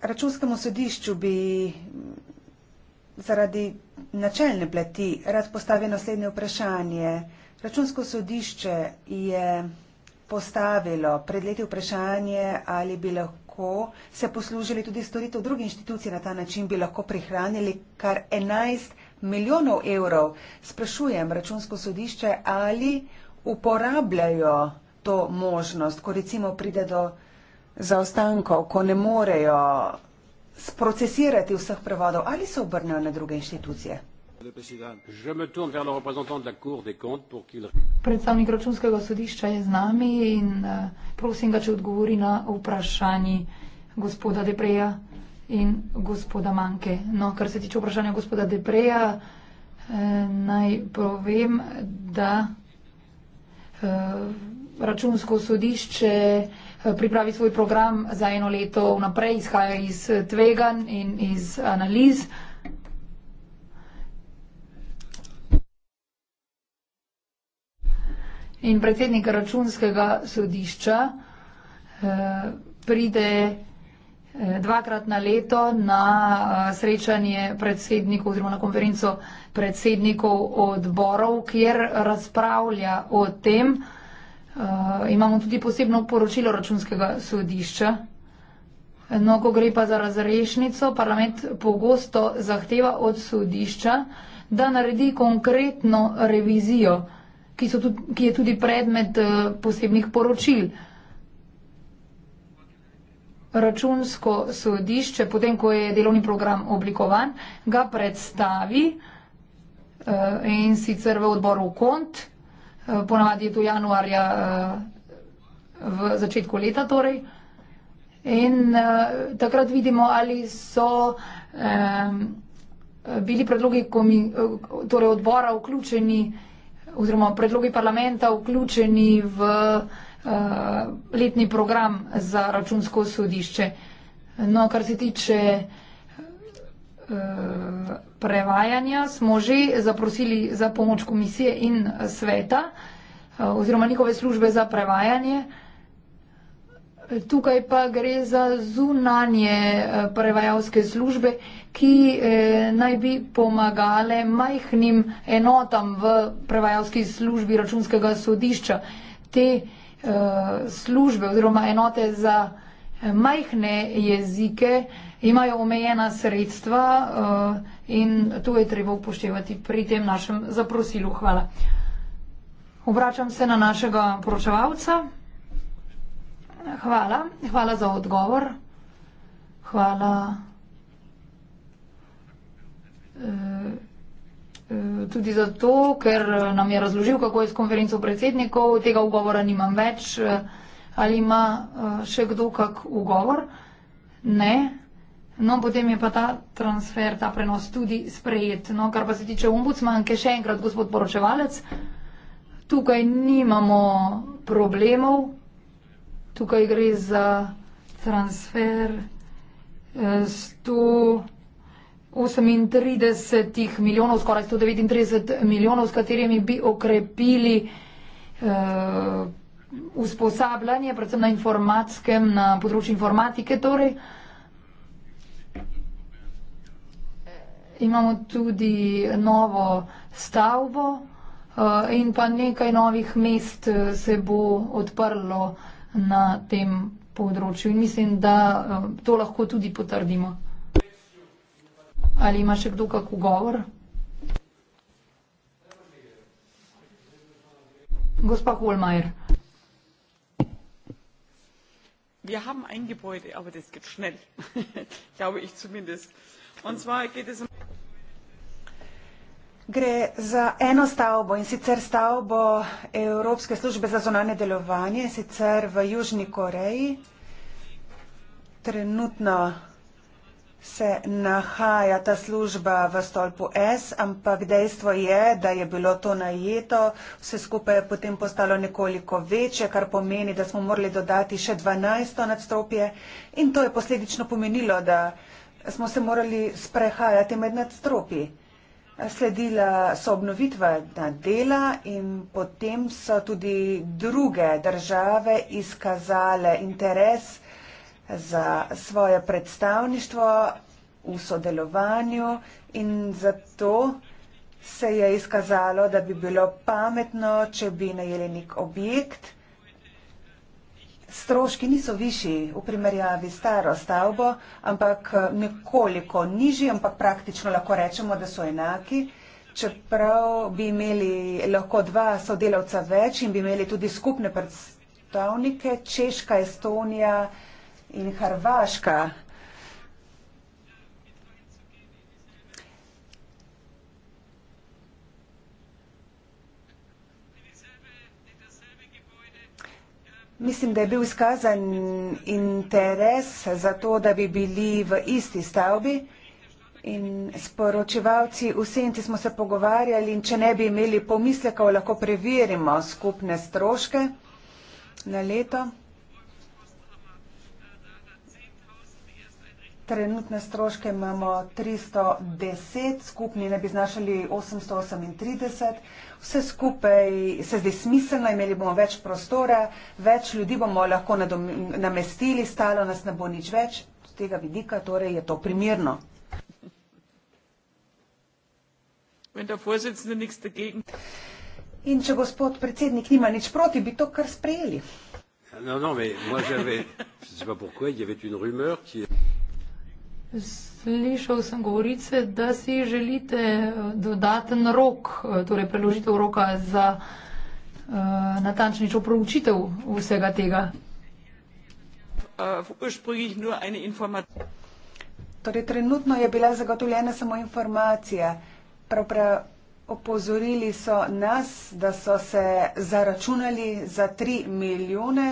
Računskemu sodišču bi zaradi načelne plati rad postavil naslednje vprašanje. Računsko sodišče je postavilo pred leti vprašanje, ali bi lahko se poslužili tudi storitev druge inštitucije na ta način, bi lahko prihranili kar 11 milijonov evrov. Sprašujem računsko sodišče, ali uporabljajo to možnost, ko recimo pride do zaostankov, ko ne morejo sprocesirati vseh prevodov, ali se obrnejo na druge inštitucije? Predstavnik računskega sodišča je z nami in eh, prosim ga, če odgovori na vprašanje gospoda Depreja in gospoda Manke. No, kar se tiče vprašanja gospoda Depreja, eh, naj povem, da eh, računsko sodišče pripravi svoj program za eno leto vnaprej, izhaja iz tvegan in iz analiz. In predsednik računskega sodišča eh, pride eh, dvakrat na leto na eh, srečanje predsednikov oziroma na konferenco predsednikov odborov, kjer razpravlja o tem, Eh, imamo tudi posebno poročilo računskega sodišča. No, ko gre pa za razrešnico, parlament pogosto zahteva od sodišča, da naredi konkretno revizijo, ki, tudi, ki je tudi predmet eh, posebnih poročil. Računsko sodišče, potem ko je delovni program oblikovan, ga predstavi eh, in sicer v odboru kont Eh, ponavadi je to januarja eh, v začetku leta torej. In uh, takrat vidimo, ali so um, bili predlogi komi, torej odbora vključeni oziroma predlogi parlamenta vključeni v uh, letni program za računsko sodišče. No, kar se tiče uh, Eh, prevajanja smo že zaprosili za pomoč komisije in sveta eh, oziroma njihove službe za prevajanje. Tukaj pa gre za zunanje eh, prevajalske službe, ki naj bi pomagale majhnim enotam v prevajalski službi računskega sodišča. Te službe oziroma enote za majhne jezike imajo omejena sredstva eh, in to je treba upoštevati pri tem našem zaprosilu. Hvala. Obračam se na našega poročevalca. Hvala. Hvala za odgovor. Hvala. Eh, tudi zato, ker nam je razložil, kako je s konferenco predsednikov, tega ugovora nimam več. Ali ima eh, še kdo kak ugovor? Ne. Ne. No, potem je pa ta transfer, ta prenos tudi sprejet. No, kar pa se tiče ombudsmanke, še enkrat, gospod poročevalec, tukaj nimamo problemov, tukaj gre za transfer 138 eh, milijonov, skoraj 139 milijonov, s katerimi bi okrepili eh, usposabljanje, predvsem na informatskem, na področju informatike torej. imamo tudi novo stavbo eh, in pa nekaj novih mest eh, se bo odprlo na tem področju. In mislim, da eh, to lahko tudi potrdimo. Ali ima še kdo kak ugovor? Gospa Holmajer. Gre za eno stavbo in sicer stavbo Evropske službe za zonanje delovanje, sicer v Južni Koreji. Trenutno se nahaja ta služba v stolpu S, ampak dejstvo je, da je bilo to najeto, vse skupaj je potem postalo nekoliko večje, kar pomeni, da smo morali dodati še 12 nadstropje in to je posledično pomenilo, da smo se morali sprehajati med nadstropji. Sledila so obnovitvena dela in potem so tudi druge države izkazale interes za svoje predstavništvo v sodelovanju in zato se je izkazalo, da bi bilo pametno, če bi najeli nek objekt stroški niso višji v primerjavi staro stavbo, ampak eh, nekoliko nižji, ampak praktično lahko rečemo, da so enaki. Čeprav bi imeli lahko dva sodelavca več in bi imeli tudi skupne predstavnike, Češka, Estonija in Hrvaška Mislim, da je bil izkazan interes za to, da bi bili v isti stavbi in sporočevalci v senci smo se pogovarjali in če ne bi imeli pomislekov, lahko preverimo skupne stroške na leto. Trenutne stroške imamo 310, skupni ne bi znašali 838. Vse skupaj se zdi smiselno, imeli bomo več prostora, več ljudi bomo lahko namestili, stalo nas ne bo nič več. Z tega vidika torej je to primirno. In če gospod predsednik nima nič proti, bi to kar sprejeli. No, no, Slišal sem govorice, da si želite eh, dodaten rok, eh, torej preložitev roka za uh, natančnejšo proučitev vsega tega. Torej, trenutno je bila zagotovljena samo informacija. Prav prav opozorili so nas, da so se zaračunali za 3 milijone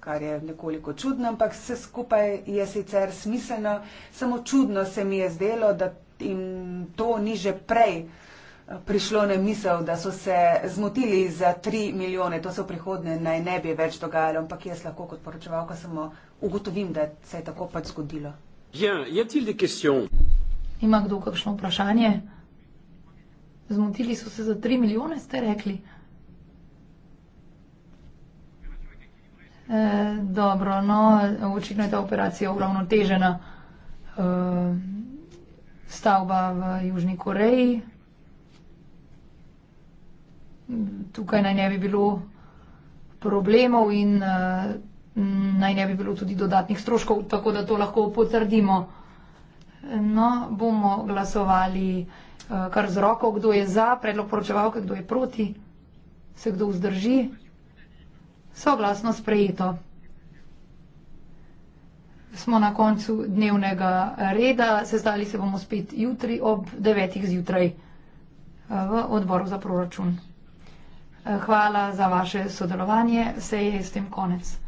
kar je nekoliko čudno, ampak vse skupaj je sicer smiselno, samo čudno se mi je zdelo, da jim to ni že prej eh, prišlo na misel, da so se zmotili za tri milijone, to se v prihodnje naj ne bi več dogajalo, ampak jaz lahko kot poročevalka samo ugotovim, da se je tako pač zgodilo. Ja, je til de question. Ima kdo kakšno vprašanje? Zmotili so se za tri milijone, ste rekli. Eh, dobro, no, očitno je ta operacija uravnotežena uh, stavba v Južni Koreji. Tukaj naj ne bi bilo problemov in uh, naj ne bi bilo tudi dodatnih stroškov, tako da to lahko potrdimo. No, bomo glasovali uh, kar z roko, kdo je za predlog poročevalke, kdo je proti, se kdo vzdrži. Soglasno sprejeto. Smo na koncu dnevnega reda, sestali se bomo spet jutri ob devetih zjutraj eh, v odboru za proračun. Eh, hvala za vaše sodelovanje, seje je s tem konec.